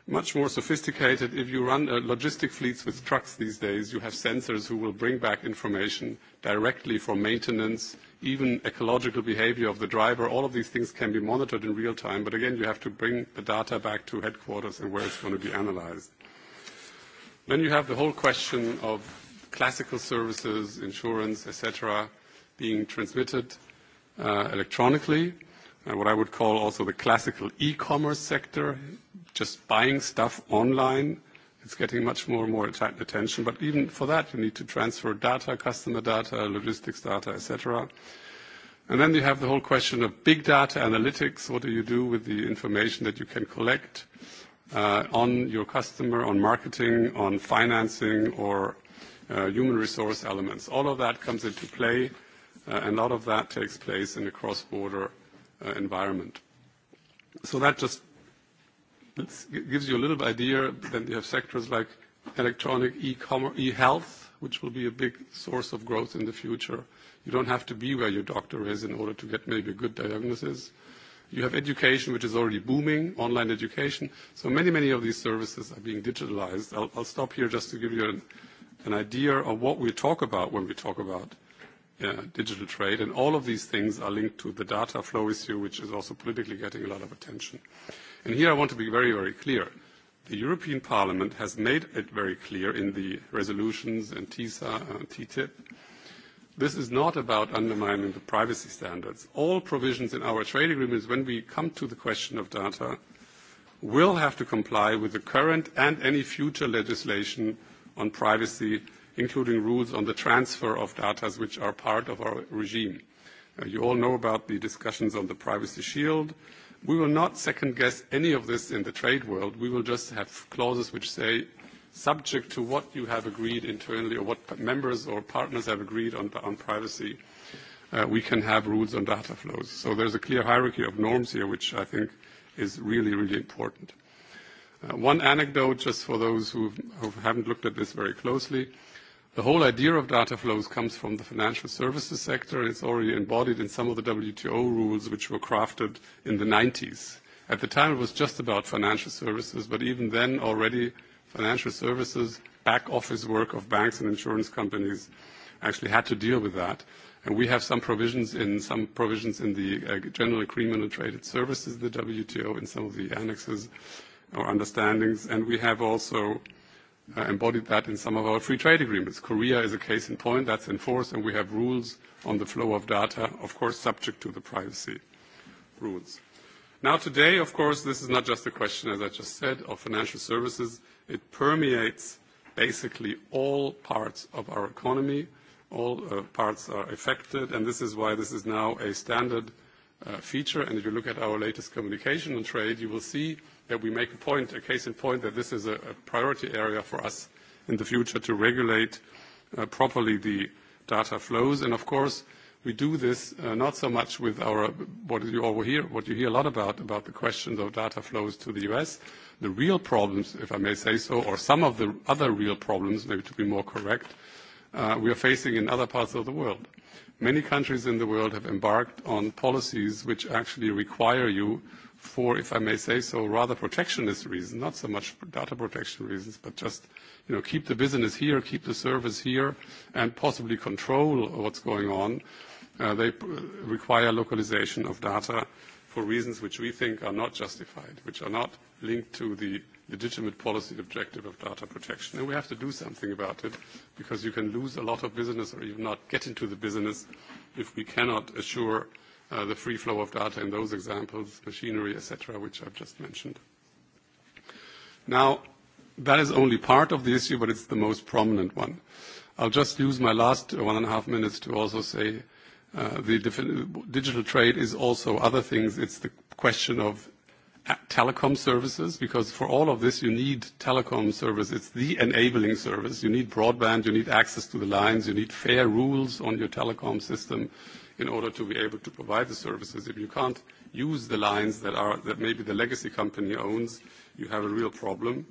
much more sophisticated. If you run uh, logistic fleets with trucks these days, you have sensors who will bring back information directly from maintenance, even ecological behavior of the driver. All of these things can be monitored in real time, but again, you have to bring the data back to headquarters and where it's going to be analyzed. Then you have the whole question of classical services, insurance, et cetera, being transmitted uh, electronically. Uh, what I would call also the classical e-commerce sector just buying stuff online, it's getting much more and more attention. But even for that, you need to transfer data, customer data, logistics data, et cetera. And then you have the whole question of big data analytics. What do you do with the information that you can collect uh, on your customer, on marketing, on financing, or uh, human resource elements? All of that comes into play, uh, and a lot of that takes place in a cross-border uh, environment. So that just It gives you a little idea. Then you have sectors like electronic e-commerce, e-health, which will be a big source of growth in the future. You don't have to be where your doctor is in order to get maybe a good diagnosis. You have education, which is already booming, online education. So many, many of these services are being digitalized. I'll, I'll stop here just to give you an, an idea of what we talk about when we talk about uh, digital trade. And all of these things are linked to the data flow issue, which is also politically getting a lot of attention. Uh, And here I want to be very, very clear. The European Parliament has made it very clear in the resolutions and TISA and uh, TTIP. This is not about undermining the privacy standards. All provisions in our trade agreements, when we come to the question of data, will have to comply with the current and any future legislation on privacy, including rules on the transfer of data which are part of our regime. Uh, you all know about the discussions on the Privacy Shield, We will not second-guess any of this in the trade world. We will just have clauses which say, subject to what you have agreed internally or what members or partners have agreed on, on privacy, uh, we can have rules on data flows. So there's a clear hierarchy of norms here, which I think is really, really important. Uh, one anecdote, just for those who haven't looked at this very closely, The whole idea of data flows comes from the financial services sector, and it's already embodied in some of the WTO rules which were crafted in the 1990s. At the time, it was just about financial services, but even then, already financial services, back office work of banks and insurance companies actually had to deal with that. And we have some provisions in, some provisions in the uh, General Agreement on Traded Services, the WTO, in some of the annexes or understandings. And we have also uh, embodied that in some of our free trade agreements. Korea is a case in point. That's enforced, and we have rules on the flow of data, of course, subject to the privacy rules. Now, today, of course, this is not just a question, as I just said, of financial services. It permeates basically all parts of our economy. All uh, parts are affected, and this is why this is now a standard uh, feature. And if you look at our latest communication on trade, you will see that we make a point, a case in point, that this is a, a priority area for us in the future to regulate uh, properly the data flows. And of course, we do this uh, not so much with our, what you all hear, what you hear a lot about, about the questions of data flows to the U.S. The real problems, if I may say so, or some of the other real problems, maybe to be more correct, uh, we are facing in other parts of the world. Many countries in the world have embarked on policies which actually require you for, if I may say so, rather protectionist reasons, not so much data protection reasons, but just, you know, keep the business here, keep the service here, and possibly control what's going on. Uh, they require localization of data for reasons which we think are not justified, which are not linked to the legitimate policy objective of data protection. And we have to do something about it because you can lose a lot of business or even not get into the business if we cannot assure uh, uh, the free flow of data in those examples, machinery, et cetera, which I've just mentioned. Now, that is only part of the issue, but it's the most prominent one. I'll just use my last one and a half minutes to also say uh, the digital trade is also other things. It's the question of uh, telecom services, because for all of this, you need telecom service. It's the enabling service. You need broadband, you need access to the lines, you need fair rules on your telecom system in order to be able to provide the services. If you can't use the lines that, are, that maybe the legacy company owns, you have a real problem.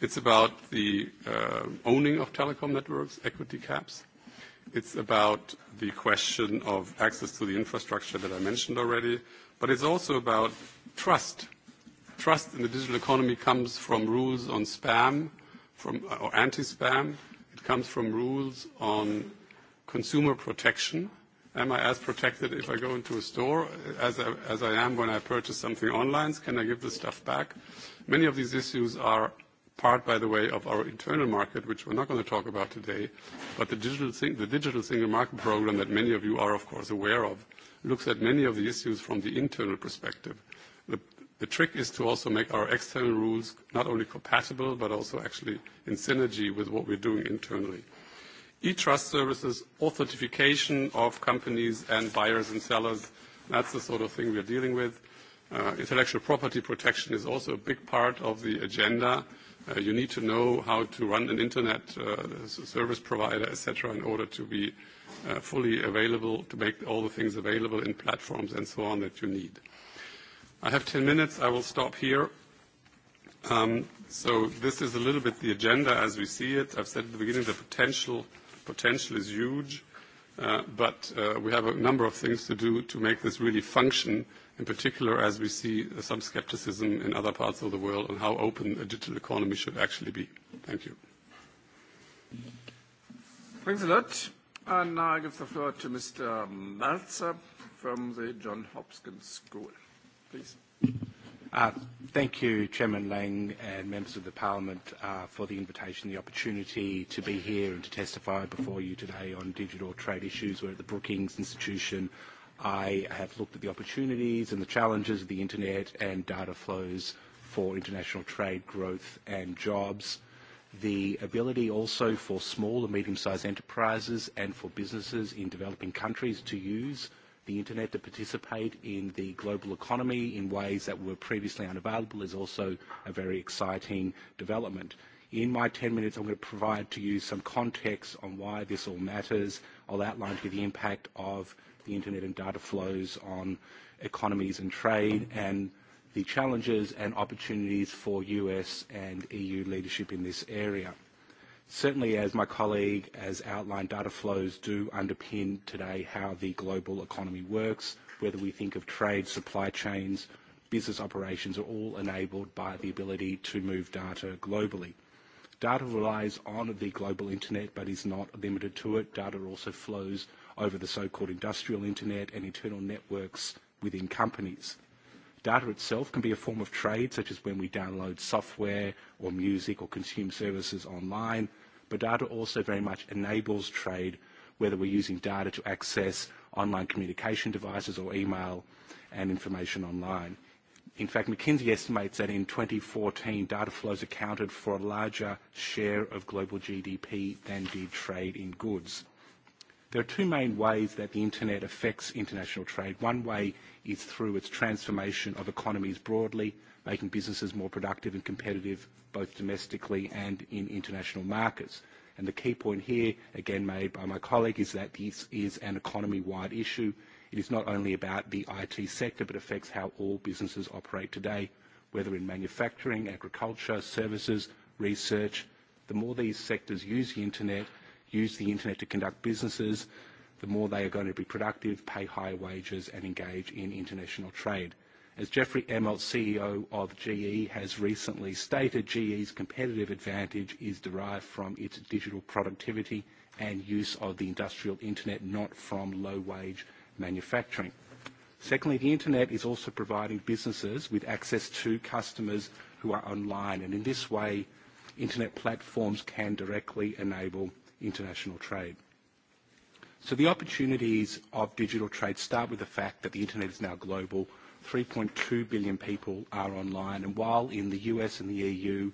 It's about the uh, owning of telecom networks, equity caps. It's about the question of access to the infrastructure that I mentioned already, but it's also about trust. Trust in the digital economy comes from rules on spam from, uh, or anti-spam. It comes from rules on consumer protection. Am I as protected if I go into a store as I, as I am when I purchase something online? Can I give the stuff back? Many of these issues are part, by the way, of our internal market, which we're not going to talk about today, but the digital, thing, the digital single market program that many of you are, of course, aware of, looks at many of the issues from the internal perspective. The, the trick is to also make our external rules not only compatible, but also actually in synergy with what we're doing internally e-trust services, authentication of companies and buyers and sellers. That's the sort of thing we're dealing with. Uh, intellectual property protection is also a big part of the agenda. Uh, you need to know how to run an internet uh, service provider, et cetera, in order to be uh, fully available, to make all the things available in platforms and so on that you need. I have 10 minutes. I will stop here. Um, so this is a little bit the agenda as we see it. I've said at the beginning the potential uh, potential is huge, uh, but uh, we have a number of things to do to make this really function, in particular as we see uh, some skepticism in other parts of the world on how open a digital economy should actually be. Thank you. Thanks a lot. And now I give the floor to Mr. Meltzer from the Johns Hopkins School. Please. Uh, thank you, Chairman Lang and members of the Parliament, uh, for the invitation, the opportunity to be here and to testify before you today on digital trade issues. We're at the Brookings Institution. I have looked at the opportunities and the challenges of the internet and data flows for international trade growth and jobs. The ability also for small and medium-sized enterprises and for businesses in developing countries to use uh, the internet to participate in the global economy in ways that were previously unavailable is also a very exciting development. In my 10 minutes, I'm going to provide to you some context on why this all matters. I'll outline to you the impact of the internet and data flows on economies and trade, and the challenges and opportunities for U.S. and EU leadership in this area. Certainly, as my colleague has outlined, data flows do underpin today how the global economy works, whether we think of trade, supply chains, business operations are all enabled by the ability to move data globally. Data relies on the global internet but is not limited to it. Data also flows over the so-called industrial internet and internal networks within companies. Data itself can be a form of trade, such as when we download software or music or consume services online, but data also very much enables trade, whether we're using data to access online communication devices or email and information online. In fact, McKinsey estimates that in 2014, data flows accounted for a larger share of global GDP than did trade in goods. There are two main ways that the internet affects international trade. One way is through its transformation of economies broadly, making businesses more productive and competitive, both domestically and in international markets. And the key point here, again made by my colleague, is that this is an economy-wide issue. It is not only about the IT sector, but affects how all businesses operate today, whether in manufacturing, agriculture, services, research. The more these sectors use the internet, use the internet to conduct businesses, the more they are going to be productive, pay higher wages and engage in international trade. As Jeffrey Emmelt, CEO of GE, has recently stated, GE's competitive advantage is derived from its digital productivity and use of the industrial internet, not from low-wage manufacturing. Secondly, the internet is also providing businesses with access to customers who are online, and in this way, internet platforms can directly enable international trade. So the opportunities of digital trade start with the fact that the internet is now global. 3.2 billion people are online, and while in the US and the EU,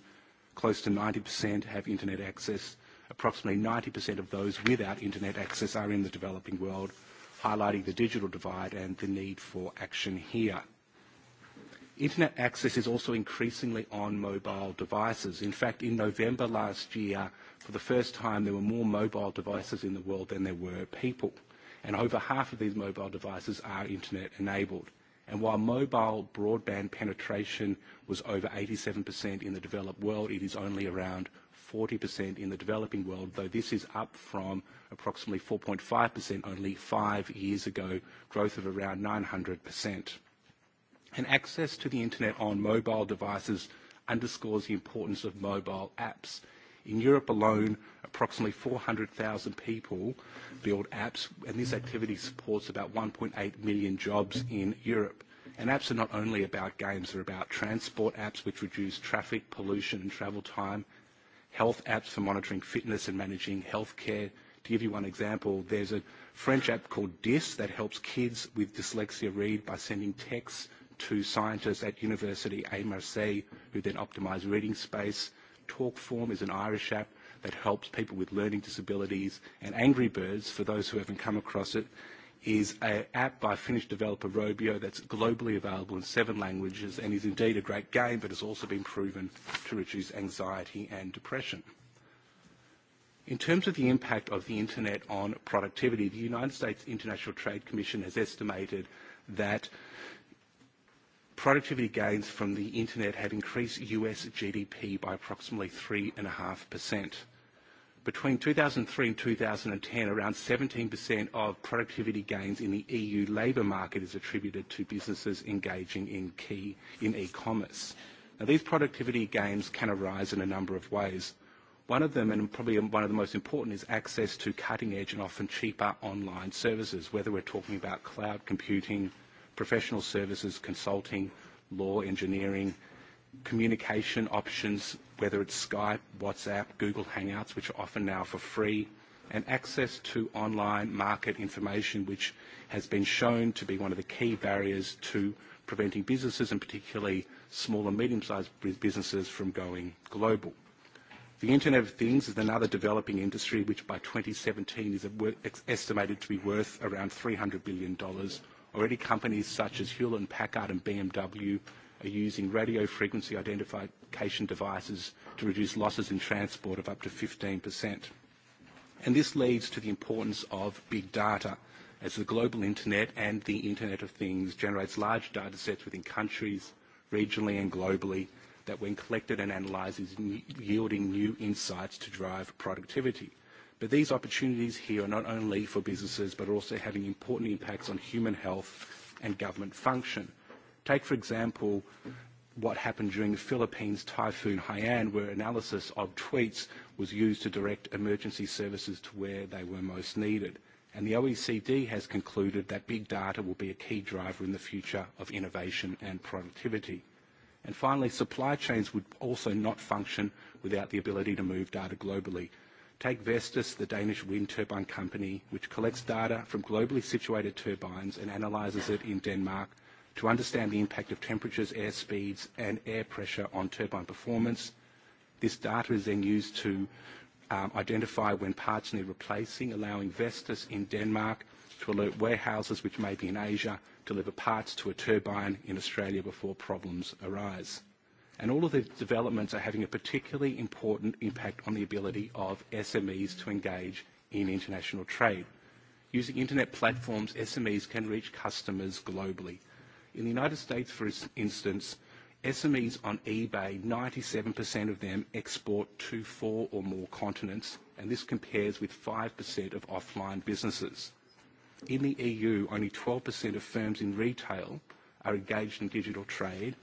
close to 90% have internet access, approximately 90% of those without internet access are in the developing world, highlighting the digital divide and the need for action here internet access is also increasingly on mobile devices. In fact, in November last year, for the first time, there were more mobile devices in the world than there were people. And over half of these mobile devices are internet enabled. And while mobile broadband penetration was over 87% in the developed world, it is only around 40% in the developing world, though this is up from approximately 4.5% only five years ago, growth of around 900% and access to the internet on mobile devices underscores the importance of mobile apps. In Europe alone, approximately 400,000 people build apps, and this activity supports about 1.8 million jobs in Europe. And apps are not only about games, they're about transport apps, which reduce traffic, pollution, and travel time, health apps for monitoring fitness and managing healthcare. To give you one example, there's a French app called DIS that helps kids with dyslexia read by sending texts to scientists at University A Marseille who then optimise reading space. Talkform is an Irish app that helps people with learning disabilities. And Angry Birds, for those who haven't come across it, is an app by Finnish developer Robio that's globally available in seven languages and is indeed a great game, but has also been proven to reduce anxiety and depression. In terms of the impact of the internet on productivity, the United States International Trade Commission has estimated that productivity gains from the internet have increased US GDP by approximately 3.5%. Between 2003 and 2010, around 17% of productivity gains in the EU labor market is attributed to businesses engaging in, key, in e-commerce. Now, these productivity gains can arise in a number of ways. One of them, and probably one of the most important, is access to cutting-edge and often cheaper online services, whether we're talking about cloud computing, professional services, consulting, law, engineering, communication options, whether it's Skype, WhatsApp, Google Hangouts, which are often now for free, and access to online market information, which has been shown to be one of the key barriers to preventing businesses, and particularly small and medium-sized businesses, from going global. The Internet of Things is another developing industry, which by 2017 is estimated to be worth around $300 billion, Already companies such as Hewlett and Packard and BMW are using radio frequency identification devices to reduce losses in transport of up to 15%. And this leads to the importance of big data as the global internet and the Internet of Things generates large data sets within countries, regionally and globally, that when collected and analyzed, is yielding new insights to drive productivity. But these opportunities here are not only for businesses, but also having important impacts on human health and government function. Take, for example, what happened during the Philippines Typhoon Haiyan, where analysis of tweets was used to direct emergency services to where they were most needed. And the OECD has concluded that big data will be a key driver in the future of innovation and productivity. And finally, supply chains would also not function without the ability to move data globally. Take Vestas, the Danish wind turbine company, which collects data from globally situated turbines and analyzes it in Denmark to understand the impact of temperatures, air speeds, and air pressure on turbine performance. This data is then used to um, identify when parts need replacing, allowing Vestas in Denmark to alert warehouses which may be in Asia, deliver parts to a turbine in Australia before problems arise and all of the developments are having a particularly important impact on the ability of SMEs to engage in international trade. Using internet platforms, SMEs can reach customers globally. In the United States, for instance, SMEs on eBay, 97% of them export to four or more continents, and this compares with 5% of offline businesses. In the EU, only 12% of firms in retail are engaged in digital trade,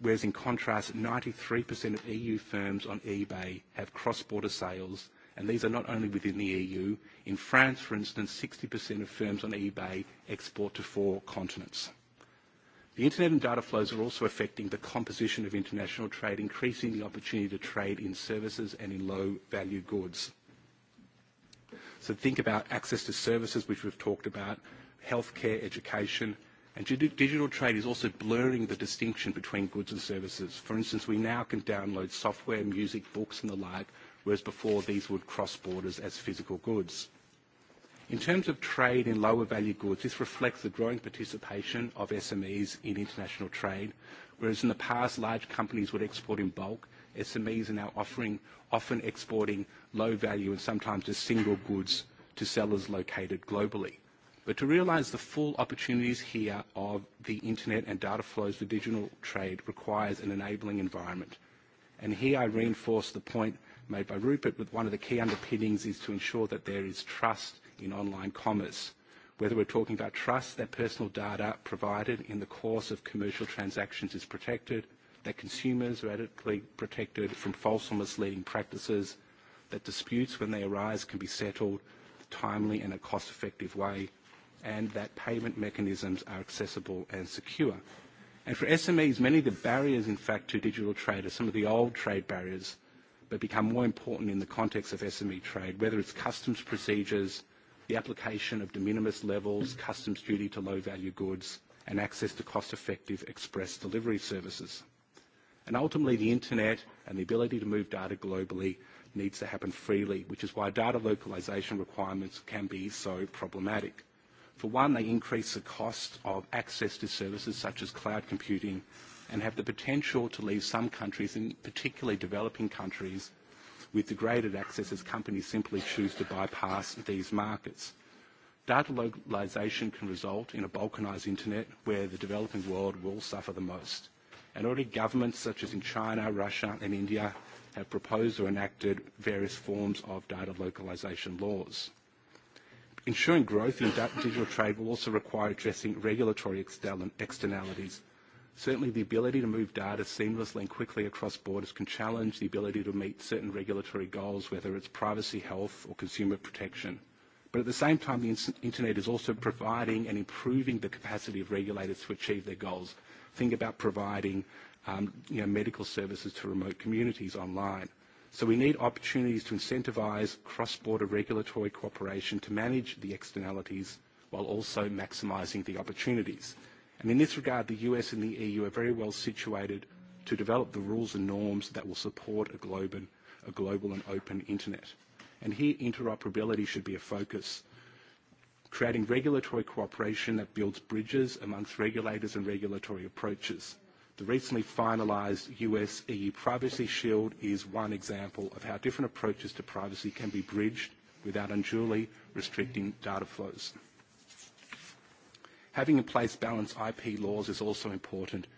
whereas in contrast, 93% of EU firms on eBay have cross-border sales, and these are not only within the EU. In France, for instance, 60% of firms on eBay export to four continents. The internet and data flows are also affecting the composition of international trade, increasing the opportunity to trade in services and in low-value goods. So think about access to services, which we've talked about, healthcare, education, And digital trade is also blurring the distinction between goods and services. For instance, we now can download software, music, books, and the like, whereas before these would cross borders as physical goods. In terms of trade in lower value goods, this reflects the growing participation of SMEs in international trade, whereas in the past, large companies would export in bulk. SMEs are now offering, often exporting low value and sometimes just single goods to sellers located globally but to realise the full opportunities here of the internet and data flows for digital trade requires an enabling environment. And here I reinforce the point made by Rupert with one of the key underpinnings is to ensure that there is trust in online commerce. Whether we're talking about trust that personal data provided in the course of commercial transactions is protected, that consumers are adequately protected from false or misleading practices, that disputes when they arise can be settled timely in a cost-effective way, and that payment mechanisms are accessible and secure. And for SMEs, many of the barriers, in fact, to digital trade are some of the old trade barriers, but become more important in the context of SME trade, whether it's customs procedures, the application of de minimis levels, customs duty to low-value goods, and access to cost-effective express delivery services. And ultimately, the internet and the ability to move data globally needs to happen freely, which is why data localization requirements can be so problematic. For one, they increase the cost of access to services such as cloud computing and have the potential to leave some countries, and particularly developing countries, with degraded access as companies simply choose to bypass these markets. Data localization can result in a balkanized internet where the developing world will suffer the most. And already governments such as in China, Russia and India have proposed or enacted various forms of data localization laws. Ensuring growth in digital trade will also require addressing regulatory externalities. Certainly, the ability to move data seamlessly and quickly across borders can challenge the ability to meet certain regulatory goals, whether it's privacy, health, or consumer protection. But at the same time, the internet is also providing and improving the capacity of regulators to achieve their goals. Think about providing, um, you know, medical services to remote communities online. So we need opportunities to incentivize cross-border regulatory cooperation to manage the externalities while also maximizing the opportunities. And in this regard, the US and the EU are very well situated to develop the rules and norms that will support a global, a global and open internet. And here, interoperability should be a focus, creating regulatory cooperation that builds bridges amongst regulators and regulatory approaches. The recently finalised US-EU Privacy Shield is one example of how different approaches to privacy can be bridged without unduly restricting data flows. Having in place balanced IP laws is also important.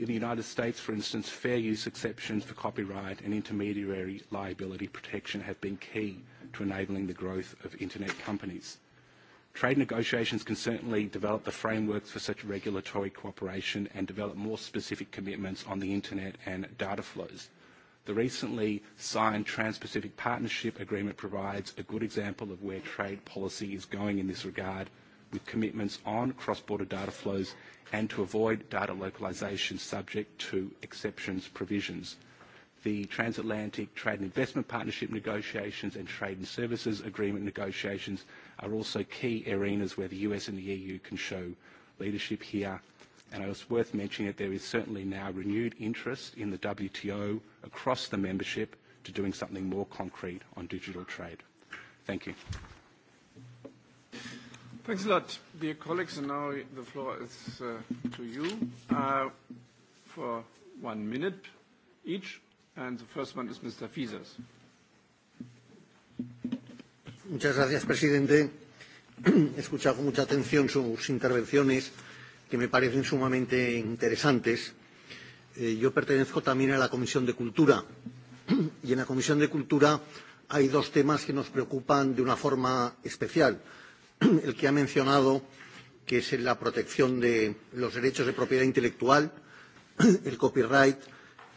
In the United States, for instance, fair use exceptions for copyright and intermediary liability protection have been key to enabling the growth of internet companies. Trade negotiations can certainly develop the frameworks for such regulatory cooperation and develop more specific commitments on the internet and data flows. The recently signed Trans-Pacific Partnership Agreement provides a good example of where trade policy is going in this regard, with commitments on cross-border data flows and to avoid data localization subject to exceptions provisions. The Transatlantic Trade and Investment Partnership negotiations and Trade and Services Agreement negotiations are also key arenas where the US and the EU can show leadership here. And it's worth mentioning that there is certainly now renewed interest in the WTO across the membership to doing something more concrete on digital trade. Thank you. Thanks a lot, dear colleagues. And now the floor is uh, to you uh, for one minute each. And the first one is Mr. Fisas. Muchas gracias, presidente. He escuchado con mucha atención sus intervenciones, que me parecen sumamente interesantes. Eh, yo pertenezco también a la Comisión de Cultura y en la Comisión de Cultura hay dos temas que nos preocupan de una forma especial. El que ha mencionado, que es la protección de los derechos de propiedad intelectual, el copyright,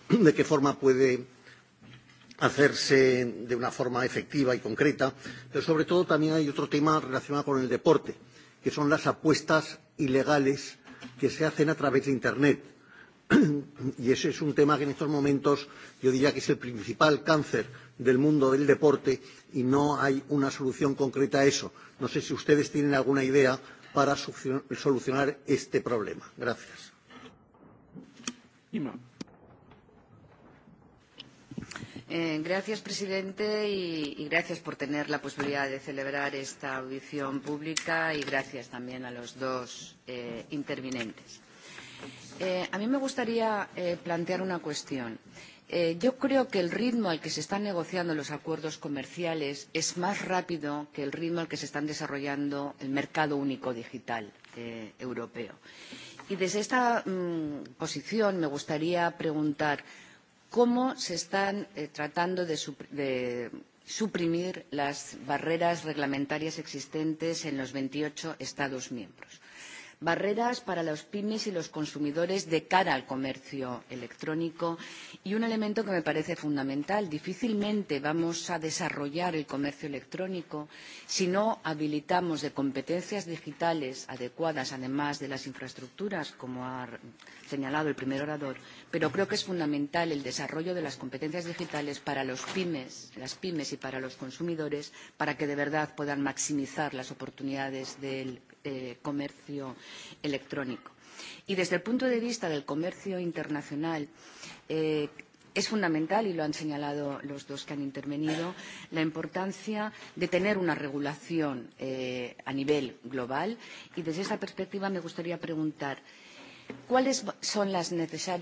de qué forma puede hacerse de una forma efectiva y concreta, pero sobre todo también hay otro tema relacionado con el deporte, que son las apuestas ilegales que se hacen a través de Internet. Y ese es un tema que en estos momentos yo diría que es el principal cáncer del mundo del deporte y no hay una solución concreta a eso. No sé si ustedes tienen alguna idea para solucionar este problema. Gracias. Ima. Eh, gracias, presidente, y, y gracias por tener la posibilidad de celebrar esta audición pública y gracias también a los dos eh, intervinientes. Eh, a mí me gustaría eh, plantear una cuestión. Eh, yo creo que el ritmo al que se están negociando los acuerdos comerciales es más rápido que el ritmo al que se está desarrollando el mercado único digital eh, europeo. Y desde esta mm, posición me gustaría preguntar, eh, cómo se están eh, tratando de, de suprimir las barreras reglamentarias existentes en los 28 Estados miembros barreras para las pymes y los consumidores de cara al comercio electrónico y un elemento que me parece fundamental. Difícilmente vamos a desarrollar el comercio electrónico si no habilitamos de competencias digitales adecuadas, además de las infraestructuras, como ha señalado el primer orador, pero creo que es fundamental el desarrollo de las competencias digitales para los pymes, las pymes y para los consumidores para que de verdad puedan maximizar las oportunidades del eh, comercio electrónico. Y desde el punto de vista del comercio internacional, eh, es fundamental, y lo han señalado los dos que han intervenido, la importancia de tener una regulación eh, a nivel global. Y desde esa perspectiva me gustaría preguntar, ¿Cuáles son las,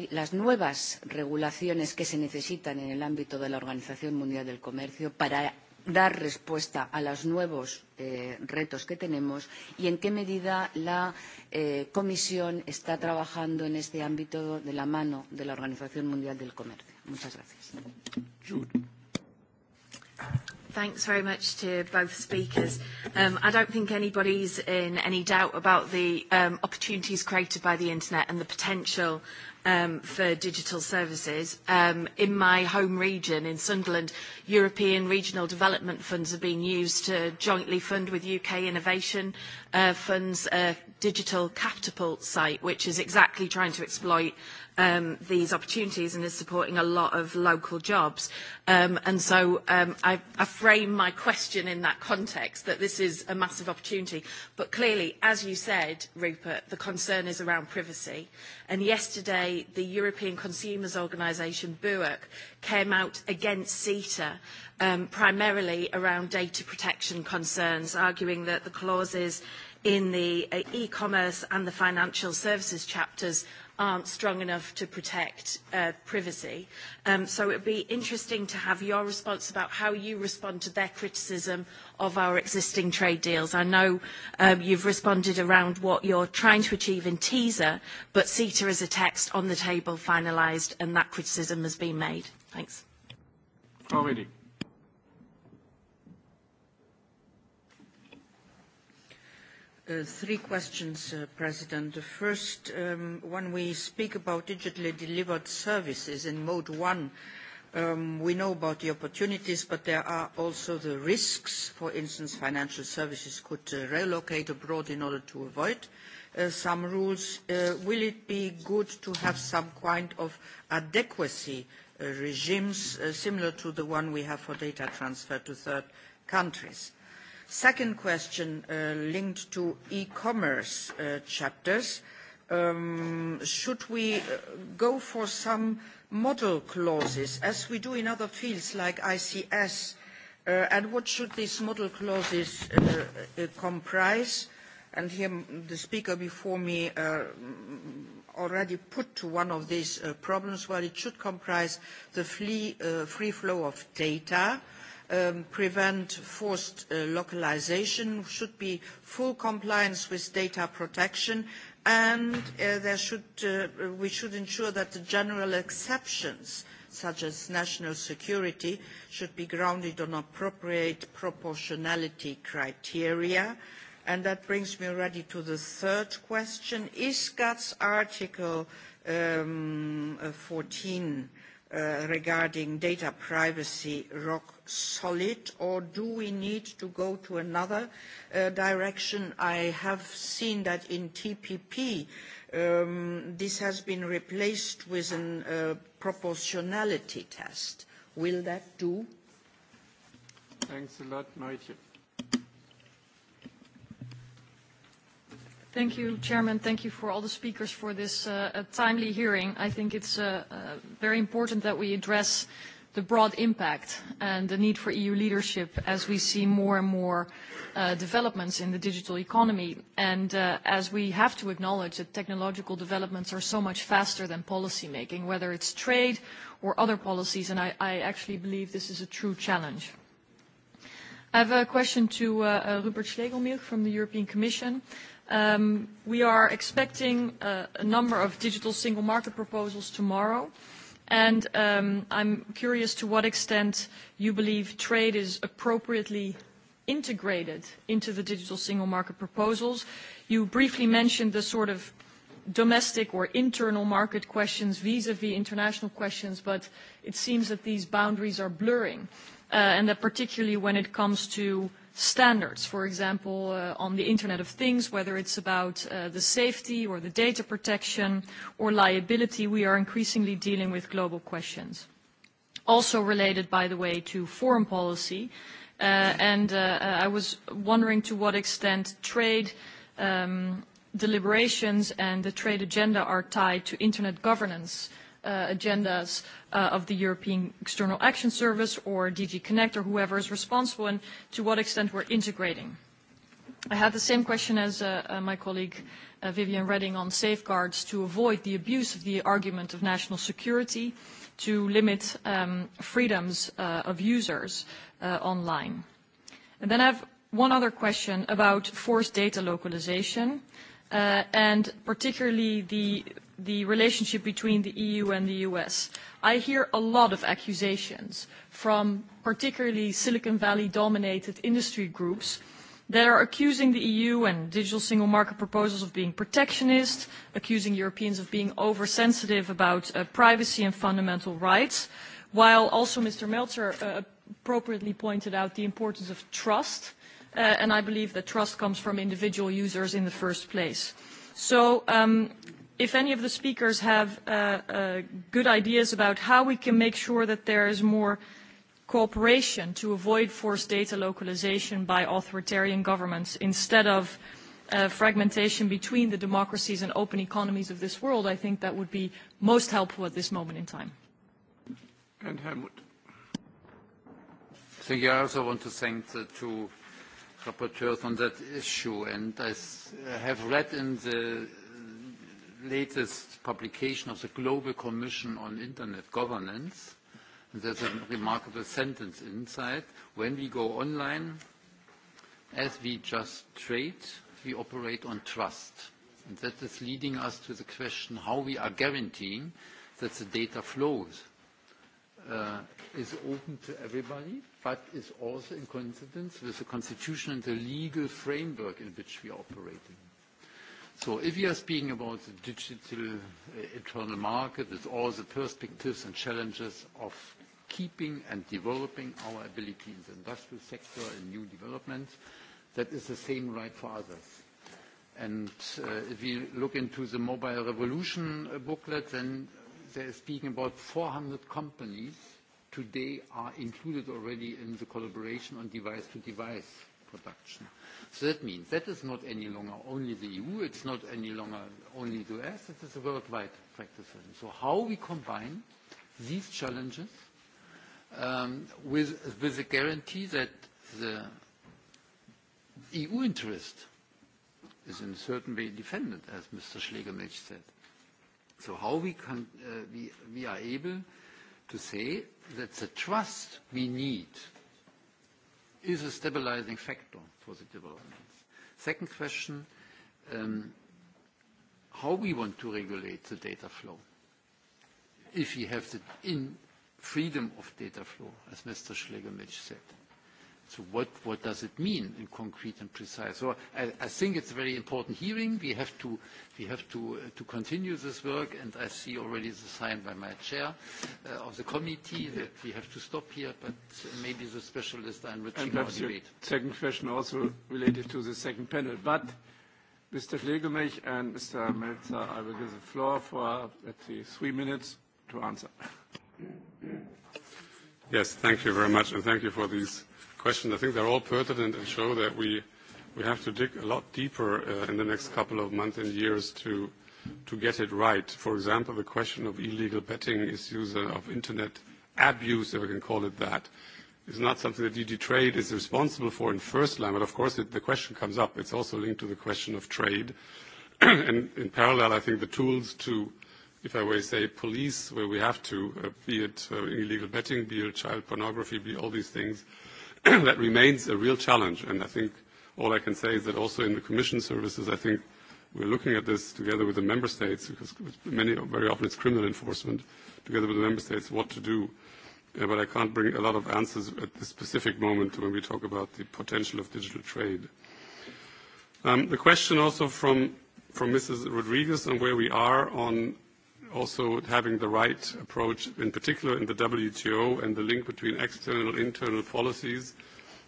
las nuevas regulaciones que se necesitan en el ámbito de la Organización Mundial del Comercio para dar respuesta a los nuevos eh, retos que tenemos y en qué medida la eh, Comisión está trabajando en este ámbito de la mano de la Organización Mundial del Comercio. Muchas gracias. Jude. Thanks very much to both speakers. Um, I don't think anybody's in any doubt about the um, opportunities created by the internet and the potential um, for digital services. Um, in my home region, in Sunderland, European regional development funds are being used to jointly fund with UK innovation uh, Fund's uh, digital catapult site, which is exactly trying to exploit um, these opportunities and is supporting a lot of local jobs. Um, and so um, I, I frame my question in that context, that this is a massive opportunity. But clearly, as you said, Rupert, the concern is around privacy. And yesterday, the European Consumers Organisation, BUOC, came out against CETA um, primarily around data protection concerns, arguing that the clauses – in the uh, e-commerce and the financial services chapters aren't strong enough to protect uh, privacy. Um, so it would be interesting to have your response about how you respond to their criticism of our existing trade deals. I know um, you've responded around what you're trying to achieve in TESA, but CETA is a text on the table finalised and that criticism has been made. Thanks. Already. Uh, three questions, uh, President. The first, um, when we speak about digitally delivered services in mode one, um, we know about the opportunities, but there are also the risks. For instance, financial services could uh, relocate abroad in order to avoid uh, some rules. Uh, will it be good to have some kind of adequacy uh, regimes similar to the one we have for data transfer to third countries? Second question uh, linked to e-commerce uh, chapters. Um, should we uh, go for some model clauses as we do in other fields like ICS? Uh, and what should these model clauses uh, uh, comprise? And here the speaker before me already put to one of these problems. Well, it should comprise the free, free flow of data, um, prevent forced uh, localization, should be full compliance with data protection, and uh, there should, uh, we should ensure that the general exceptions such as national security should be grounded on appropriate proportionality criteria. And that brings me already to the third question. ISCAT's Article um, 14 uh, uh, regarding data privacy rock solid, or do we need to go to another uh, direction? I have seen that in TPP, um, this has been replaced with a uh, proportionality test. Will that do? Thanks a lot, Maritje. Thank you, Chairman. Thank you for all the speakers for this uh, timely hearing. I think it's uh, uh, very important that we address the broad impact and the need for EU leadership as we see more and more uh, developments in the digital economy. And uh, as we have to acknowledge that technological developments are so much faster than policymaking, whether it's trade or other policies, and I, I actually believe this is a true challenge. I have a question to uh, uh, Rupert Schlegelmilch from the European Commission. Uh, Um, we are expecting uh, a number of digital single market proposals tomorrow, and um, I'm curious to what extent you believe trade is appropriately integrated into the digital single market proposals. You briefly mentioned the sort of domestic or internal market questions vis-à-vis -vis international questions, but it seems that these boundaries are blurring, uh, and that particularly when it comes to uh, standards, for example, uh, on the Internet of Things, whether it's about uh, the safety or the data protection or liability, we are increasingly dealing with global questions. Also related, by the way, to foreign policy, uh, and uh, uh I was wondering to what extent trade um, deliberations and the trade agenda are tied to Internet governance uh, uh, agendas uh, of the European External Action Service or DG Connect or whoever is responsible and to what extent we're integrating. I had the same question as uh, uh, my colleague uh, Vivian Redding on safeguards to avoid the abuse of the argument of national security to limit um, freedoms uh, of users uh, online. And then I have one other question about forced data localization uh, and particularly the the relationship between the EU and the US. I hear a lot of accusations from particularly Silicon Valley dominated industry groups that are accusing the EU and digital single market proposals of being protectionist, accusing Europeans of being oversensitive about uh, privacy and fundamental rights, while also Mr. Meltzer uh, appropriately pointed out the importance of trust, uh, and I believe that trust comes from individual users in the first place. So um, if any of the speakers have uh, uh, good ideas about how we can make sure that there is more cooperation to avoid forced data localization by authoritarian governments instead of uh, fragmentation between the democracies and open economies of this world, I think that would be most helpful at this moment in time. And Helmut. Thank you. I also want to thank the two rapporteurs on that issue. And I uh, have read in the latest publication of the Global Commission on Internet Governance. And there's a remarkable sentence inside. When we go online, as we just trade, we operate on trust. And that is leading us to the question how we are guaranteeing that the data flows uh, is open to everybody, but is also in coincidence with the constitution and the legal framework in which we are operating. So if you are speaking about the digital uh, internal market with all the perspectives and challenges of keeping and developing our ability in the industrial sector and new developments, that is the same right for others. And uh, if you look into the Mobile Revolution uh, booklet, then they're speaking about 400 companies today are included already in the collaboration on device-to-device -device production. Uh, So that means that is not any longer only the EU, it's not any longer only the US, it is a worldwide practice. So how we combine these challenges um, with, with the guarantee that the EU interest is in a certain way defended, as Mr. Schlegelmilch said. So how we, can, uh, we, we are able to say that the trust we need – is a stabilizing factor for the developments. Second question, um, how we want to regulate the data flow. If we have the in freedom of data flow, as Mr. Schlegelmilch said. So what, what does it mean in concrete and precise? So I, I think it's a very important hearing. We have to, we have to, uh, to continue this work, and I see already the sign by my chair uh, of the committee that we have to stop here, but maybe the specialists are enriching our debate. Second question also related to the second panel. But Mr. Schlegelmilch and Mr. Melzer, I will give the floor for, let's see, three minutes to answer. Yes, thank you very much, and thank you for these questions. I think they're all pertinent and show that we, we have to dig a lot deeper uh, in the next couple of months and years to, to get it right. For example, the question of illegal betting issues uh, of internet abuse, if I can call it that, is not something that DG Trade is responsible for in first line, but of course, it, the question comes up. It's also linked to the question of trade. and in parallel, I think the tools to, if I may say, police where we have to, uh, be it uh, illegal betting, be it child pornography, be all these things, uh, that remains a real challenge. And I think all I can say is that also in the Commission services, I think we're looking at this together with the member states, because many, very often it's criminal enforcement, together with the member states, what to do. Uh, but I can't bring a lot of answers at this specific moment when we talk about the potential of digital trade. Um, the question also from, from Mrs. Rodriguez on where we are on also having the right approach, in particular in the WTO and the link between external and internal policies.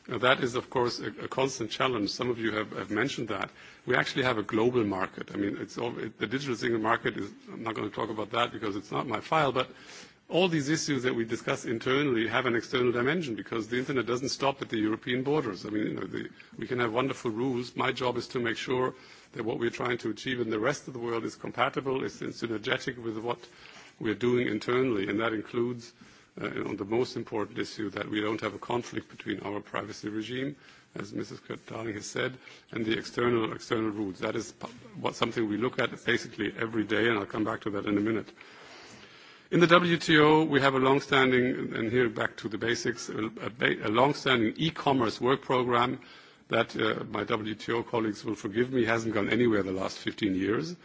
Now, that is, of course, a, a constant challenge. Some of you have, have mentioned that. We actually have a global market. I mean, it's all, it, the digital single market is. I'm not gonna talk about that because it's not my file, but all these issues that we discuss internally have an external dimension because the internet doesn't stop at the European borders. I mean, you know, the, we can have wonderful rules. My job is to make sure that what we're trying to achieve in the rest of the world is compatible, is synergetic with what we're doing internally, and that includes uh, on the most important issue that we don't have a conflict between our privacy regime, as Mrs. Darling has said, and the external external rules. That is what something we look at basically every day, and I'll come back to that in a minute. In the WTO, we have a long-standing, and here back to the basics, a, a, a long-standing e-commerce work program That, uh, my WTO colleagues will forgive me, hasn't gone anywhere the last 15 years.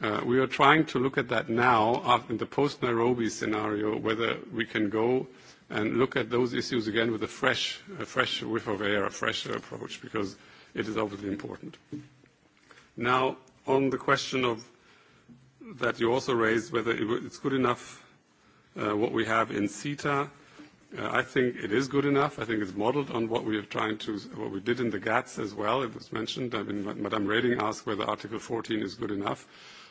Uh, we are trying to look at that now uh, in the post-Nairobi scenario, whether we can go and look at those issues again with a fresh, a fresh whiff of air, a fresh approach, because it is obviously important. Now, on the question of that you also raised, whether it, it's good enough uh, what we have in CETA, Uh, I think it is good enough. I think it's modeled on what we are trying to, what we did in the GATS as well. It was mentioned. I mean, Madame Reding asked whether Article 14 is good enough.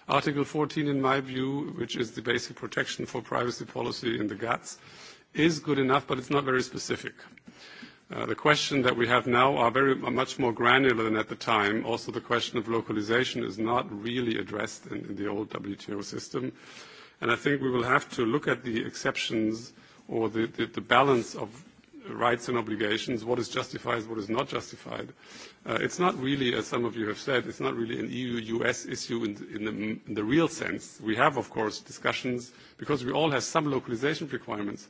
Article 14, in my view, which is the basic protection for privacy policy in the GATS, is good enough, but it's not very specific. Uh, the question that we have now are very are much more granular than at the time. Also, the question of localization is not really addressed in, in the old WTO system. And I think we will have to look at the exceptions uh, or the, the, the balance of rights and obligations, what is justified, what is not justified. Uh, it's not really, as some of you have said, it's not really an EU-US issue in, in, the, in the real sense. We have, of course, discussions because we all have some localization requirements.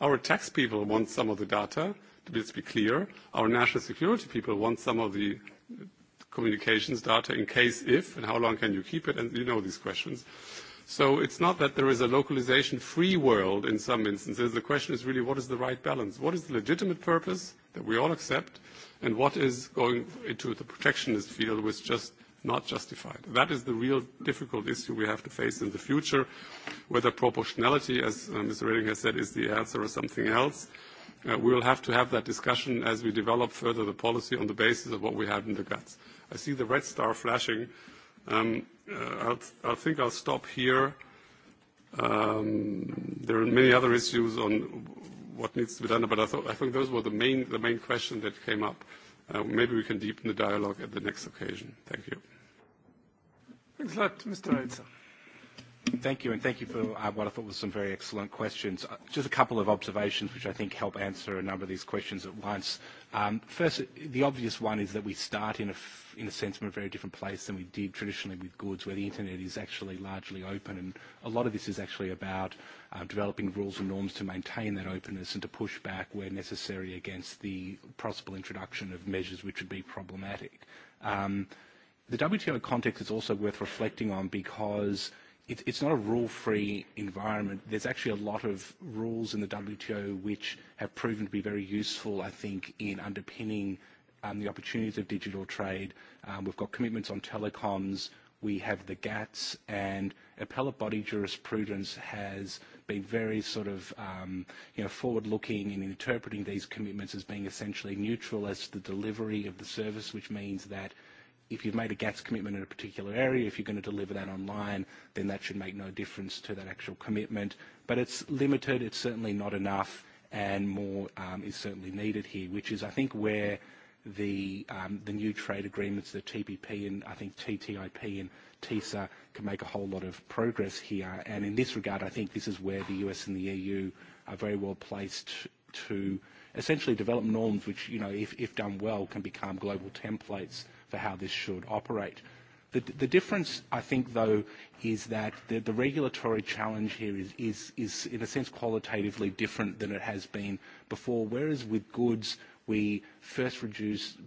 Our tax people want some of the data, let's be clear. Our national security people want some of the communications data in case if, and how long can you keep it, and you know these questions. Uh, So it's not that there is a localization-free world in some instances. The question is really what is the right balance? What is the legitimate purpose that we all accept, and what is going into the protectionist field, which just not justified. That is the real difficult issue we have to face in the future, whether proportionality, as uh, Mr. Reding has said, is the answer or something else. Uh, we will have to have that discussion as we develop further the policy on the basis of what we have in the guts. I see the red star flashing, Um, uh, I think I'll stop here. Um, there are many other issues on what needs to be done, but I, thought, I think those were the main, the main question that came up. Uh, maybe we can deepen the dialogue at the next occasion. Thank you. Thanks a lot, Mr. Reitzer. Thank you, and thank you for uh, what I thought was some very excellent questions. Uh, just a couple of observations which I think help answer a number of these questions at once. Um, first, the obvious one is that we start in a, in a sense from a very different place than we did traditionally with goods, where the internet is actually largely open, and a lot of this is actually about um, developing rules and norms to maintain that openness and to push back where necessary against the possible introduction of measures which would be problematic. Um, the WTO context is also worth reflecting on because it, it's not a rule-free environment. There's actually a lot of rules in the WTO which have proven to be very useful, I think, in underpinning um, the opportunities of digital trade. Um, we've got commitments on telecoms. We have the GATS, and appellate body jurisprudence has been very sort of um, you know forward-looking and interpreting these commitments as being essentially neutral as to the delivery of the service, which means that if you've made a GATS commitment in a particular area, if you're going to deliver that online, then that should make no difference to that actual commitment. But it's limited, it's certainly not enough, and more um, is certainly needed here, which is, I think, where the, um, the new trade agreements, the TPP and I think TTIP and TISA can make a whole lot of progress here. And in this regard, I think this is where the US and the EU are very well placed to essentially develop norms which, you know, if, if done well, can become global templates – for how this should operate. The, the difference, I think, though, is that the, the regulatory challenge here is, is, is, in a sense, qualitatively different than it has been before. Whereas with goods, we first reduced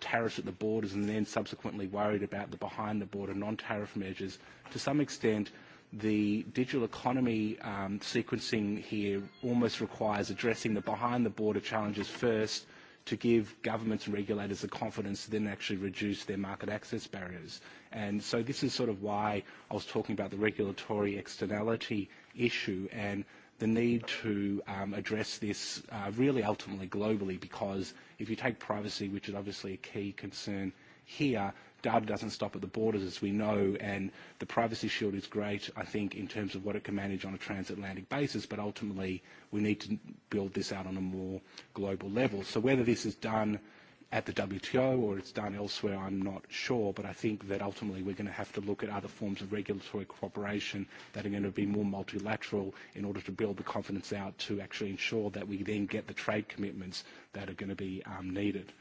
tariffs at the borders and then subsequently worried about the behind-the-border non-tariff measures. To some extent, the digital economy um, sequencing here almost requires addressing the behind-the-border challenges first, to give governments and regulators the confidence to then actually reduce their market access barriers. And so this is sort of why I was talking about the regulatory externality issue and the need to um, address this uh, really ultimately globally because if you take privacy, which is obviously a key concern here, data doesn't stop at the borders, as we know, and the privacy shield is great, I think, in terms of what it can manage on a transatlantic basis, but ultimately we need to build this out on a more global level. So whether this is done at the WTO or it's done elsewhere, I'm not sure, but I think that ultimately we're going to have to look at other forms of regulatory cooperation that are going to be more multilateral in order to build the confidence out to actually ensure that we then get the trade commitments that are going to be um, needed.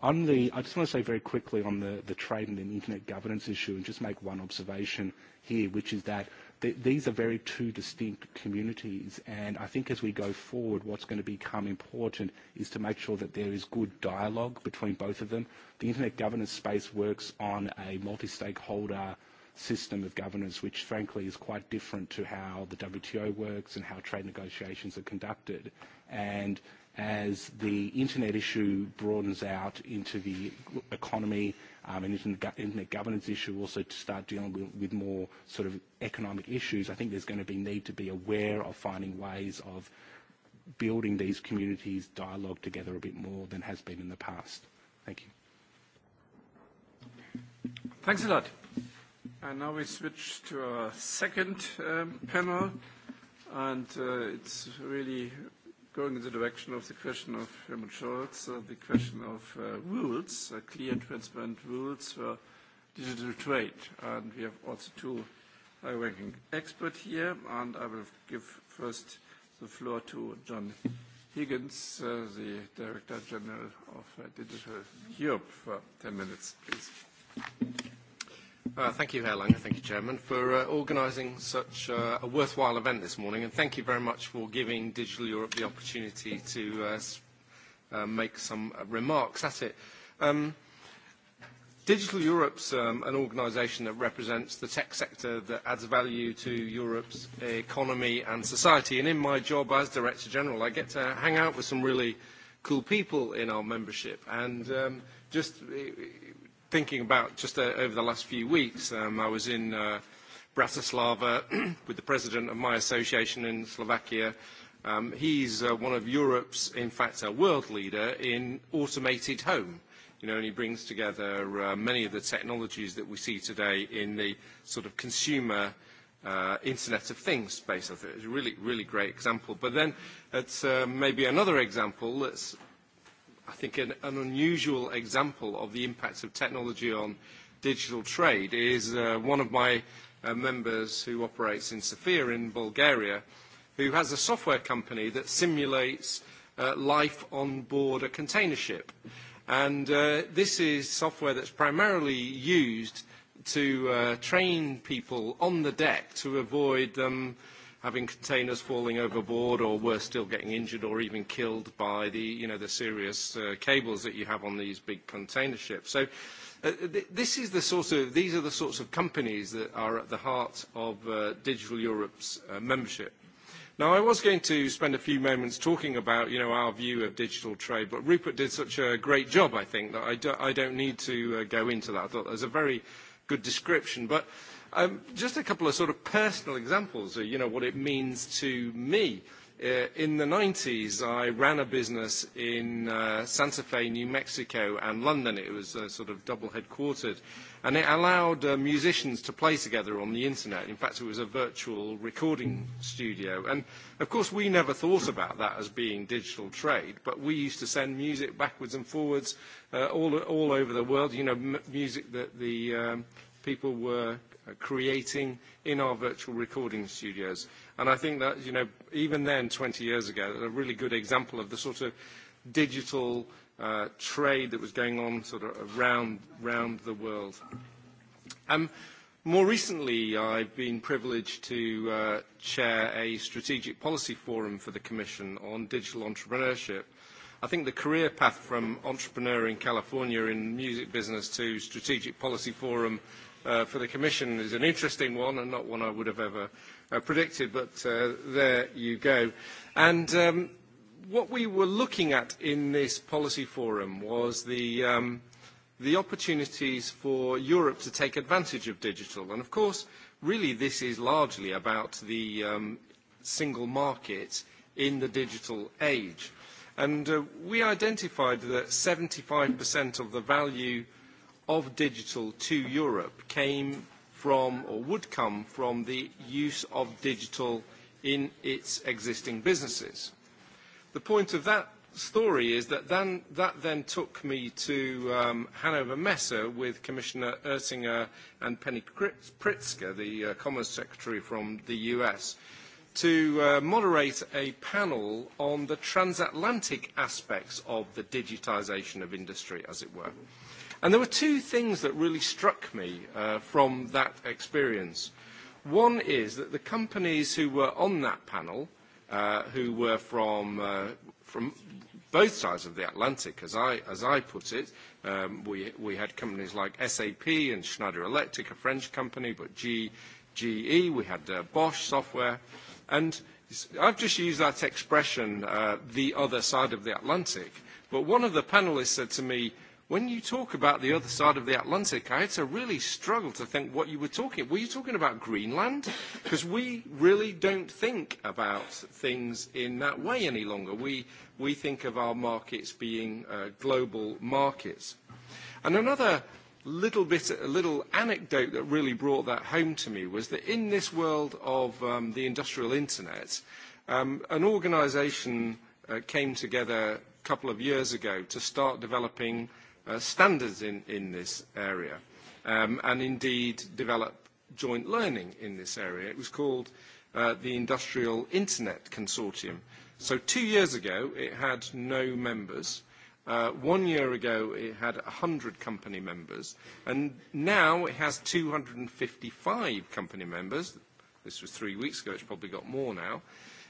On the, I just want to say very quickly on the, the trade and the internet governance issue and just make one observation here, which is that th- these are very two distinct communities. And I think as we go forward, what's going to become important is to make sure that there is good dialogue between both of them. The internet governance space works on a multi-stakeholder system of governance, which frankly is quite different to how the WTO works and how trade negotiations are conducted. And as the internet issue broadens out into the economy um, and internet, internet governance issue, also to start dealing with, with more sort of economic issues, I think there's going to be need to be aware of finding ways of building these communities dialogue together a bit more than has been in the past. Thank you. Thanks a lot. And now we switch to our second um, panel, and uh, it's really going in the direction of the question of Helmut Scholz, uh, the question of uh, rules, uh, clear and transparent rules for digital trade. And we have also two high-ranking experts here, and I will give first the floor to John Higgins, uh, the Director General of uh, Digital Europe, for 10 minutes, please. Uh, thank you, Herr Lange. Thank you, Chairman, for uh, organising such uh, a worthwhile event this morning. And thank you very much for giving Digital Europe the opportunity to uh, uh, make some uh, remarks at it. Um, Digital Europe's um, an organisation that represents the tech sector that adds value to Europe's economy and society. And in my job as Director General, I get to hang out with some really cool people in our membership. And um, just thinking about just uh, over the last few weeks. Um, I was in uh, Bratislava with the president of my association in Slovakia. Um, he's uh, one of Europe's, in fact, a world leader in automated home. You know, and he brings together uh, many of the technologies that we see today in the sort of consumer uh, Internet of Things space. I think it's a really, really great example. But then at uh, maybe another example that's I think, an, an unusual example of the impacts of technology on digital trade is uh, one of my uh, members who operates in Sofia in Bulgaria, who has a software company that simulates uh, life on board a container ship. And uh, this is software that's primarily used to uh, train people on the deck to avoid them um, having containers falling overboard or worse still getting injured or even killed by the, you know, the serious uh, cables that you have on these big container ships. So uh, th- this is the sort of, these are the sorts of companies that are at the heart of uh, Digital Europe's uh, membership. Now, I was going to spend a few moments talking about, you know, our view of digital trade, but Rupert did such a great job, I think, that I, do, I don't need to uh, go into that. I thought that was a very good description. But Um, just a couple of sort of personal examples of you know, what it means to me. Uh, in the 90s, I ran a business in uh, Santa Fe, New Mexico, and London. It was uh, sort of double headquartered. And it allowed uh, musicians to play together on the internet. In fact, it was a virtual recording studio. And of course, we never thought about that as being digital trade, but we used to send music backwards and forwards uh, all, all over the world, you know, m- music that the um, people were Uh, creating in our virtual recording studios. And I think that, you know, even then, 20 years ago, a really good example of the sort of digital uh, trade that was going on sort of around, around the world. Um, more recently, I've been privileged to uh, chair a strategic policy forum for the Commission on digital entrepreneurship. I think the career path from entrepreneur in California in music business to strategic policy forum uh, uh, for the Commission is an interesting one and not one I would have ever uh, predicted, but uh, there you go. And um, what we were looking at in this policy forum was the, um, the opportunities for Europe to take advantage of digital. And of course, really this is largely about the um, single market in the digital age. And uh, we identified that 75% of the value uh, of digital to Europe came from or would come from the use of digital in its existing businesses. The point of that story is that then, that then took me to um, Hanover Messe with Commissioner Ertinger and Penny Pritzker, the uh, Commerce Secretary from the US, to uh, moderate a panel on the transatlantic aspects of the digitization of industry, as it were. Mm-hmm. And there were two things that really struck me uh, from that experience. One is that the companies who were on that panel, uh, who were from, uh, from both sides of the Atlantic, as I, as I put it, um, we, we had companies like SAP and Schneider Electric, a French company, but G, GE, we had uh, Bosch software. And I've just used that expression, uh, the other side of the Atlantic. But one of the panelists said to me, When you talk about the other side of the Atlantic, I had to really struggle to think what you were talking. Were you talking about Greenland? Because we really don't think about things in that way any longer. We, we think of our markets being uh, global markets. And another little bit, a little anecdote that really brought that home to me was that in this world of um, the industrial internet, um, an organisation uh, came together a couple of years ago to start developing uh, standards in, in this area um, and indeed develop joint learning in this area. It was called uh, the Industrial Internet Consortium. So two years ago, it had no members. Uh, one year ago, it had 100 company members, and now it has 255 company members. This was three weeks ago. It's probably got more now.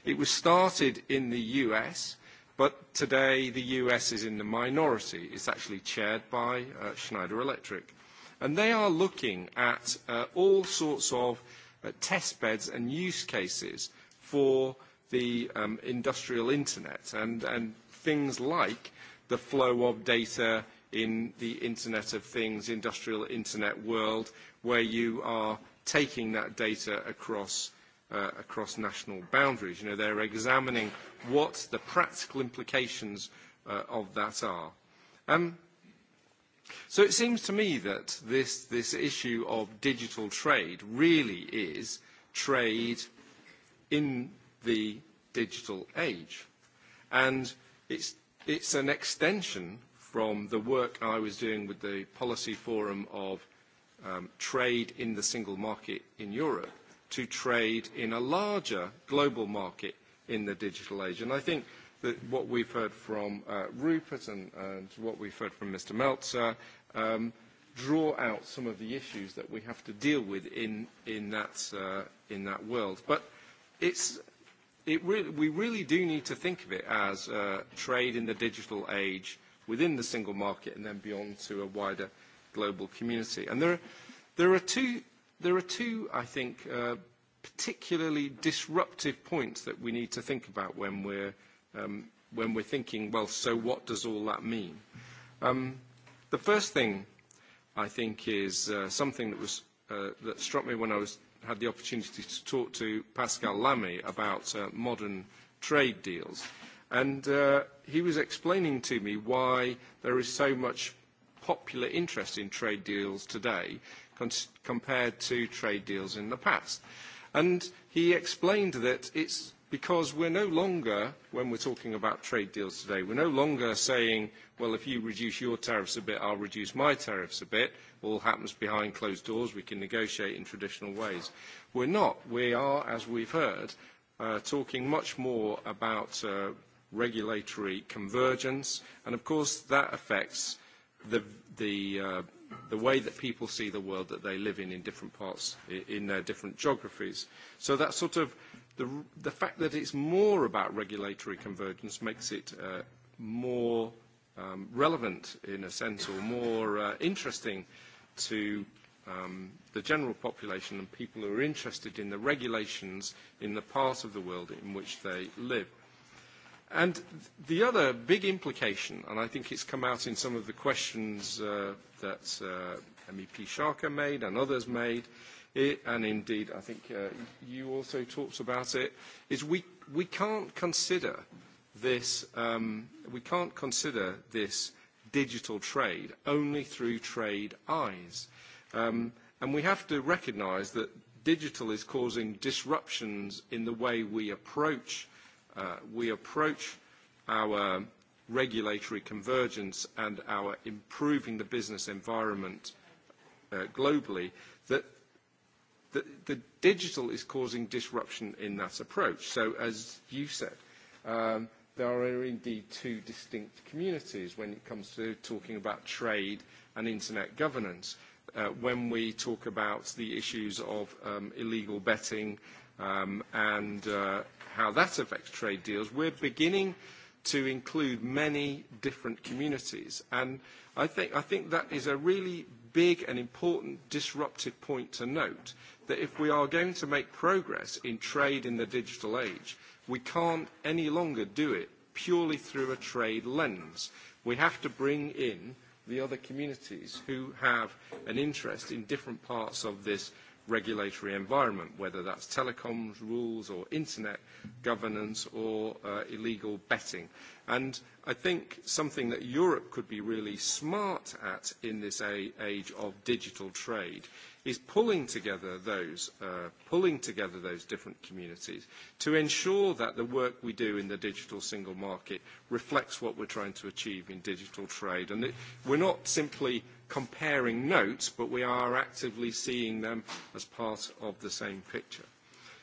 It was started in the U.S. Uh, But today, the US is in the minority. It's actually chaired by uh, Schneider Electric. And they are looking at uh, all sorts of uh, test beds and use cases for the um, industrial internet and, and things like the flow of data in the Internet of Things, industrial internet world, where you are taking that data across uh, across national boundaries. You know, they're examining what the practical implications uh, of that are. Um, so it seems to me that this, this issue of digital trade really is trade in the digital age. And it's, it's an extension from the work I was doing with the Policy Forum of um, Trade in the Single Market in Europe, to trade in a larger global market in the digital age. And I think that what we've heard from uh, Rupert and, and what we've heard from Mr. Meltzer um, draw out some of the issues that we have to deal with in, in, that, uh, in that world. But it's, it re- we really do need to think of it as uh, trade in the digital age within the single market and then beyond to a wider global community. And there are, there are two There are two, I think, uh, particularly disruptive points that we need to think about when we're, um, when we're thinking, well, so what does all that mean? Um, the first thing, I think, is uh, something that, was, uh, that struck me when I was, had the opportunity to talk to Pascal Lamy about uh, modern trade deals. And uh, he was explaining to me why there is so much popular interest in trade deals today compared to trade deals in the past. And he explained that it's because we're no longer, when we're talking about trade deals today, we're no longer saying, well, if you reduce your tariffs a bit, I'll reduce my tariffs a bit. All happens behind closed doors. We can negotiate in traditional ways. We're not. We are, as we've heard, uh, talking much more about uh, regulatory convergence. And, of course, that affects the, the uh, the way that people see the world that they live in in different parts, in their different geographies. So that sort of, the, the fact that it's more about regulatory convergence makes it uh, more um, relevant in a sense or more uh, interesting to um, the general population and people who are interested in the regulations in the part of the world in which they live. And the other big implication, and I think it's come out in some of the questions uh, that uh, MEP Sharka made and others made, it, and indeed I think uh, you also talked about it, is we, we can't consider this, um, we can't consider this digital trade only through trade eyes. Um, and we have to recognize that digital is causing disruptions in the way we approach uh, uh, we approach our regulatory convergence and our improving the business environment uh, globally, that the, the digital is causing disruption in that approach. So as you said, um, there are indeed two distinct communities when it comes to talking about trade and internet governance. Uh, when we talk about the issues of um, illegal betting, uh, um, and uh, how that affects trade deals, we're beginning to include many different communities. And I think, I think that is a really big and important disruptive point to note, that if we are going to make progress in trade in the digital age, we can't any longer do it purely through a trade lens. We have to bring in the other communities who have an interest in different parts of this regulatory environment, whether that's telecoms rules or internet governance or uh, illegal betting. And I think something that Europe could be really smart at in this a- age of digital trade is pulling together those, uh, pulling together those different communities to ensure that the work we do in the digital single market reflects what we're trying to achieve in digital trade. And it, we're not simply comparing notes, but we are actively seeing them as part of the same picture.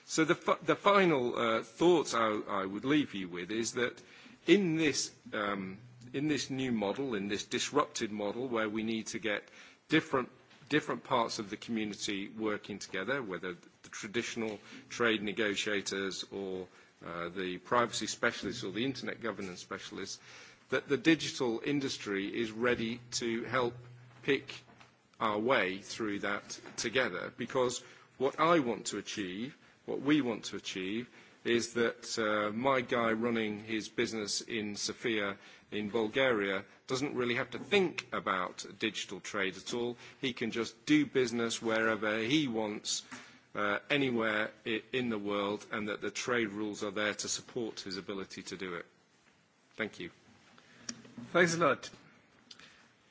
So the, fi the final uh, thoughts I, I would leave you with is that in this, um, in this new model, in this disrupted model where we need to get different, different parts of the community working together, whether the traditional trade negotiators or uh, the privacy specialists or the internet governance specialists, that the digital industry is ready to help pick our way through that together because what I want to achieve, what we want to achieve, is that uh, my guy running his business in Sofia in Bulgaria doesn't really have to think about digital trade at all. He can just do business wherever he wants, uh, anywhere in the world, and that the trade rules are there to support his ability to do it. Thank you. Thanks a lot.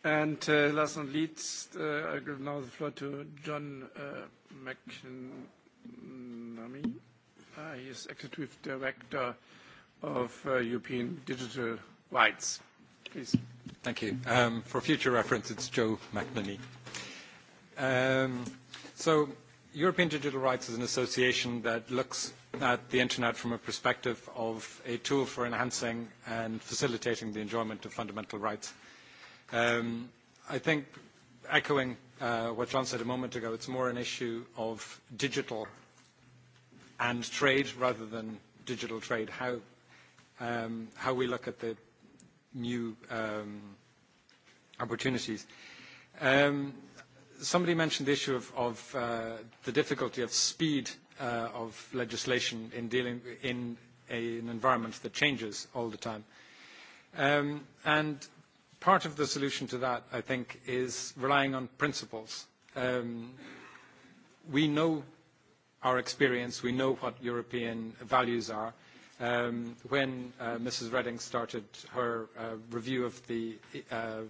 And uh, last but not least, uh, I give now the floor to John uh, McNamee. Uh, he is Executive Director of uh, European Digital Rights. Please. Thank you. Um, for future reference, it's Joe McNamee. Um, so European Digital Rights is an association that looks at the internet from a perspective of a tool for enhancing and facilitating the enjoyment of fundamental rights Um, I think echoing uh, what John said a moment ago, it's more an issue of digital and trade rather than digital trade, how, um, how we look at the new um, opportunities. Um, somebody mentioned the issue of, of uh, the difficulty of speed uh, of legislation in dealing in a, an environment that changes all the time. Um, and part of the solution to that, I think, is relying on principles. Um, we know our experience, we know what European values are. Um, when uh, Mrs. Reding started her uh, review of the uh,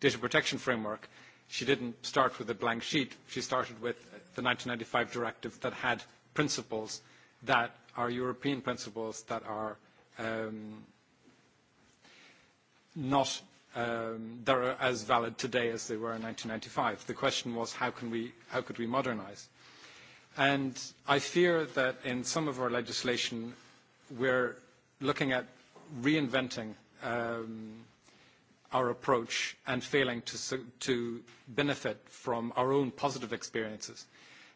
data protection framework, she didn't start with a blank sheet. She started with the 1995 directive that had principles that are European principles that are um, not um, they're as valid today as they were in 1995. The question was, how, can we, how could we modernize? And I fear that in some of our legislation, we're looking at reinventing um, our approach and failing to, to benefit from our own positive experiences.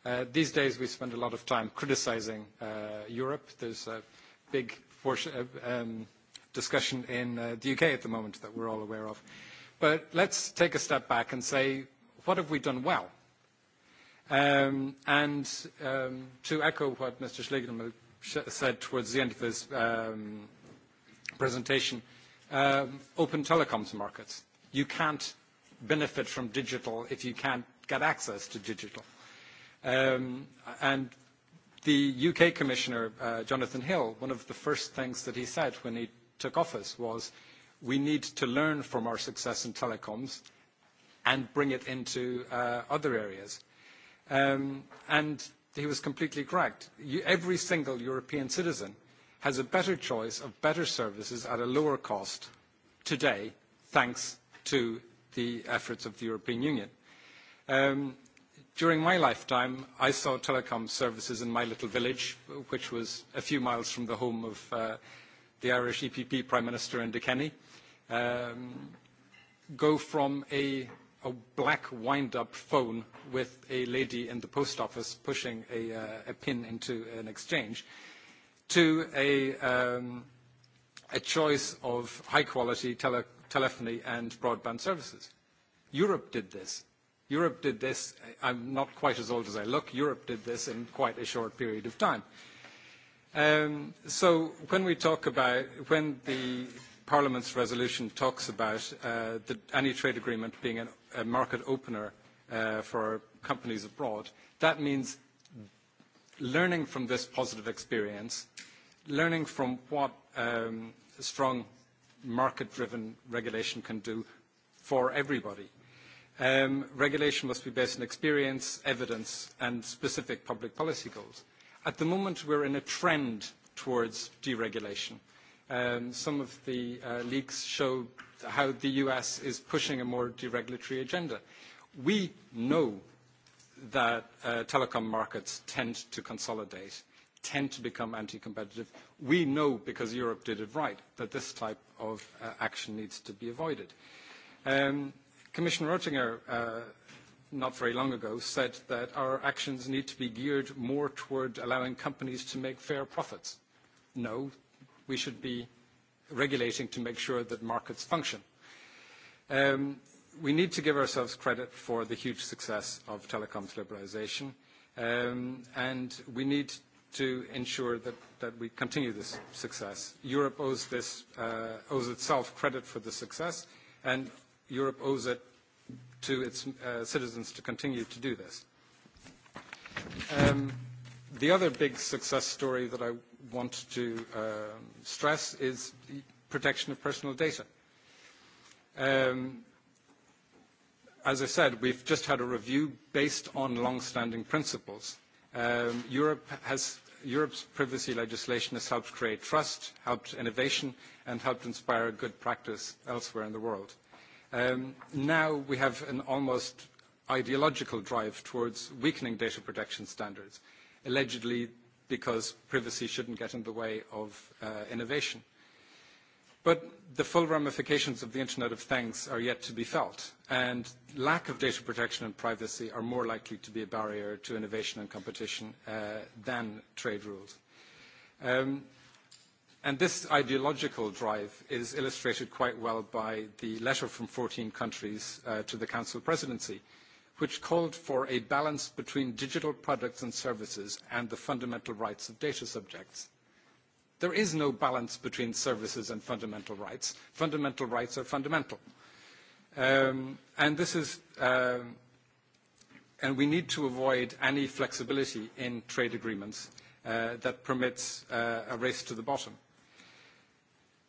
Uh, these days, we spend a lot of time criticizing uh, Europe. There's a big portion, uh, um, discussion in uh, the UK at the moment that we're all aware of. But let's take a step back and say, what have we done well? Um, and um, to echo what Mr. Schlegelmann said towards the end of his um, presentation, um, open telecoms markets. You can't benefit from digital if you can't get access to digital. Um, and the UK Commissioner, uh, Jonathan Hill, one of the first things that he said when he took office was we need to learn from our success in telecoms and bring it into uh, other areas. Um, and he was completely correct. You, every single European citizen has a better choice of better services at a lower cost today, thanks to the efforts of the European Union. Um, during my lifetime, I saw telecom services in my little village, which was a few miles from the home of uh, the Irish EPP Prime Minister Enda Kenny, um, go from a, a black wind-up phone with a lady in the post office pushing a, uh, a pin into an exchange to a, um, a choice of high-quality tele telephony and broadband services. Europe did this. Europe did this. I'm not quite as old as I look. Europe did this in quite a short period of time. Uh, Um, so when we talk about, when the Parliament's resolution talks about uh, the, any trade agreement being an, a market opener uh, for companies abroad, that means learning from this positive experience, learning from what um, strong market-driven regulation can do for everybody. Um, regulation must be based on experience, evidence, and specific public policy goals. At the moment, we're in a trend towards deregulation. Um, some of the uh, leaks show how the U.S. is pushing a more deregulatory agenda. We know that uh, telecom markets tend to consolidate, tend to become anti-competitive. We know, because Europe did it right, that this type of uh, action needs to be avoided. Um, Commissioner Oettinger uh, not very long ago, said that our actions need to be geared more toward allowing companies to make fair profits. No, we should be regulating to make sure that markets function. Um, we need to give ourselves credit for the huge success of telecoms liberalization, um, and we need to ensure that, that we continue this success. Europe owes, this, uh, owes itself credit for the success, and Europe owes it to its uh, citizens to continue to do this. Um, the other big success story that I want to um, stress is the protection of personal data. Um, as I said, we've just had a review based on long-standing principles. Um, Europe has, Europe's privacy legislation has helped create trust, helped innovation, and helped inspire good practice elsewhere in the world. Uh, Um, now we have an almost ideological drive towards weakening data protection standards, allegedly because privacy shouldn't get in the way of uh, innovation. But the full ramifications of the Internet of Things are yet to be felt, and lack of data protection and privacy are more likely to be a barrier to innovation and competition uh, than trade rules. Um, And this ideological drive is illustrated quite well by the letter from 14 countries uh, to the Council presidency, which called for a balance between digital products and services and the fundamental rights of data subjects. There is no balance between services and fundamental rights. Fundamental rights are fundamental. Um, and this is, um, and we need to avoid any flexibility in trade agreements uh, that permits uh, a race to the bottom.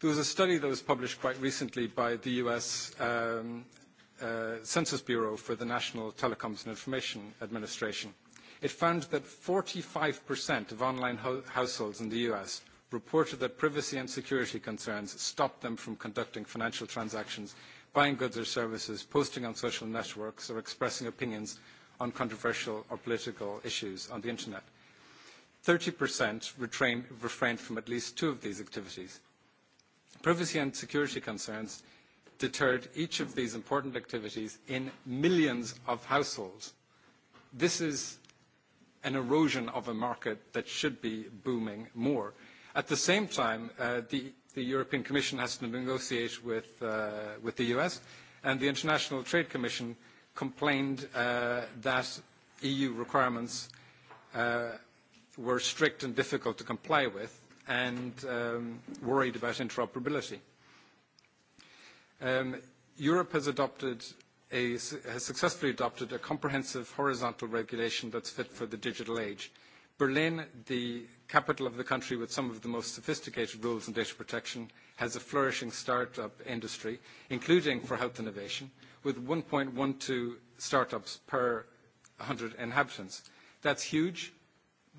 There was a study that was published quite recently by the U.S. Um, uh, Census Bureau for the National Telecoms and Information Administration. It found that 45% of online ho households in the U.S. reported that privacy and security concerns stopped them from conducting financial transactions, buying goods or services, posting on social networks, or expressing opinions on controversial or political issues on the internet. 30% refrained from at least two of these activities. Privacy and security concerns deterred each of these important activities in millions of households. This is an erosion of a market that should be booming more. At the same time, uh, the, the European Commission has to negotiate with, uh, with the US, and the International Trade Commission complained uh, that EU requirements uh, were strict and difficult to comply with, and um, worried about interoperability. Um, Europe has adopted a, has successfully adopted a comprehensive horizontal regulation that's fit for the digital age. Berlin, the capital of the country with some of the most sophisticated rules on data protection, has a flourishing startup industry, including for health innovation, with 1.12 startups per 100 inhabitants. That's huge,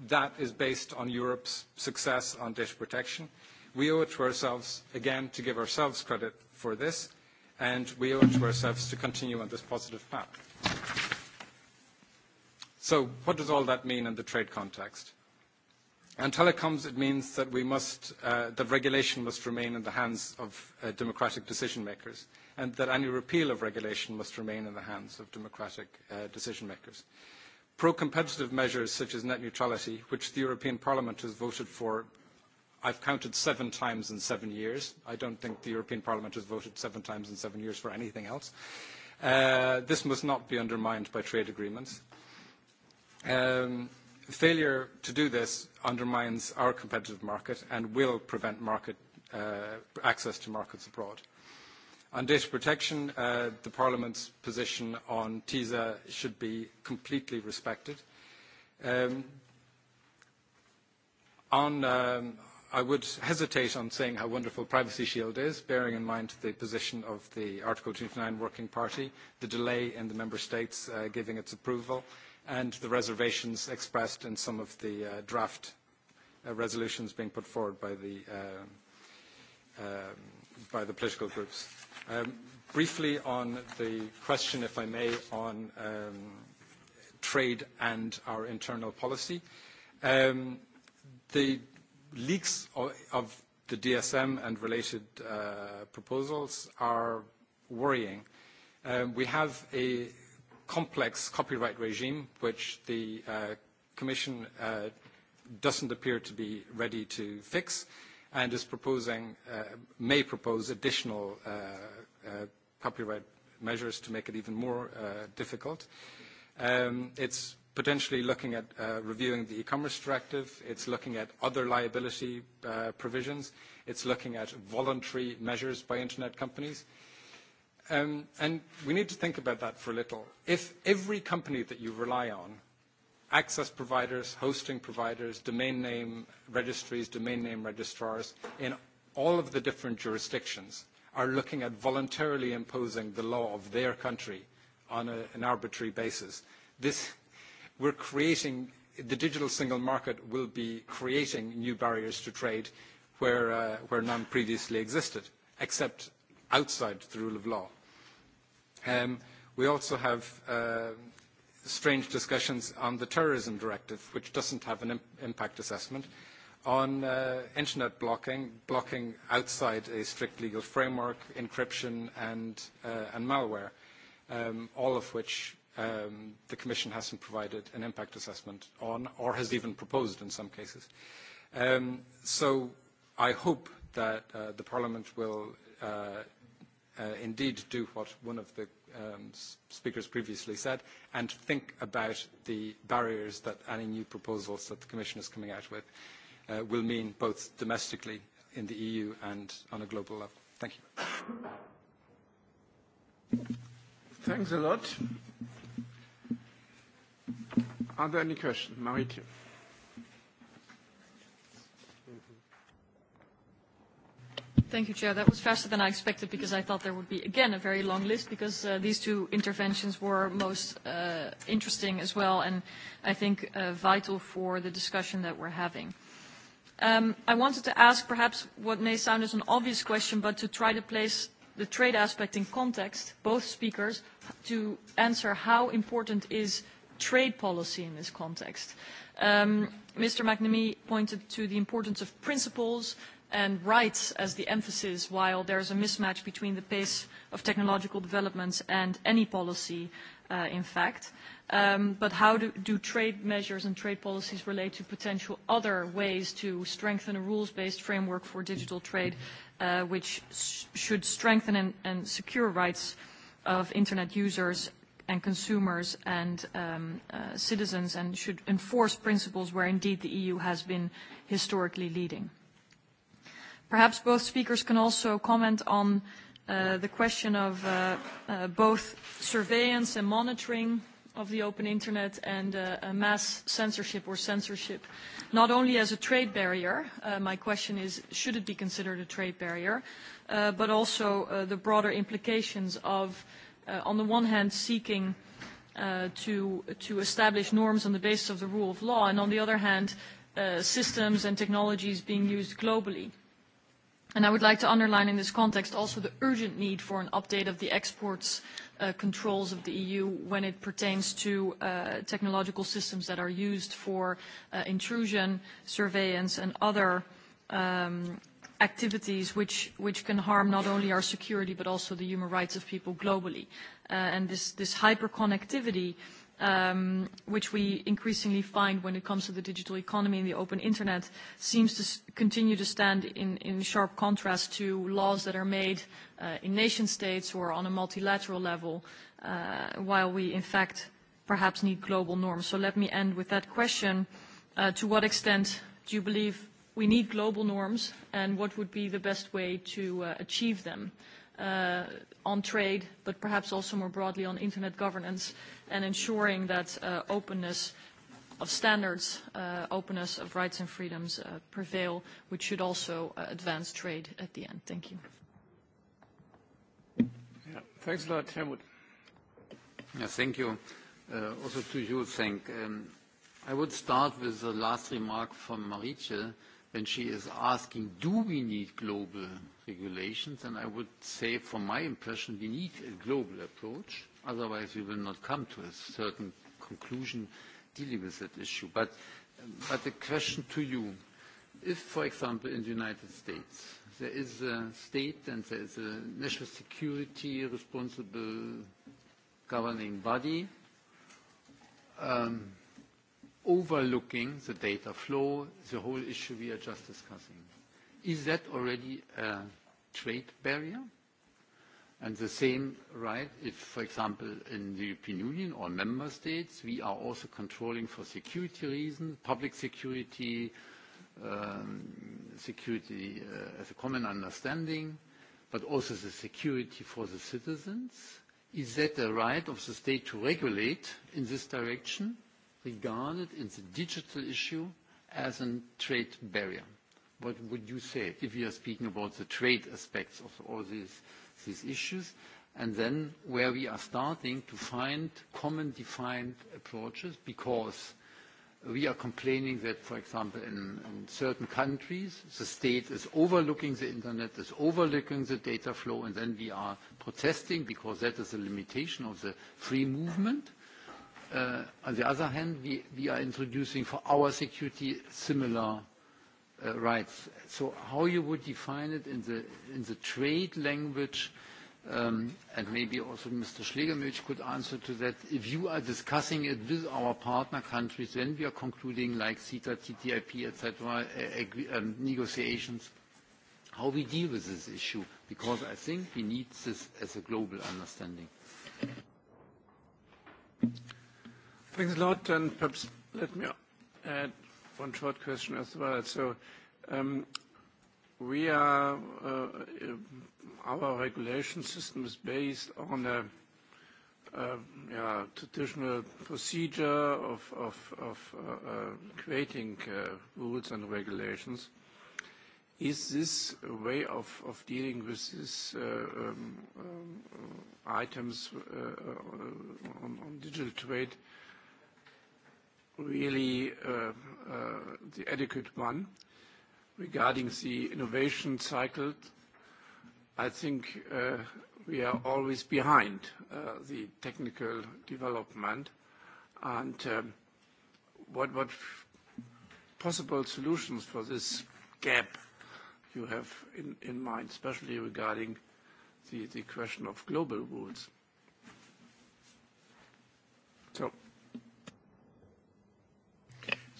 That is based on Europe's success on dish protection. We owe it to ourselves, again, to give ourselves credit for this, and we owe it to ourselves to continue on this positive path. So what does all that mean in the trade context? On telecoms, it means that we must, uh, that regulation must remain in the hands of uh, democratic decision makers, and that any repeal of regulation must remain in the hands of democratic uh, decision makers. Uh, pro-competitive measures such as net neutrality, which the European Parliament has voted for, I've counted seven times in seven years. I don't think the European Parliament has voted seven times in seven years for anything else. Uh, this must not be undermined by trade agreements. Um, failure to do this undermines our competitive market and will prevent market uh, access to markets abroad. On data protection, uh, the Parliament's position on TISA should be completely respected. Um, on, um, I would hesitate on saying how wonderful Privacy Shield is, bearing in mind the position of the Article 29 Working Party, the delay in the Member States uh, giving its approval, and the reservations expressed in some of the uh, draft uh, resolutions being put forward by the, uh, uh, by the political groups. Um, briefly on the question, if I may, on um, trade and our internal policy. Um, the leaks of, of the DSM and related uh, proposals are worrying. Um, we have a complex copyright regime, which the uh, Commission uh, doesn't appear to be ready to fix. Uh, and is proposing, uh, may propose additional uh, uh, copyright measures to make it even more uh, difficult. Um, it's potentially looking at uh, reviewing the e-commerce directive. It's looking at other liability uh, provisions. It's looking at voluntary measures by internet companies. Um, and we need to think about that for a little. If every company that you rely on access providers, hosting providers, domain name registries, domain name registrars in all of the different jurisdictions are looking at voluntarily imposing the law of their country on a, an arbitrary basis. This, we're creating, the digital single market will be creating new barriers to trade where, uh, where none previously existed, except outside the rule of law. Um, we also have uh, strange discussions on the terrorism directive, which doesn't have an Im impact assessment, on uh, internet blocking, blocking outside a strict legal framework, encryption and, uh, and malware, um, all of which um, the Commission hasn't provided an impact assessment on or has even proposed in some cases. Um, so I hope that uh, the Parliament will uh, uh, indeed do what one of the um, speakers previously said, and think about the barriers that any new proposals that the Commission is coming out with uh, will mean both domestically in the EU and on a global level. Thank you. Thanks a lot. Are there any questions? Marieke. Thank you, Chair. That was faster than I expected because I thought there would be, again, a very long list because uh, these two interventions were most uh, interesting as well and I think uh, vital for the discussion that we're having. Um, I wanted to ask perhaps what may sound as an obvious question, but to try to place the trade aspect in context, both speakers, to answer how important is trade policy in this context. Um, Mr. McNamee pointed to the importance of principles, and rights as the emphasis while there's a mismatch between the pace of technological developments and any policy, uh, in fact. Um, but how do, do trade measures and trade policies relate to potential other ways to strengthen a rules-based framework for digital trade, uh, which sh should strengthen and, and secure rights of Internet users and consumers and um, uh, citizens and should enforce principles where indeed the EU has been historically leading? Perhaps both speakers can also comment on uh, the question of uh, uh, both surveillance and monitoring of the open internet and uh, mass censorship or censorship, not only as a trade barrier, uh, my question is, should it be considered a trade barrier, uh, but also uh, the broader implications of, uh, on the one hand, seeking uh, to, to establish norms on the basis of the rule of law, and on the other hand, uh, systems and technologies being used globally. Uh, And I would like to underline in this context also the urgent need for an update of the exports uh, controls of the EU when it pertains to uh, technological systems that are used for uh, intrusion, surveillance, and other um, activities which, which can harm not only our security but also the human rights of people globally. Uh, and this, this hyperconnectivity uh, um, which we increasingly find when it comes to the digital economy and the open internet, seems to s continue to stand in, in sharp contrast to laws that are made uh, in nation states or on a multilateral level, uh, while we in fact perhaps need global norms. So let me end with that question. Uh, to what extent do you believe we need global norms and what would be the best way to uh, achieve them? Uh, on trade, but perhaps also more broadly on internet governance and ensuring that uh, openness of standards, uh, openness of rights and freedoms uh, prevail, which should also uh, advance trade at the end. Thank you. Yeah. Thanks a lot, Helmut. Yeah, thank you. Uh, also to you, thank. Um, I would start with the last remark from Marietje when she is asking, do we need global regulations? And I would say, from my impression, we need a global approach Otherwise, we will not come to a certain conclusion dealing with that issue. But, but the question to you, if, for example, in the United States, there is a state and there is a national security responsible governing body um, overlooking the data flow, the whole issue we are just discussing. Is that already a trade barrier? And the same right if, for example, in the European Union or member states, we are also controlling for security reasons, public security, um, security uh, as a common understanding, but also the security for the citizens. Is that a right of the state to regulate in this direction, regarded in the digital issue as a trade barrier? What would you say if you are speaking about the trade aspects of all these these issues, and then where we are starting to find common defined approaches because we are complaining that, for example, in, in certain countries, the state is overlooking the internet, is overlooking the data flow, and then we are protesting because that is a limitation of the free movement. Uh, on the other hand, we, we are introducing for our security similar uh, rights. So how you would define it in the, in the trade language, um, and maybe also Mr. Schlegelmilch could answer to that. If you are discussing it with our partner countries, when we are concluding like CETA, TTIP, et cetera, uh, um, negotiations, how we deal with this issue, because I think we need this as a global understanding. Thanks a lot, and perhaps let me add one short question as well. So, um, we are, uh, our regulation system is based on a, a yeah, traditional procedure of, of, of uh, creating uh, rules and regulations. Is this a way of, of dealing with these uh, um, um, items uh, uh, on, on digital trade really uh, uh, the adequate one. Regarding the innovation cycle, I think uh, we are always behind uh, the technical development. And, um, what, what possible solutions for this gap you have in, in mind, especially regarding the, the question of global rules?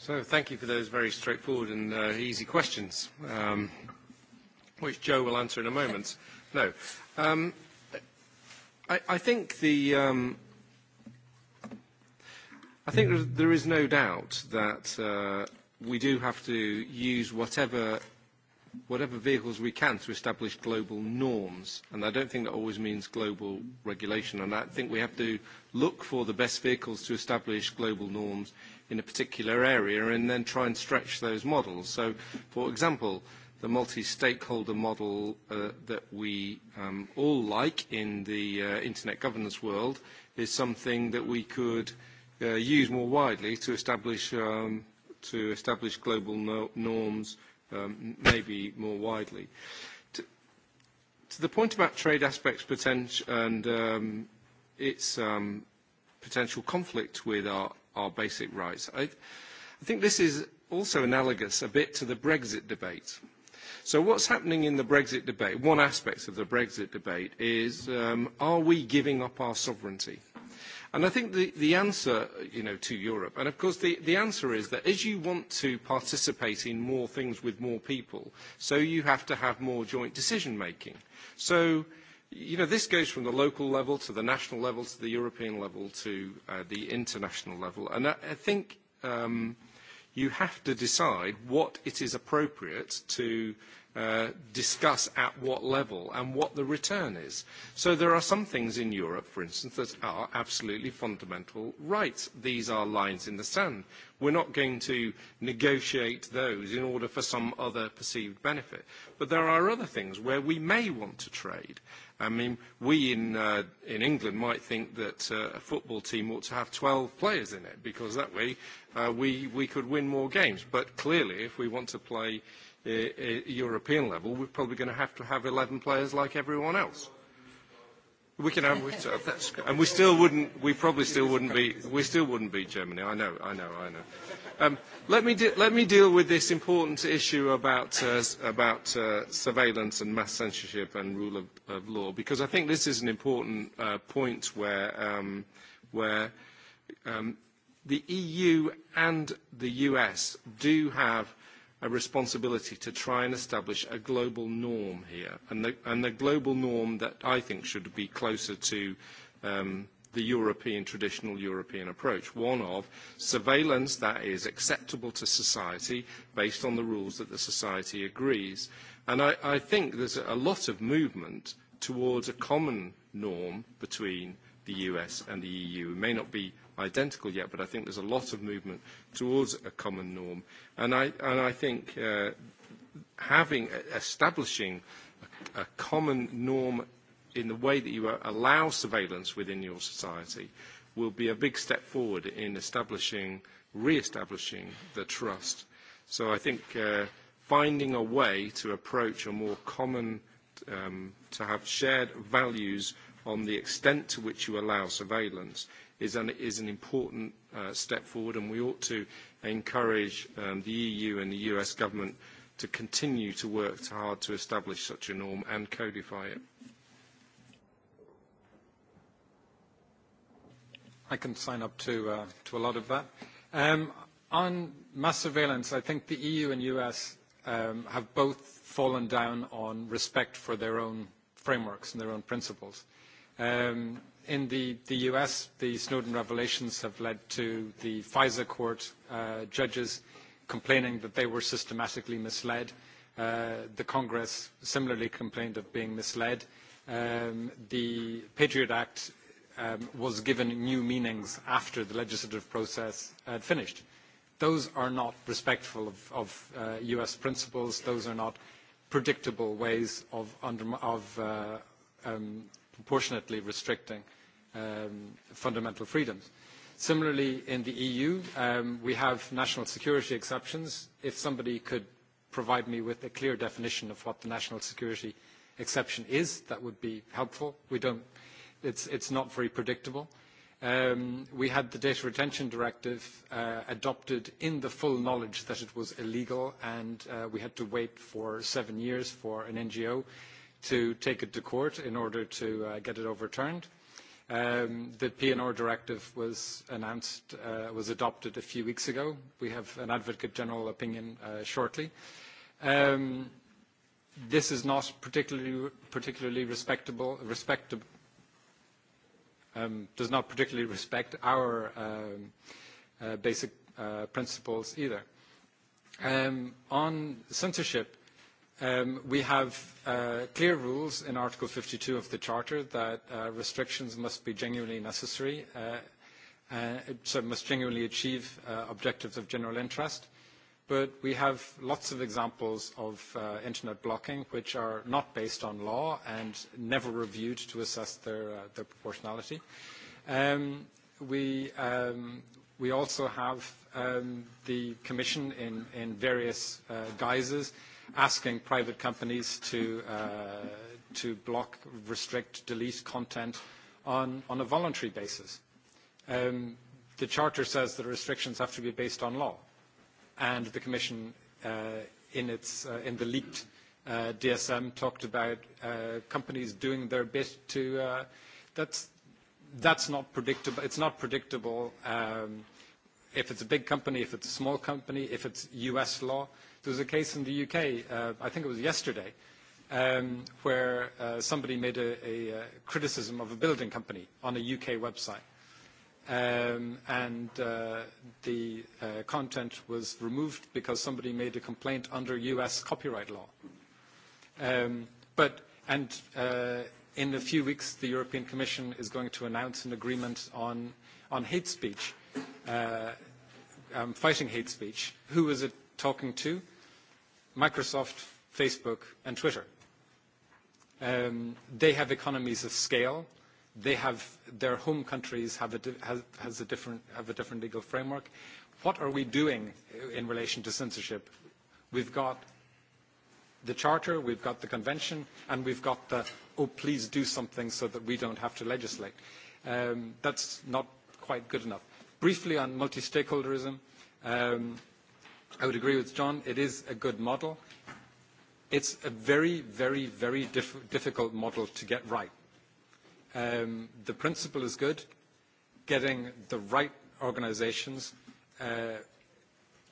So thank you for those very straightforward and uh, easy questions, um, which Joe will answer in a moment. No. Um, I, I think the... Um, I think there is no doubt that uh, we do have to use whatever, whatever vehicles we can to establish global norms. And I don't think that always means global regulation. And I think we have to look for the best vehicles to establish global norms in a particular area and then try and stretch those models. So, for example, the multi-stakeholder model uh, that we um, all like in the uh, internet governance world is something that we could uh, use more widely to establish, um, to establish global no norms um, maybe more widely. To, to the point about trade aspects potential and um, its um, potential conflict with our our basic rights. I, I think this is also analogous a bit to the Brexit debate. So what's happening in the Brexit debate, one aspect of the Brexit debate is, um, are we giving up our sovereignty? And I think the, the answer, you know, to Europe, and of course the, the answer is that as you want to participate in more things with more people, so you have to have more joint decision making. So you know, this goes from the local level to the national level to the European level to uh, the international level. And I, I think um, you have to decide what it is appropriate to uh, discuss at what level and what the return is. So there are some things in Europe, for instance, that are absolutely fundamental rights. These are lines in the sand. We're not going to negotiate those in order for some other perceived benefit. But there are other things where we may want to trade. I mean, we in, uh, in England might think that uh, a football team ought to have 12 players in it because that way uh, we, we could win more games. But clearly, if we want to play uh, uh, European level, we're probably going to have to have 11 players like everyone else. We can have, we, that's good. and we still wouldn't. We probably still wouldn't be. We still wouldn't beat Germany. I know. I know. I know. Um, let me de- let me deal with this important issue about uh, about uh, surveillance and mass censorship and rule of, of law because I think this is an important uh, point where um, where um, the EU and the US do have a responsibility to try and establish a global norm here, and the, and the global norm that I think should be closer to um, the European, traditional European approach, one of surveillance that is acceptable to society based on the rules that the society agrees. And I, I think there's a lot of movement towards a common norm between the US and the EU. It may not be identical yet, but I think there's a lot of movement towards a common norm. And I, and I think uh, having, e, establishing a, a common norm in the way that you allow surveillance within your society will be a big step forward in establishing, re-establishing the trust. So I think uh, finding a way to approach a more common, um, to have shared values on the extent to which you allow surveillance is an, is an important uh, step forward, and we ought to encourage um, the EU and the US government to continue to work hard to establish such a norm and codify it. I can sign up to, uh, to a lot of that. Um, on mass surveillance, I think the EU and US um, have both fallen down on respect for their own frameworks and their own principles. Um, in the, the US, the Snowden revelations have led to the FISA court uh, judges complaining that they were systematically misled. Uh, the Congress similarly complained of being misled. Um, the Patriot Act um, was given new meanings after the legislative process had finished. Those are not respectful of, of uh, US principles. Those are not predictable ways of, under, of uh, um, proportionately restricting um, fundamental freedoms. Similarly, in the EU, um, we have national security exceptions. If somebody could provide me with a clear definition of what the national security exception is, that would be helpful. We don't, it's, it's not very predictable. Um, we had the Data Retention Directive uh, adopted in the full knowledge that it was illegal, and uh, we had to wait for seven years for an NGO to take it to court in order to uh, get it overturned. Um, the PNR directive was announced, uh, was adopted a few weeks ago. We have an Advocate General opinion uh, shortly. Um, this is not particularly, particularly respectable, respectable, um, does not particularly respect our um, uh, basic uh, principles either. Um, on censorship, Um, we have uh, clear rules in Article 52 of the Charter that uh, restrictions must be genuinely necessary, uh, uh, so must genuinely achieve uh, objectives of general interest. But we have lots of examples of uh, internet blocking which are not based on law and never reviewed to assess their, uh, their proportionality. Um, we, um, we also have um, the Commission in, in various uh, guises uh, asking private companies to, uh, to block, restrict, delete content on, on a voluntary basis. Um, the Charter says that restrictions have to be based on law, and the Commission uh, in, its, uh, in the leaked uh, DSM talked about uh, companies doing their bit to uh, that's that's not predictable. It's not predictable um, if it's a big company, if it's a small company, if it's U.S. law. Uh, There was a case in the UK, uh, I think it was yesterday, um, where uh, somebody made a, a, a uh, criticism of a building company on a UK website. Um, and uh, the uh, content was removed because somebody made a complaint under US copyright law. Um, but, and uh, in a few weeks, the European Commission is going to announce an agreement on, on hate speech, uh, um, fighting hate speech. Who is it talking to? Microsoft, Facebook, and Twitter. Um, they have economies of scale. They have their home countries have a, has, has a different, have a different legal framework. What are we doing in relation to censorship? We've got the Charter, we've got the Convention, and we've got the, oh, please do something so that we don't have to legislate. Um, that's not quite good enough. Briefly on multi-stakeholderism, um, I would agree with John. It is a good model. It's a very, very, very diff difficult model to get right. Um, the principle is good. Getting the right organizations uh,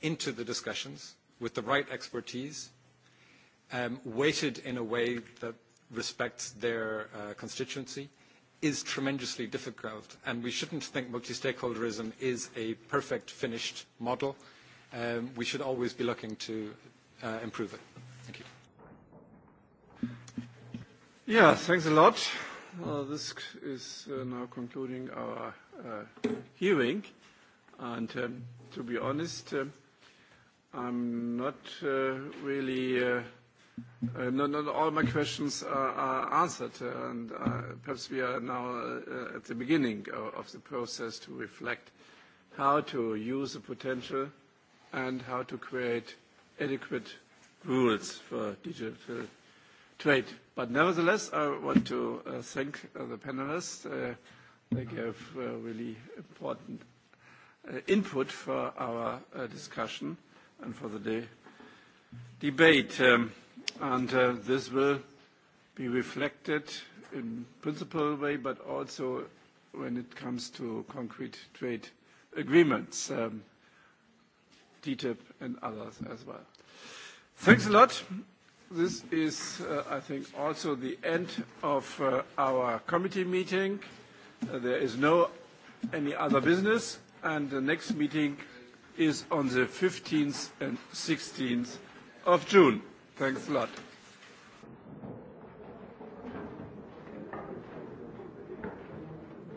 into the discussions with the right expertise, um, weighted in a way that respects their uh, constituency, is tremendously difficult. And we shouldn't think multi-stakeholderism is a perfect finished model. Uh, um, we should always be looking to uh, improve it. Thank you. Yeah, thanks a lot. Uh, this is uh, now concluding our uh, hearing. And um, to be honest, uh, I'm not uh, really, uh, uh, not, not all my questions are, are answered. Uh, and uh, perhaps we are now uh, at the beginning of, of the process to reflect how to use the potential and how to create adequate rules for digital trade. But nevertheless, I want to uh, thank uh, the panelists. Uh, they gave uh, really important uh, input for our uh, discussion and for the de debate. Um, and uh, this will be reflected in principle way, but also when it comes to concrete trade agreements. Um, TTIP, and others as well. Thanks a lot. This is, uh, I think, also the end of uh, our committee meeting. Uh, there is no any other business, and the next meeting is on the 15th and 16th of June. Thanks a lot.